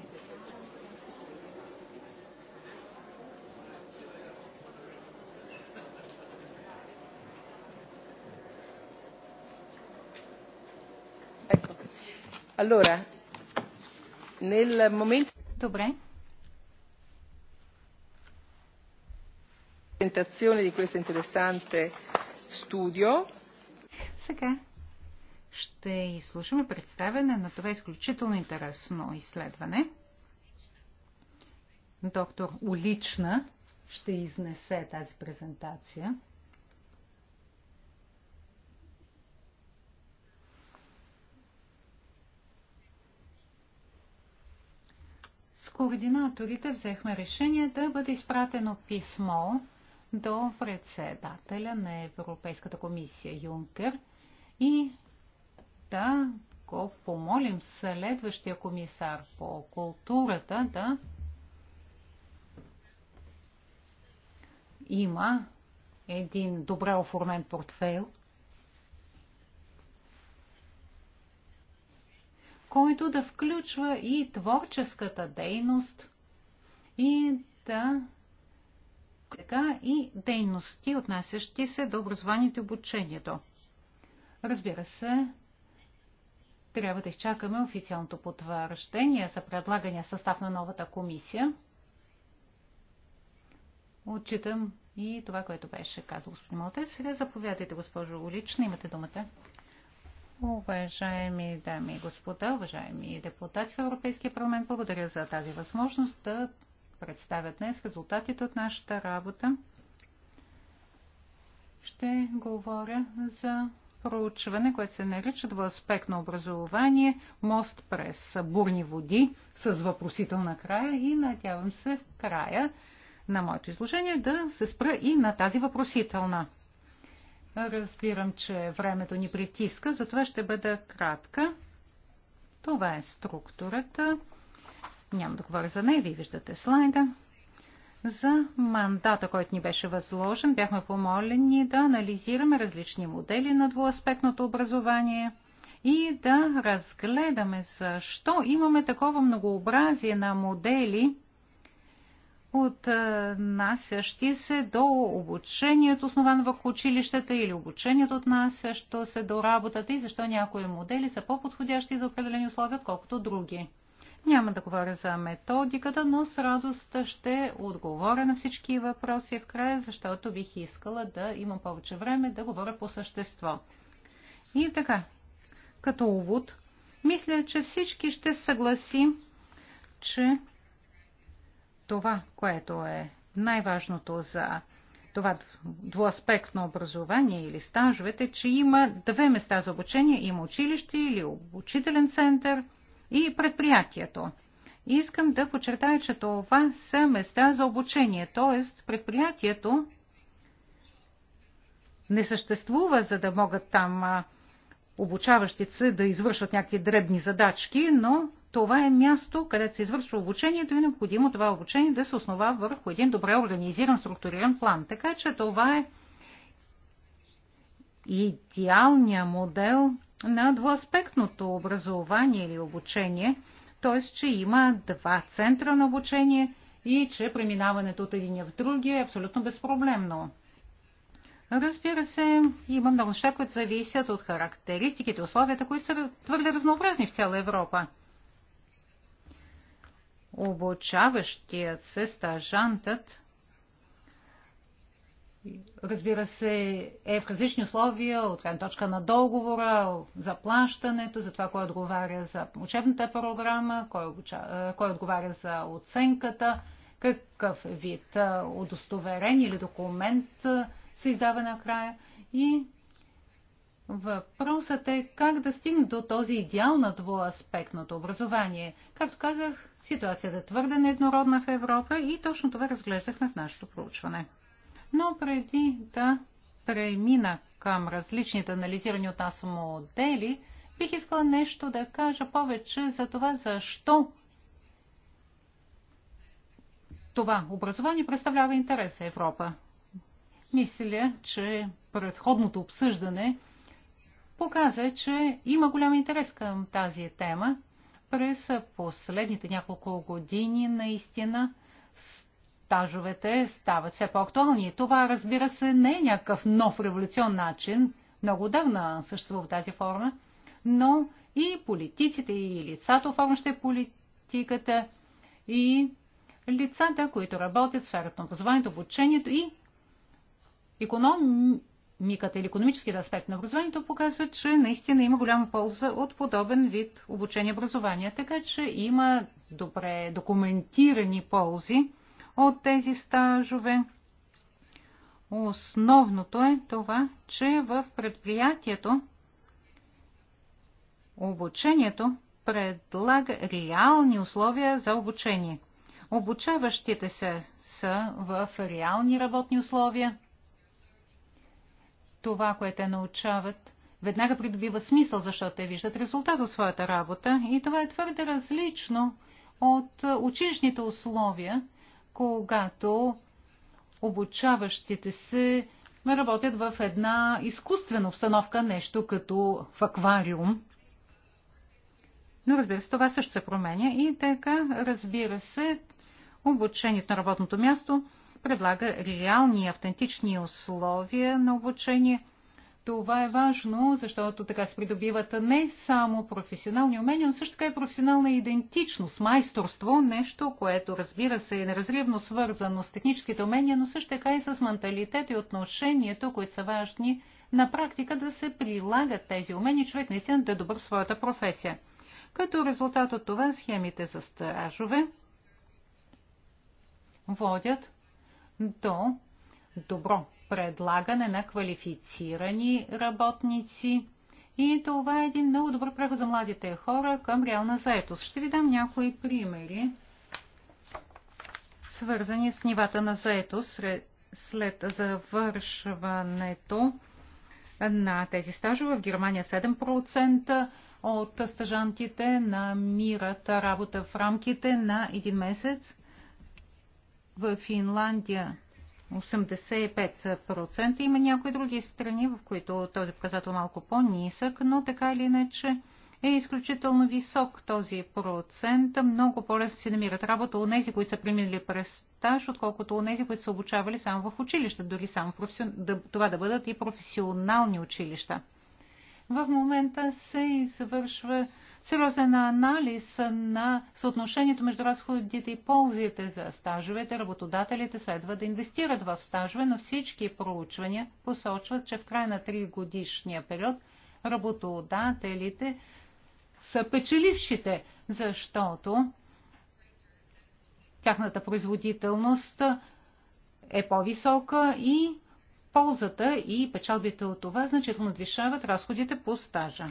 Добре. presentazione di questo interessante studio. Сега ще изслушаме представяне на това изключително интересно изследване. Доктор Улична ще изнесе тази презентация. координаторите взехме решение да бъде изпратено писмо до председателя на Европейската комисия Юнкер и да го помолим следващия комисар по културата да има един добре оформен портфейл – който да включва и творческата дейност и да така и дейности, отнасящи се до образованието и обучението. Разбира се, трябва да изчакаме официалното потвърждение за предлагания състав на новата комисия. Отчитам и това, което беше казал господин Малтес. Сега заповядайте, госпожо Улична, имате думата. Уважаеми дами и господа, уважаеми депутати в Европейския парламент, благодаря за тази възможност да представя днес резултатите от нашата работа. Ще говоря за проучване, което се нарича на образование, мост през бурни води с въпросител на края и надявам се в края на моето изложение да се спра и на тази въпросителна Разбирам, че времето ни притиска, затова ще бъда кратка. Това е структурата. Няма да говоря за нея, вие виждате слайда. За мандата, който ни беше възложен, бяхме помолени да анализираме различни модели на двуаспектното образование и да разгледаме защо имаме такова многообразие на модели отнасящи се до обучението, основано върху училищата или обучението, отнасящо се до работата и защо някои модели са по-подходящи за определени условия, колкото други. Няма да говоря за методиката, но с радост ще отговоря на всички въпроси в края, защото бих искала да имам повече време да говоря по същество. И така, като увод, мисля, че всички ще съгласим, че това, което е най-важното за това двуаспектно образование или стажовете, е, че има две места за обучение. Има училище или обучителен център и предприятието. Искам да подчертая, че това са места за обучение, т.е. предприятието не съществува, за да могат там обучаващите да извършват някакви дребни задачки, но това е място, където се извършва обучението и е необходимо това обучение да се основа върху един добре организиран, структуриран план. Така че това е идеалният модел на двуаспектното образование или обучение, т.е. че има два центра на обучение и че преминаването от един в другия е абсолютно безпроблемно. Разбира се, има много неща, които зависят от характеристиките, условията, които са твърде разнообразни в цяла Европа обучаващият се стажантът разбира се, е в различни условия, от гледна точка на договора, заплащането, за това кой отговаря за учебната програма, кой, обуча... Е, кой отговаря за оценката, какъв вид е, удостоверен или документ е, се издава накрая. И Въпросът е как да стигне до този идеал на двуаспектното образование. Както казах, ситуацията е твърде нееднородна в Европа и точно това разглеждахме в нашето проучване. Но преди да премина към различните анализирани от нас модели, бих искала нещо да кажа повече за това, защо това образование представлява интерес за Европа. Мисля, че предходното обсъждане – показа, че има голям интерес към тази тема. През последните няколко години наистина стажовете стават все по-актуални. Това, разбира се, не е някакъв нов революцион начин. Много давна съществува тази форма. Но и политиците, и лицата, оформящи политиката, и лицата, които работят в сферата на образованието, обучението и економ микът или економическият аспект на образованието показва, че наистина има голяма полза от подобен вид обучение и образование. Така че има добре документирани ползи от тези стажове. Основното е това, че в предприятието обучението предлага реални условия за обучение. Обучаващите се са в реални работни условия, това, което те научават, веднага придобива смисъл, защото те виждат резултат от своята работа. И това е твърде различно от училищните условия, когато обучаващите се работят в една изкуствена обстановка, нещо като в аквариум. Но разбира се, това също се променя и така, разбира се, обучението на работното място – предлага реални, автентични условия на обучение. Това е важно, защото така се придобиват не само професионални умения, но също така и професионална идентичност, майсторство, нещо, което разбира се е неразривно свързано с техническите умения, но също така и с менталитет и отношението, които са важни на практика да се прилагат тези умения, човек наистина да е добър в своята професия. Като резултат от това схемите за стражове водят до добро предлагане на квалифицирани работници. И това е един много добър преход за младите хора към реална заетост. Ще ви дам някои примери, свързани с нивата на заетост след завършването на тези стажове. В Германия 7% от стажантите намират работа в рамките на един месец в Финландия 85%. Има някои други страни, в които този показател е малко по-нисък, но така или иначе е изключително висок този процент. Много по-лесно си намират работа у нези, които са преминали през стаж, отколкото у нези, които са обучавали само в училища, дори само професион... това да бъдат и професионални училища. В момента се извършва сериозен анализ на съотношението между разходите и ползите за стажовете. Работодателите следва да инвестират в стажове, но всички проучвания посочват, че в края на 3 годишния период работодателите са печелившите, защото тяхната производителност е по-висока и ползата и печалбите от това значително надвишават разходите по стажа.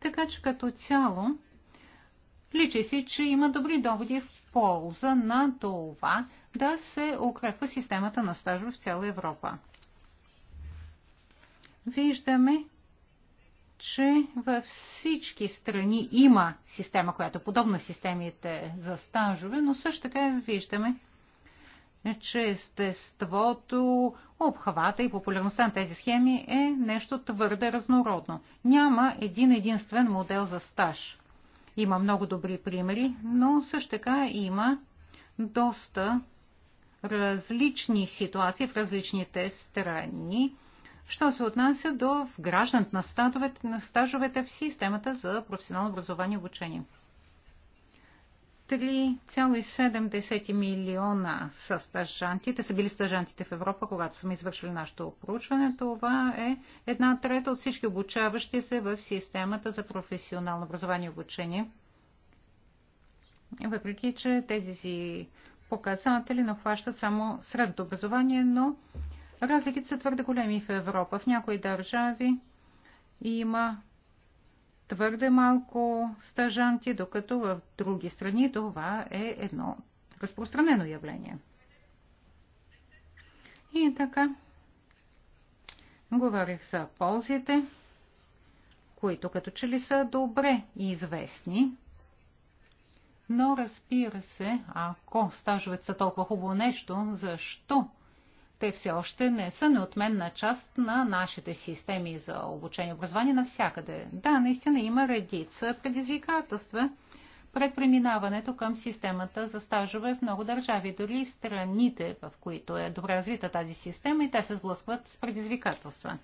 Така че като цяло личи си, че има добри доводи в полза на това да се укрепва системата на стаж в цяла Европа. Виждаме, че във всички страни има система, която подобна системите за стажове, но също така виждаме, че естеството, обхвата и популярността на тези схеми е нещо твърде разнородно. Няма един единствен модел за стаж. Има много добри примери, но също така има доста различни ситуации в различните страни, що се отнася до граждан на стажовете в системата за професионално образование и обучение. 3,7 милиона са Те са били стъжантите в Европа, когато сме извършили нашето проучване. Това е една трета от всички обучаващи се в системата за професионално образование и обучение. Въпреки, че тези си показатели нахващат само средното образование, но разликите са твърде големи в Европа. В някои държави има твърде малко стажанти, докато в други страни това е едно разпространено явление. И така, говорих за ползите, които като че ли са добре известни, но разбира се, ако стажовете са толкова хубаво нещо, защо те все още не са неотменна част на нашите системи за обучение и образование навсякъде. Да, наистина има редица предизвикателства пред преминаването към системата за стажове в много държави, дори и страните, в които е добре развита тази система и те се сблъскват с предизвикателства.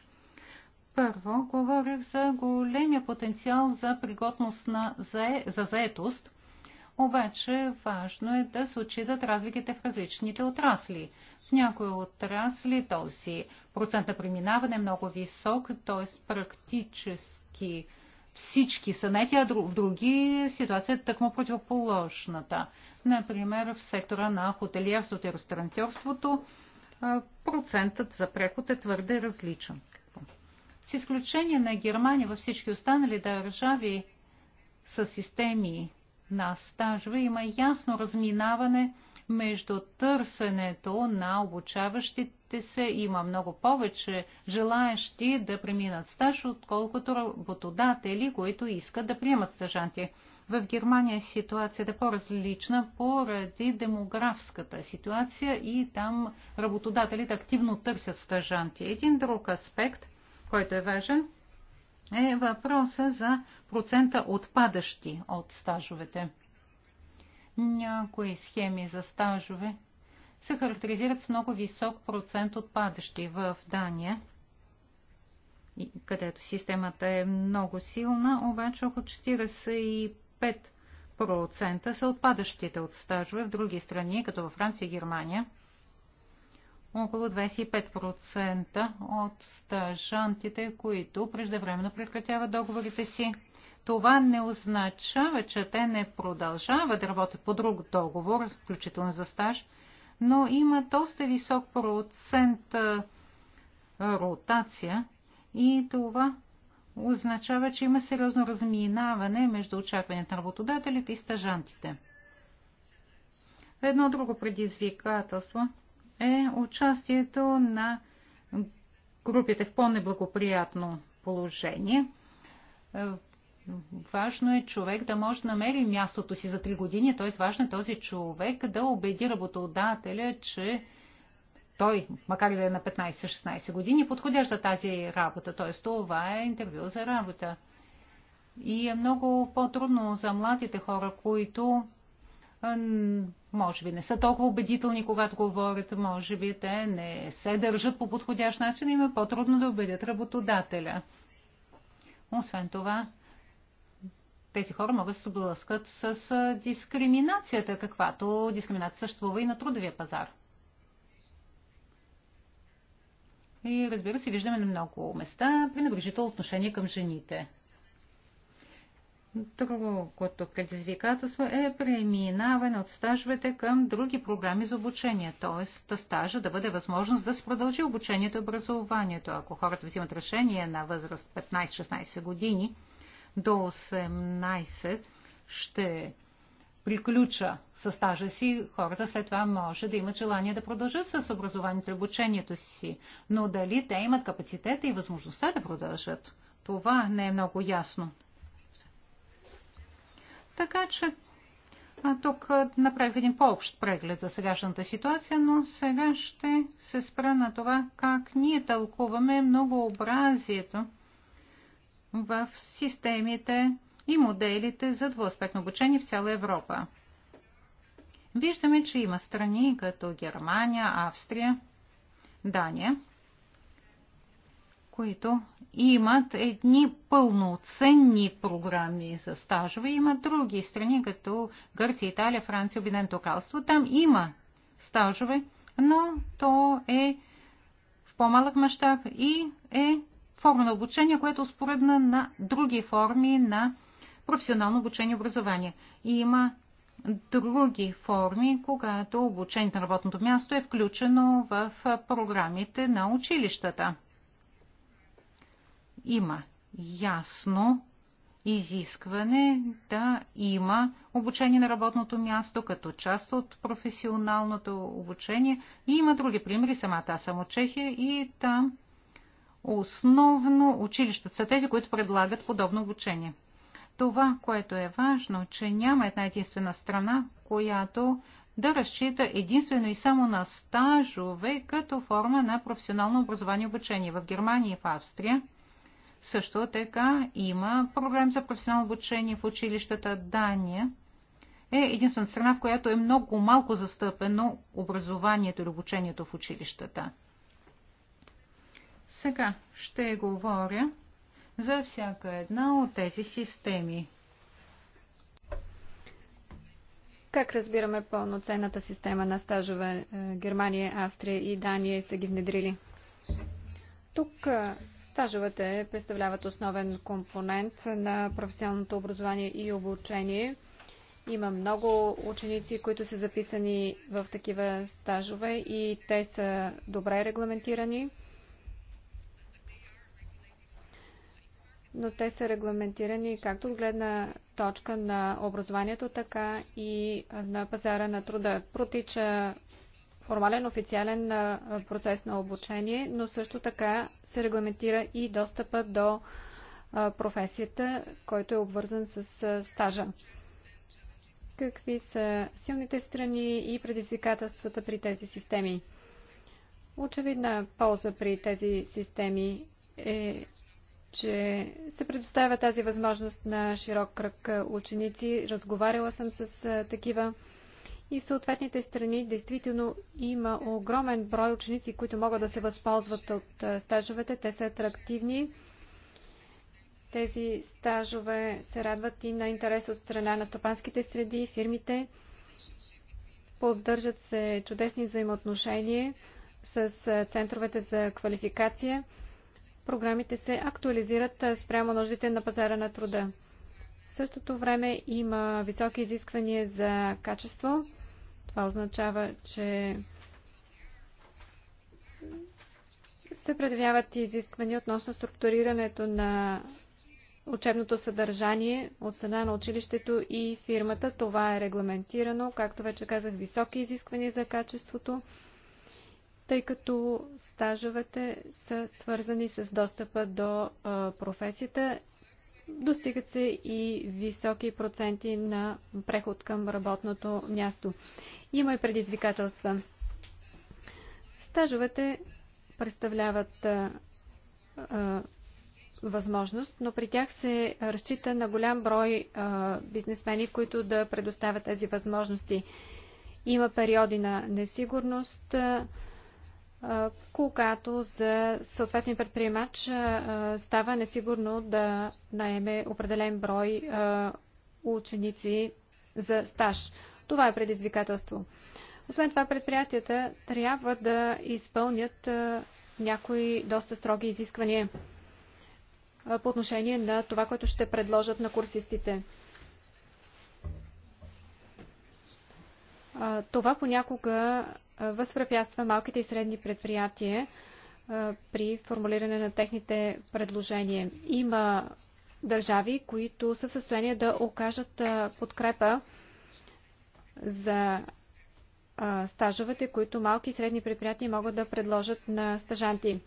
Първо, говорих за големия потенциал за пригодност на, за, за заетост – обаче важно е да се отчитат разликите в различните отрасли. В някои отрасли този процент на преминаване е много висок, т.е. практически всички са нети, а в други ситуации е тъкмо противоположната. Например, в сектора на хотелиерството и ресторантьорството процентът за преход е твърде различен. С изключение на Германия, във всички останали държави с системи на стажове има ясно разминаване – между търсенето на обучаващите се. Има много повече желаящи да преминат стаж, отколкото работодатели, които искат да приемат стажанти. В Германия е ситуацията е по-различна поради демографската ситуация и там работодателите активно търсят стажанти. Един друг аспект, който е важен, е въпроса за процента отпадащи от стажовете. Някои схеми за стажове се характеризират с много висок процент от падащи в Дания, където системата е много силна, обаче около 45% са отпадащите от стажове в други страни, като във Франция и Германия. Около 25% от стажантите, които преждевременно прекратяват договорите си, това не означава, че те не продължават да работят по друг договор, включително за стаж, но има доста висок процент ротация и това означава, че има сериозно разминаване между очакванията на работодателите и стажантите. Едно друго предизвикателство е участието на групите в по-неблагоприятно положение. Важно е човек да може да намери мястото си за три години, т.е. важно е този човек да убеди работодателя, че той, макар и да е на 15-16 години, е подходящ за тази работа. Т.е. това е интервю за работа. И е много по-трудно за младите хора, които може би не са толкова убедителни, когато говорят, може би те не се държат по подходящ начин, им е по-трудно да убедят работодателя. Освен това, тези хора могат да се блъскат с дискриминацията, каквато дискриминация съществува и на трудовия пазар. И разбира се, виждаме на много места пренебрежително отношение към жените. Другото предизвикателство е преминаване от стажовете към други програми за обучение, т.е. стажа да бъде възможност да се продължи обучението и образованието. Ако хората взимат решение на възраст 15-16 години, до 18 ще приключа с стажа си, хората след това може да имат желание да продължат с образованието и обучението си. Но дали те имат капацитета и възможността да продължат, това не е много ясно. Така че тук направих един по-общ преглед за сегашната ситуация, но сега ще се спра на това как ние тълкуваме многообразието в системите и моделите за двуаспектно обучение в цяла Европа. Виждаме, че има страни като Германия, Австрия, Дания, които имат едни пълноценни програми за стажове. Има други страни, като Гърция, Италия, Франция, Обединеното кралство. Там има стажове, но то е в по-малък мащаб и е форма на обучение, което е споредна на други форми на професионално обучение и образование. И има други форми, когато обучението на работното място е включено в програмите на училищата. Има ясно изискване да има обучение на работното място като част от професионалното обучение. И има други примери, самата аз съм от Чехия и там Основно училищата са тези, които предлагат подобно обучение. Това, което е важно, че няма една единствена страна, която да разчита единствено и само на стажове като форма на професионално образование и обучение. В Германия и в Австрия също така има програм за професионално обучение в училищата Дания. Е единствена страна, в която е много малко застъпено образованието или обучението в училищата. Сега ще говоря за всяка една от тези системи. Как разбираме пълноценната система на стажове е, Германия, Австрия и Дания са ги внедрили? Тук е, стажовете представляват основен компонент на професионалното образование и обучение. Има много ученици, които са записани в такива стажове и те са добре регламентирани. но те са регламентирани както от гледна точка на образованието, така и на пазара на труда. Протича формален официален процес на обучение, но също така се регламентира и достъпа до професията, който е обвързан с стажа. Какви са силните страни и предизвикателствата при тези системи? Очевидна полза при тези системи е че се предоставя тази възможност на широк кръг ученици. Разговаряла съм с такива и в съответните страни действително има огромен брой ученици, които могат да се възползват от стажовете. Те са атрактивни. Тези стажове се радват и на интерес от страна на стопанските среди, фирмите. Поддържат се чудесни взаимоотношения с центровете за квалификация програмите се актуализират спрямо нуждите на пазара на труда. В същото време има високи изисквания за качество. Това означава, че се предявяват изисквания относно структурирането на учебното съдържание от страна на училището и фирмата. Това е регламентирано, както вече казах, високи изисквания за качеството тъй като стажовете са свързани с достъпа до професията. Достигат се и високи проценти на преход към работното място. Има и предизвикателства. Стажовете представляват а, а, възможност, но при тях се разчита на голям брой а, бизнесмени, които да предоставят тези възможности. Има периоди на несигурност. А, когато за съответния предприемач става несигурно да наеме определен брой ученици за стаж. Това е предизвикателство. Освен това, предприятията трябва да изпълнят някои доста строги изисквания по отношение на това, което ще предложат на курсистите. Това понякога възпрепятства малките и средни предприятия при формулиране на техните предложения. Има държави, които са в състояние да окажат подкрепа за стажовете, които малки и средни предприятия могат да предложат на стажанти.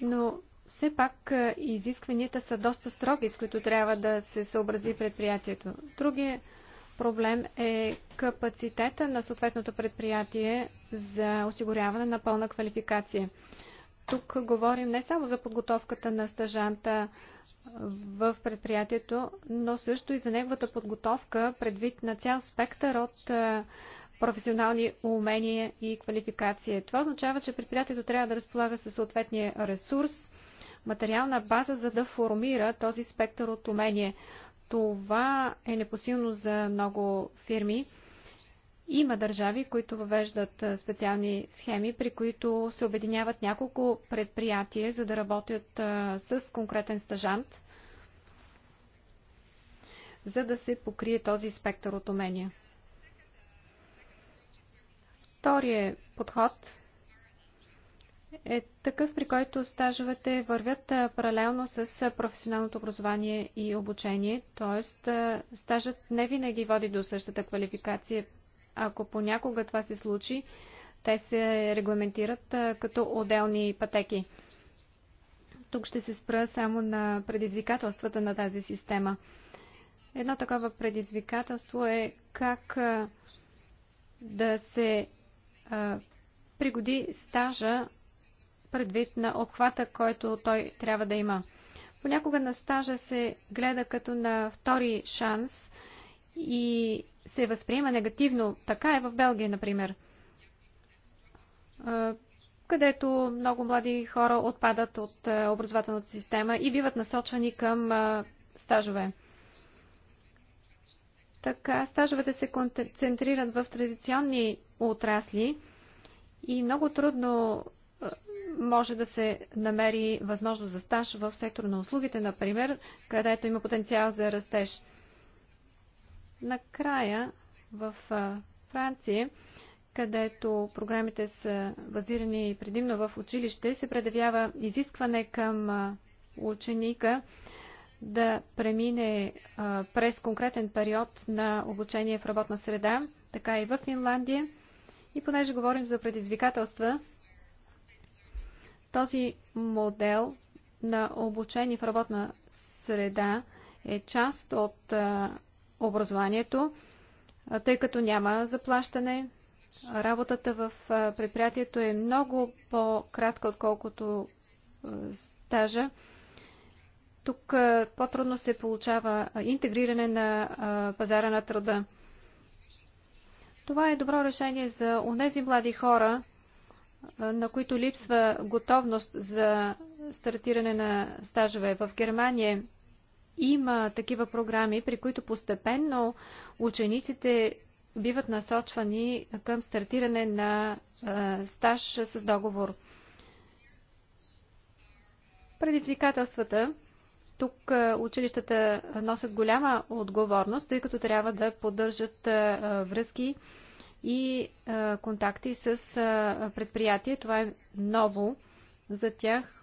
Но все пак изискванията са доста строги, с които трябва да се съобрази предприятието. Други проблем е капацитета на съответното предприятие за осигуряване на пълна квалификация. Тук говорим не само за подготовката на стажанта в предприятието, но също и за неговата подготовка предвид на цял спектър от професионални умения и квалификация. Това означава, че предприятието трябва да разполага със съответния ресурс, материална база, за да формира този спектър от умения това е непосилно за много фирми. Има държави, които въвеждат специални схеми, при които се обединяват няколко предприятия, за да работят с конкретен стажант, за да се покрие този спектър от умения. Вторият подход – е такъв, при който стажовете вървят паралелно с професионалното образование и обучение, т.е. стажът не винаги води до същата квалификация. Ако понякога това се случи, те се регламентират като отделни пътеки. Тук ще се спра само на предизвикателствата на тази система. Едно такова предизвикателство е как да се пригоди стажа предвид на обхвата, който той трябва да има. Понякога на стажа се гледа като на втори шанс и се възприема негативно. Така е в Белгия, например, където много млади хора отпадат от образователната система и биват насочвани към стажове. Така, стажовете се концентрират в традиционни отрасли и много трудно може да се намери възможност за стаж в сектора на услугите, например, където има потенциал за растеж. Накрая, в Франция, където програмите са базирани предимно в училище, се предявява изискване към ученика да премине през конкретен период на обучение в работна среда, така и в Финландия. И понеже говорим за предизвикателства, този модел на обучение в работна среда е част от образованието, тъй като няма заплащане. Работата в предприятието е много по-кратка, отколкото стажа. Тук по-трудно се получава интегриране на пазара на труда. Това е добро решение за онези млади хора, на които липсва готовност за стартиране на стажове. В Германия има такива програми, при които постепенно учениците биват насочвани към стартиране на стаж с договор. Предизвикателствата тук училищата носят голяма отговорност, тъй като трябва да поддържат връзки и контакти с предприятие. Това е ново за тях.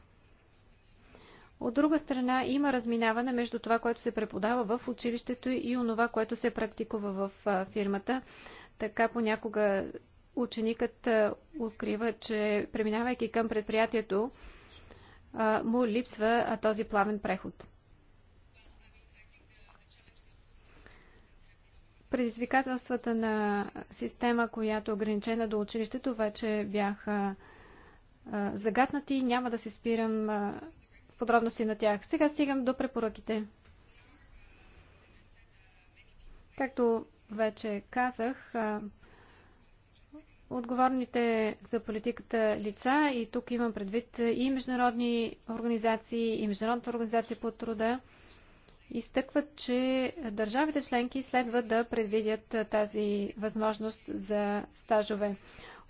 От друга страна, има разминаване между това, което се преподава в училището и онова, което се практикува в фирмата. Така понякога ученикът открива, че преминавайки към предприятието, му липсва този плавен преход. Предизвикателствата на система, която е ограничена до училището, вече бяха загатнати. Няма да се спирам в подробности на тях. Сега стигам до препоръките. Както вече казах, отговорните за политиката лица, и тук имам предвид и международни организации, и Международната организация по труда, изтъкват, че държавите членки следва да предвидят тази възможност за стажове.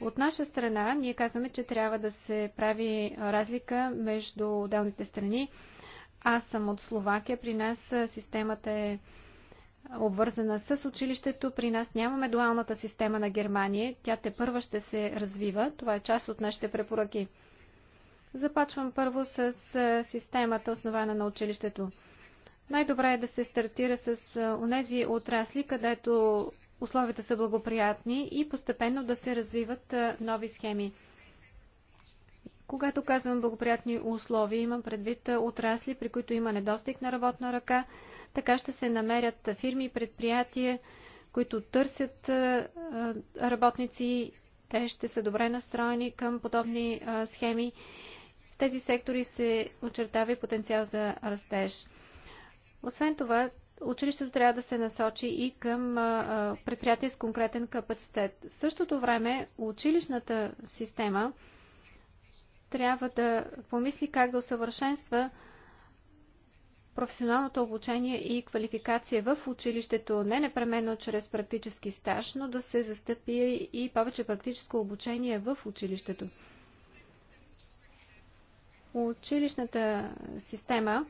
От наша страна ние казваме, че трябва да се прави разлика между отделните страни. Аз съм от Словакия, при нас системата е обвързана с училището. При нас нямаме дуалната система на Германия. Тя те първа ще се развива. Това е част от нашите препоръки. Започвам първо с системата, основана на училището. Най-добре е да се стартира с онези отрасли, където условията са благоприятни и постепенно да се развиват нови схеми. Когато казвам благоприятни условия, имам предвид отрасли, при които има недостиг на работна ръка. Така ще се намерят фирми и предприятия, които търсят работници. Те ще са добре настроени към подобни схеми. В тези сектори се очертава и потенциал за растеж. Освен това, училището трябва да се насочи и към предприятие с конкретен капацитет. В същото време, училищната система трябва да помисли как да усъвършенства професионалното обучение и квалификация в училището, не непременно чрез практически стаж, но да се застъпи и повече практическо обучение в училището. Училищната система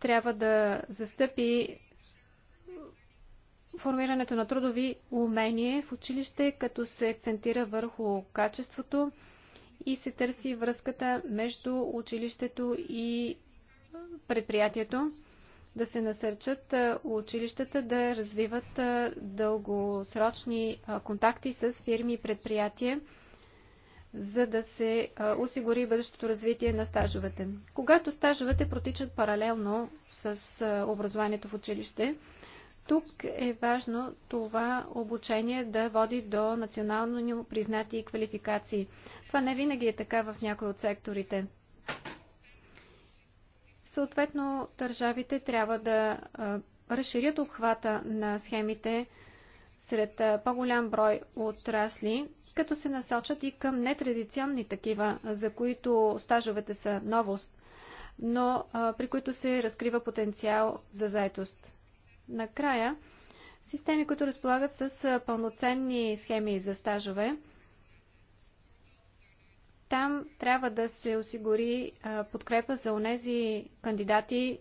трябва да застъпи формирането на трудови умения в училище, като се акцентира върху качеството и се търси връзката между училището и предприятието, да се насърчат училищата да развиват дългосрочни контакти с фирми и предприятия, за да се осигури бъдещото развитие на стажовете. Когато стажовете протичат паралелно с образованието в училище, тук е важно това обучение да води до национално признати квалификации. Това не винаги е така в някои от секторите. Съответно, държавите трябва да разширят обхвата на схемите сред по-голям брой отрасли, като се насочат и към нетрадиционни такива, за които стажовете са новост, но а, при които се разкрива потенциал за заетост. Накрая, системи, които разполагат с пълноценни схеми за стажове, там трябва да се осигури а, подкрепа за онези кандидати,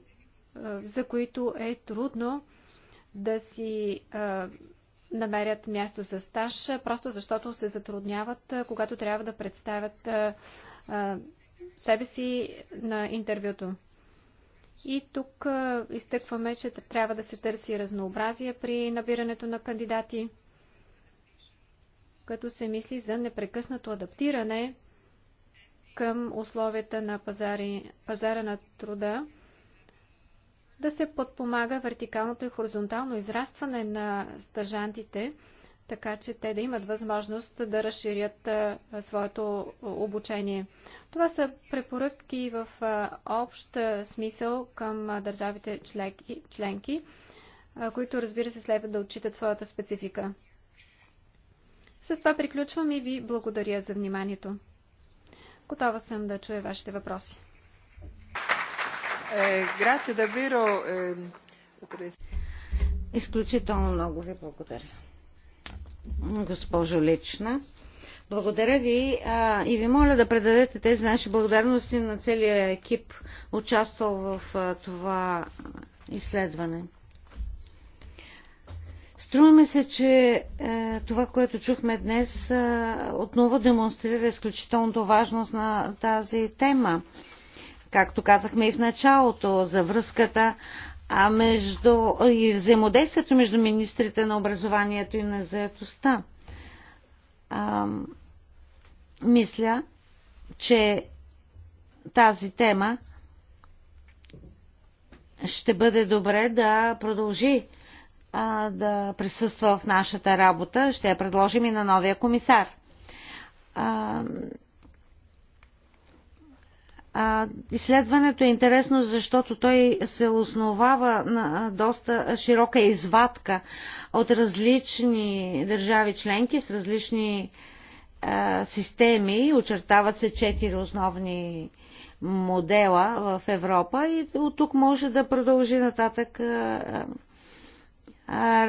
а, за които е трудно да си а, намерят място за стаж, просто защото се затрудняват, когато трябва да представят себе си на интервюто. И тук изтъкваме, че трябва да се търси разнообразие при набирането на кандидати, като се мисли за непрекъснато адаптиране към условията на пазари, пазара на труда да се подпомага вертикалното и хоризонтално израстване на стъжантите, така че те да имат възможност да разширят своето обучение. Това са препоръки в общ смисъл към държавите членки, които разбира се следва да отчитат своята специфика. С това приключвам и ви благодаря за вниманието. Готова съм да чуя вашите въпроси. Ehm, Изключително много ви благодаря. Госпожо Лична. Благодаря ви а, и ви моля да предадете тези наши благодарности на целия екип, участвал в а, това изследване. Струва ми се, че е, това, което чухме днес, е, отново демонстрира изключителното важност на тази тема както казахме и в началото, за връзката а между, и взаимодействието между министрите на образованието и на заедостта. А, мисля, че тази тема ще бъде добре да продължи а, да присъства в нашата работа. Ще я предложим и на новия комисар. А, Изследването е интересно, защото той се основава на доста широка извадка от различни държави членки с различни системи. Очертават се четири основни модела в Европа и от тук може да продължи нататък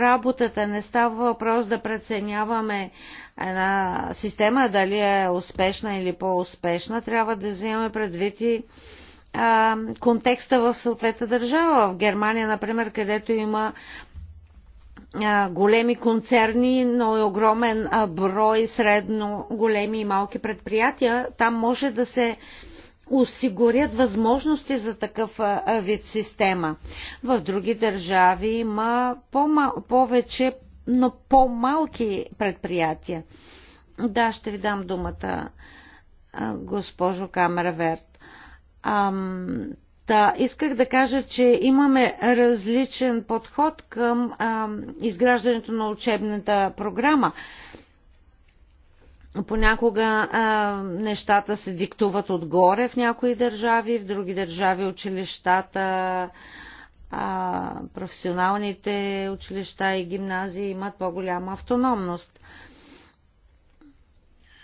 работата. Не става въпрос да преценяваме една система дали е успешна или по-успешна. Трябва да вземем предвид и а, контекста в съответната държава. В Германия, например, където има големи концерни, но и е огромен брой средно големи и малки предприятия, там може да се а, осигурят възможности за такъв вид система. В други държави има повече, но по-малки предприятия. Да, ще ви дам думата, госпожо Камераверт. Ам, да, исках да кажа, че имаме различен подход към ам, изграждането на учебната програма. Понякога а, нещата се диктуват отгоре в някои държави, в други държави училищата, а, професионалните училища и гимназии имат по-голяма автономност.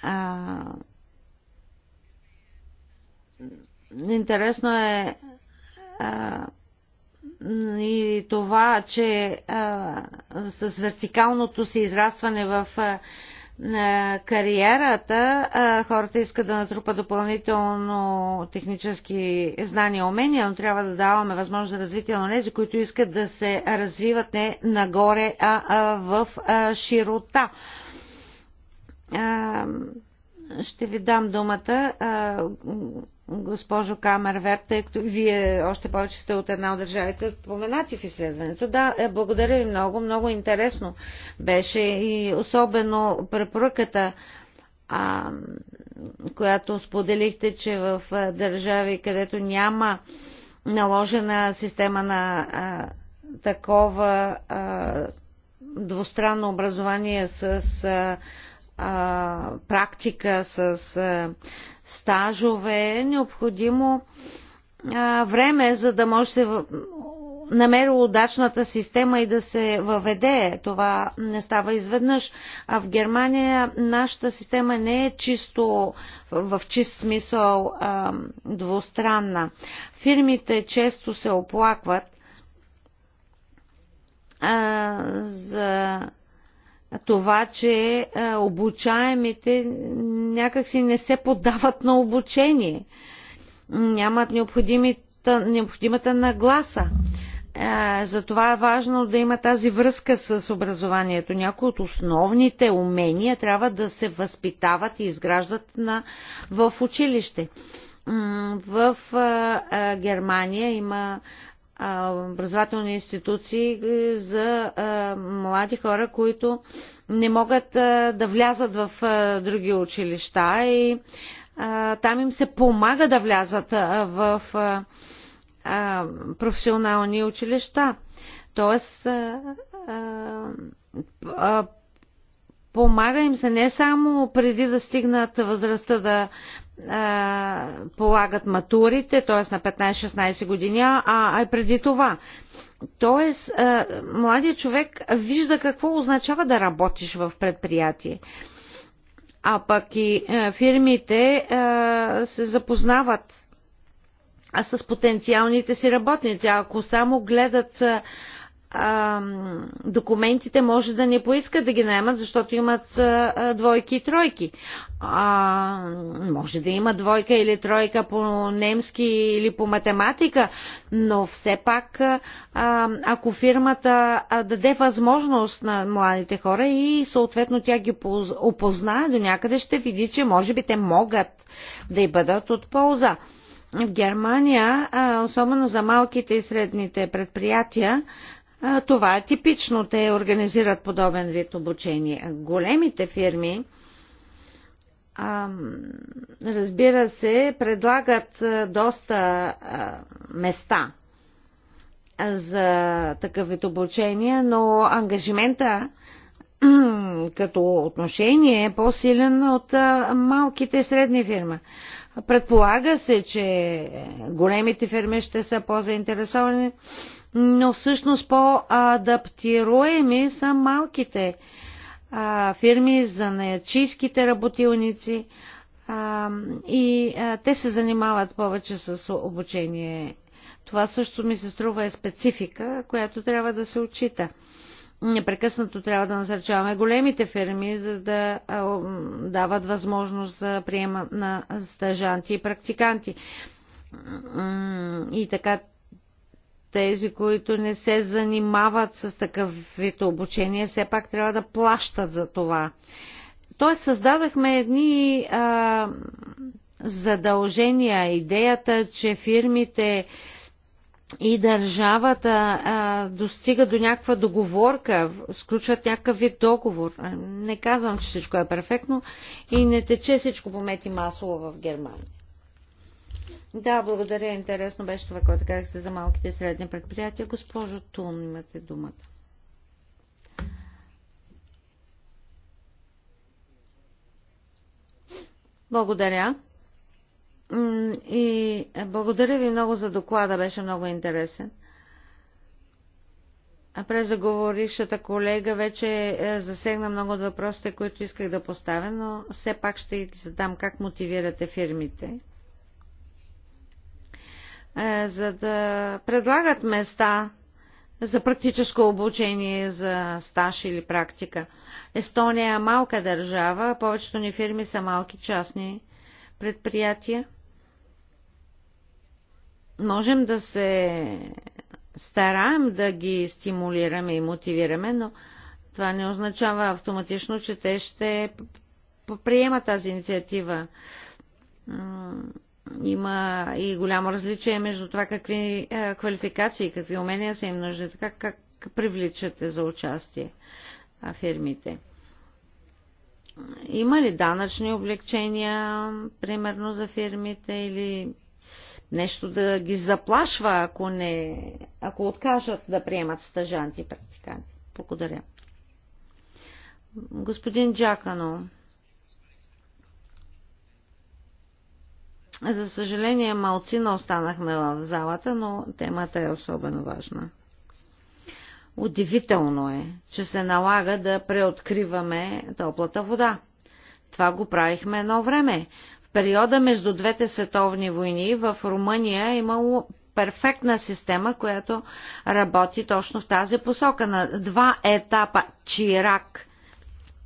А, интересно е а, и това, че а, с вертикалното си израстване в а, кариерата, хората искат да натрупат допълнително технически знания и умения, но трябва да даваме възможност за развитие на тези, които искат да се развиват не нагоре, а в широта. Ще ви дам думата, госпожо Камервер, тъй като вие още повече сте от една от държавите споменати в изследването. Да, е, благодаря ви много, много интересно беше и особено препоръката, а, която споделихте, че в държави, където няма наложена система на а, такова а, двустранно образование с а, а, практика, с а, стажове, е необходимо а, време, за да може да се намери удачната система и да се въведе. Това не става изведнъж. А в Германия нашата система не е чисто в чист смисъл а, двустранна. Фирмите често се оплакват а, за това, че обучаемите някакси не се подават на обучение, нямат необходимата, необходимата нагласа. Затова е важно да има тази връзка с образованието. Някои от основните умения трябва да се възпитават и изграждат на, в училище. В Германия има образователни институции е, за е, млади хора, които не могат е, да влязат в други училища и там им се помага да влязат в професионални училища. Тоест, помага им се не само преди да стигнат възрастта да полагат матурите, т.е. на 15-16 години, а, и преди това. Т.е. младият човек вижда какво означава да работиш в предприятие. А пък и фирмите се запознават с потенциалните си работници. Ако само гледат документите може да не поискат да ги наемат, защото имат двойки и тройки. А, може да има двойка или тройка по немски или по математика, но все пак, а, ако фирмата даде възможност на младите хора и съответно тя ги опознае до някъде, ще види, че може би те могат да й бъдат от полза. В Германия, особено за малките и средните предприятия, това е типично. Те организират подобен вид обучение. Големите фирми, разбира се, предлагат доста места за такъв вид обучение, но ангажимента като отношение е по-силен от малките и средни фирми. Предполага се, че големите фирми ще са по-заинтересовани но всъщност по-адаптируеми са малките а, фирми, неячийските работилници а, и а, те се занимават повече с обучение. Това също ми се струва е специфика, която трябва да се отчита. Непрекъснато трябва да насърчаваме големите фирми, за да а, дават възможност за приема на стажанти и практиканти. И така тези, които не се занимават с такъв вид обучение, все пак трябва да плащат за това. Тоест създадахме едни а, задължения, идеята, че фирмите и държавата а, достига до някаква договорка, сключват някакъв вид договор. Не казвам, че всичко е перфектно и не тече всичко по мети масло в Германия. Да, благодаря. Интересно беше това, което казахте за малките и средни предприятия. Госпожо Тун, имате думата. Благодаря. И благодаря ви много за доклада, беше много интересен. А през говорихшата колега вече е, засегна много от въпросите, които исках да поставя, но все пак ще задам как мотивирате фирмите е, за да предлагат места за практическо обучение за стаж или практика. Естония е малка държава, повечето ни фирми са малки частни предприятия. Можем да се стараем да ги стимулираме и мотивираме, но това не означава автоматично, че те ще приемат тази инициатива има и голямо различие между това какви е, квалификации, какви умения са им нужни, така как привличате за участие фирмите. Има ли данъчни облегчения, примерно за фирмите или нещо да ги заплашва, ако, не, ако откажат да приемат стъжанти и практиканти? Благодаря. Господин Джакано, За съжаление, малцина останахме в залата, но темата е особено важна. Удивително е, че се налага да преоткриваме топлата вода. Това го правихме едно време. В периода между двете световни войни в Румъния е имало перфектна система, която работи точно в тази посока. На два етапа Чирак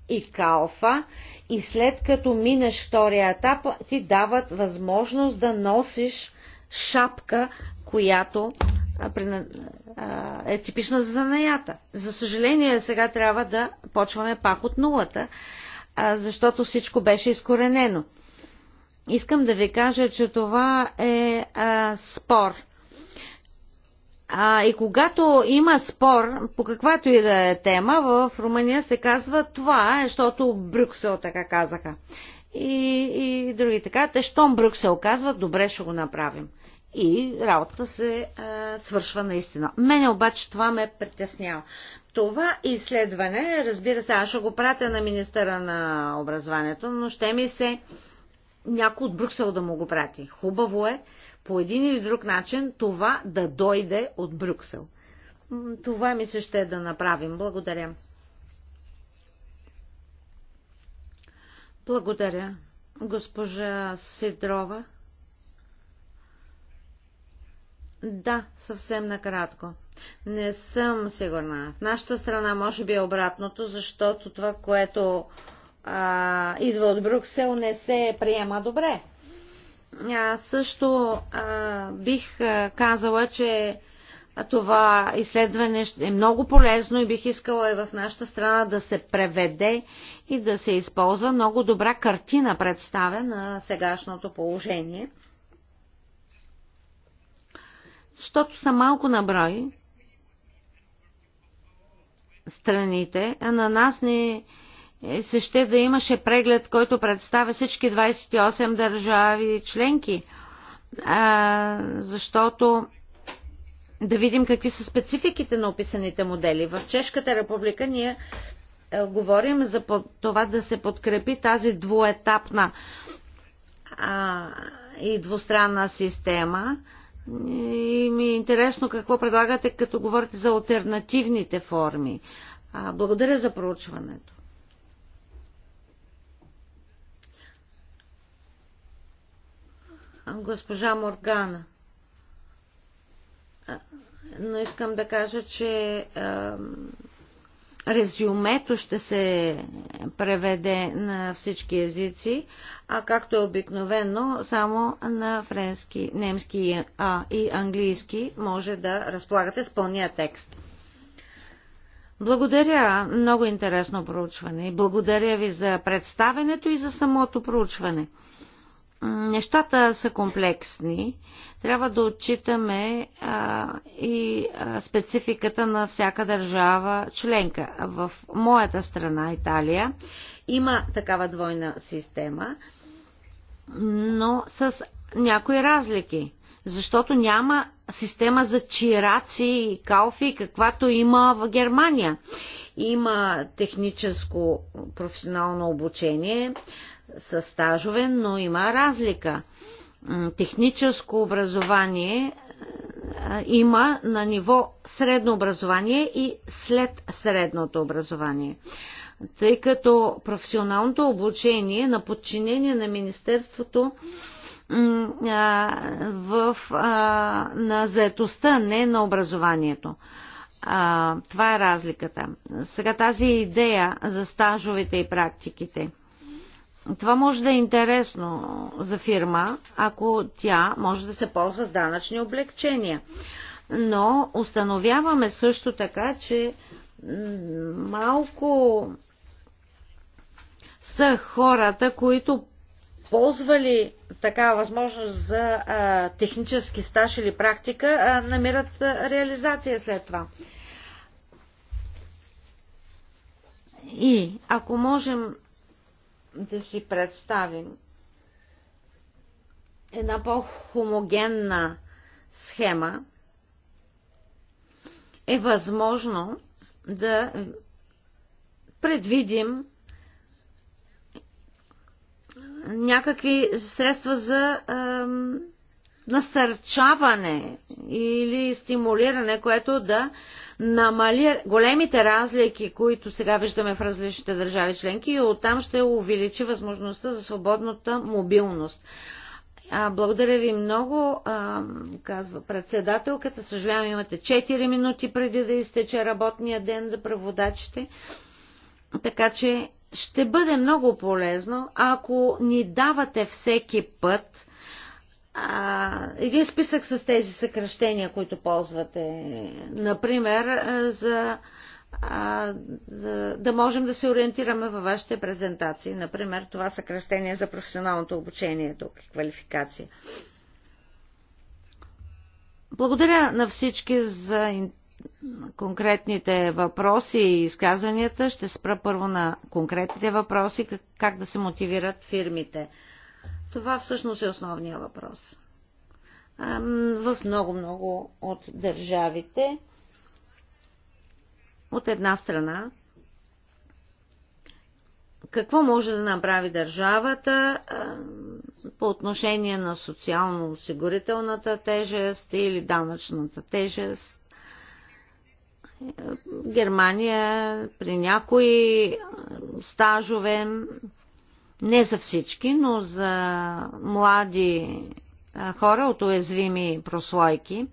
и калфа и след като минеш втория етап ти дават възможност да носиш шапка, която е типична за занаята. За съжаление, сега трябва да почваме пак от нулата, защото всичко беше изкоренено. Искам да ви кажа, че това е а, спор. А, и когато има спор по каквато и да е тема, в Румъния се казва това, защото Брюксел така казаха. И, и други така, те щом Брюксел казва, добре ще го направим. И работата се е, свършва наистина. Мене обаче това ме притеснява. Това изследване, разбира се, аз ще го пратя на министъра на образованието, но ще ми се някой от Брюксел да му го прати. Хубаво е, по един или друг начин това да дойде от Брюксел. Това ми се ще да направим. Благодаря. Благодаря. Госпожа Сидрова. Да, съвсем накратко. Не съм сигурна. В нашата страна може би е обратното, защото това, което а, идва от Брюксел, не се приема добре. Аз също а, бих а, казала, че това изследване е много полезно и бих искала и в нашата страна да се преведе и да се използва много добра картина представя на сегашното положение. Защото са малко на брой страните, а на нас ни не е, се ще да имаше преглед, който представя всички 28 държави членки, а, защото да видим какви са спецификите на описаните модели. В Чешката република ние а, е, говорим за под, това да се подкрепи тази двуетапна а, и двустранна система. И ми е интересно какво предлагате, като говорите за альтернативните форми. А, благодаря за проучването. госпожа Моргана. Но искам да кажа, че резюмето ще се преведе на всички езици, а както е обикновено, само на френски, немски а, и английски може да разполагате с пълния текст. Благодаря, много интересно проучване. Благодаря ви за представенето и за самото проучване. Нещата са комплексни. Трябва да отчитаме а, и а, спецификата на всяка държава членка. В моята страна, Италия, има такава двойна система, но с някои разлики. Защото няма система за чираци и калфи, каквато има в Германия. Има техническо професионално обучение, са стажове, но има разлика. Техническо образование е, има на ниво средно образование и след средното образование. Тъй като професионалното обучение на подчинение на Министерството в, а, на заетостта, не на образованието. А, това е разликата. Сега тази идея за стажовете и практиките – това може да е интересно за фирма, ако тя може да се ползва с данъчни облегчения. Но установяваме също така, че малко са хората, които ползвали такава възможност за а, технически стаж или практика, а, намират а, реализация след това. И ако можем да си представим една по-хомогенна схема, е възможно да предвидим някакви средства за насърчаване или стимулиране, което да намали големите разлики, които сега виждаме в различните държави членки и оттам ще увеличи възможността за свободната мобилност. А, благодаря ви много, а, казва председателката. Съжалявам, имате 4 минути преди да изтече работния ден за преводачите. Така че ще бъде много полезно, ако ни давате всеки път един списък с тези съкръщения, които ползвате. Например, за, да, можем да се ориентираме във вашите презентации. Например, това съкръщение за професионалното обучение тук и квалификация. Благодаря на всички за конкретните въпроси и изказванията. Ще спра първо на конкретните въпроси, как да се мотивират фирмите. Това всъщност е основния въпрос. В много-много от държавите, от една страна, какво може да направи държавата по отношение на социално-осигурителната тежест или данъчната тежест. Германия при някои стажове не за всички, но за млади хора от уязвими прослойки.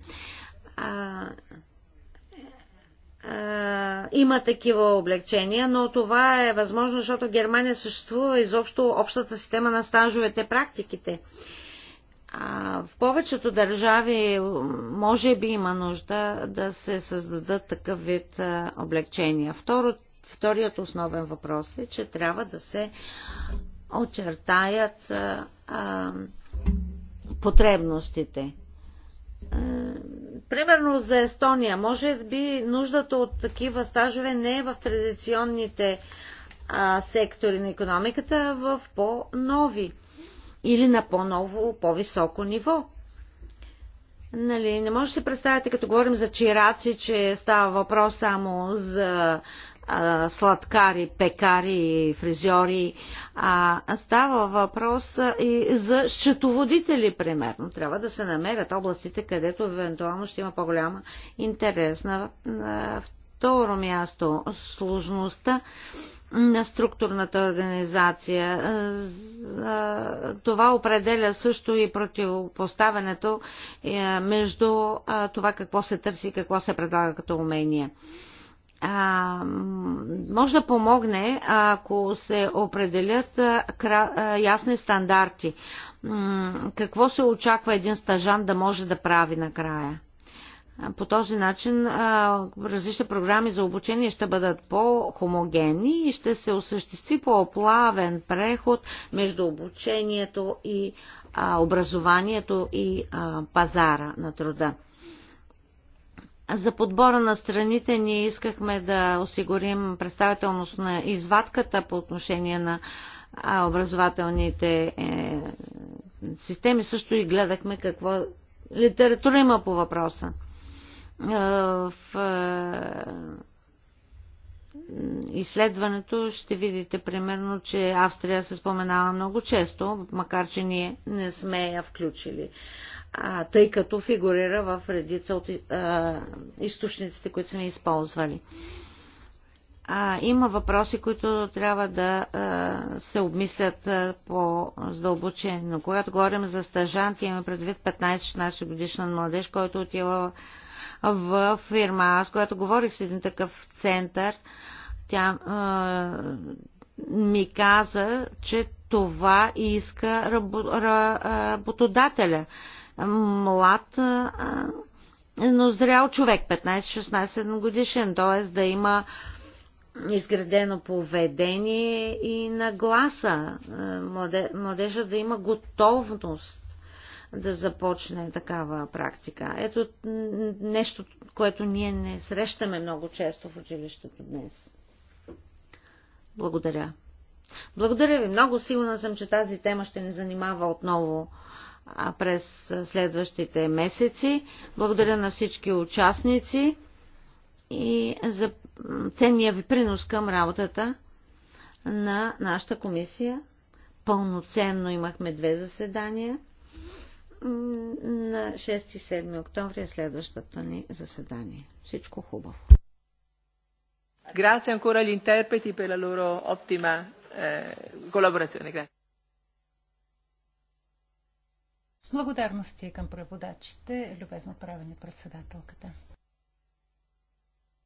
А, а, има такива облегчения, но това е възможно, защото в Германия съществува изобщо общата система на стажовете, практиките. А, в повечето държави може би има нужда да се създадат такъв вид облегчения. Второ, вторият основен въпрос е, че трябва да се очертаят а, а, потребностите. А, примерно за Естония, може би нуждата от такива стажове не е в традиционните а, сектори на економиката, а в по-нови или на по-ново, по-високо ниво. Нали, не може да се представите, като говорим за чираци, че става въпрос само за сладкари, пекари, фризьори. А, става въпрос и за счетоводители, примерно. Трябва да се намерят областите, където евентуално ще има по-голяма интерес. На, на второ място, сложността на структурната организация. Това определя също и противопоставянето е, между това какво се търси и какво се предлага като умение а, може да помогне, ако се определят кра, ясни стандарти. какво се очаква един стажан да може да прави накрая? По този начин различни програми за обучение ще бъдат по-хомогенни и ще се осъществи по-плавен преход между обучението и образованието и пазара на труда. За подбора на страните ние искахме да осигурим представителност на извадката по отношение на образователните е, системи. Също и гледахме какво литература има по въпроса. Е, в е, изследването ще видите примерно, че Австрия се споменава много често, макар че ние не сме я включили а, тъй като фигурира в редица от а, източниците, които сме използвали. А, има въпроси, които трябва да а, се обмислят по-здълбочено. Когато говорим за стажант, имаме предвид 15-16 годишна младеж, който отива в фирма. Аз, когато говорих с един такъв център, тя а, ми каза, че това иска работодателя млад, но зрял човек, 15-16 годишен, т.е. да има изградено поведение и нагласа. Младежа да има готовност да започне такава практика. Ето нещо, което ние не срещаме много често в училището днес. Благодаря. Благодаря ви много. Сигурна съм, че тази тема ще ни занимава отново през следващите месеци. Благодаря на всички участници и за ценния ви принос към работата на нашата комисия. Пълноценно имахме две заседания. На 6 и 7 октомври е следващото ни заседание. Всичко хубаво. Grazie ancora agli interpreti per la loro ottima eh, collaborazione. Grazie. Благодарности към преводачите, любезно правени председателката.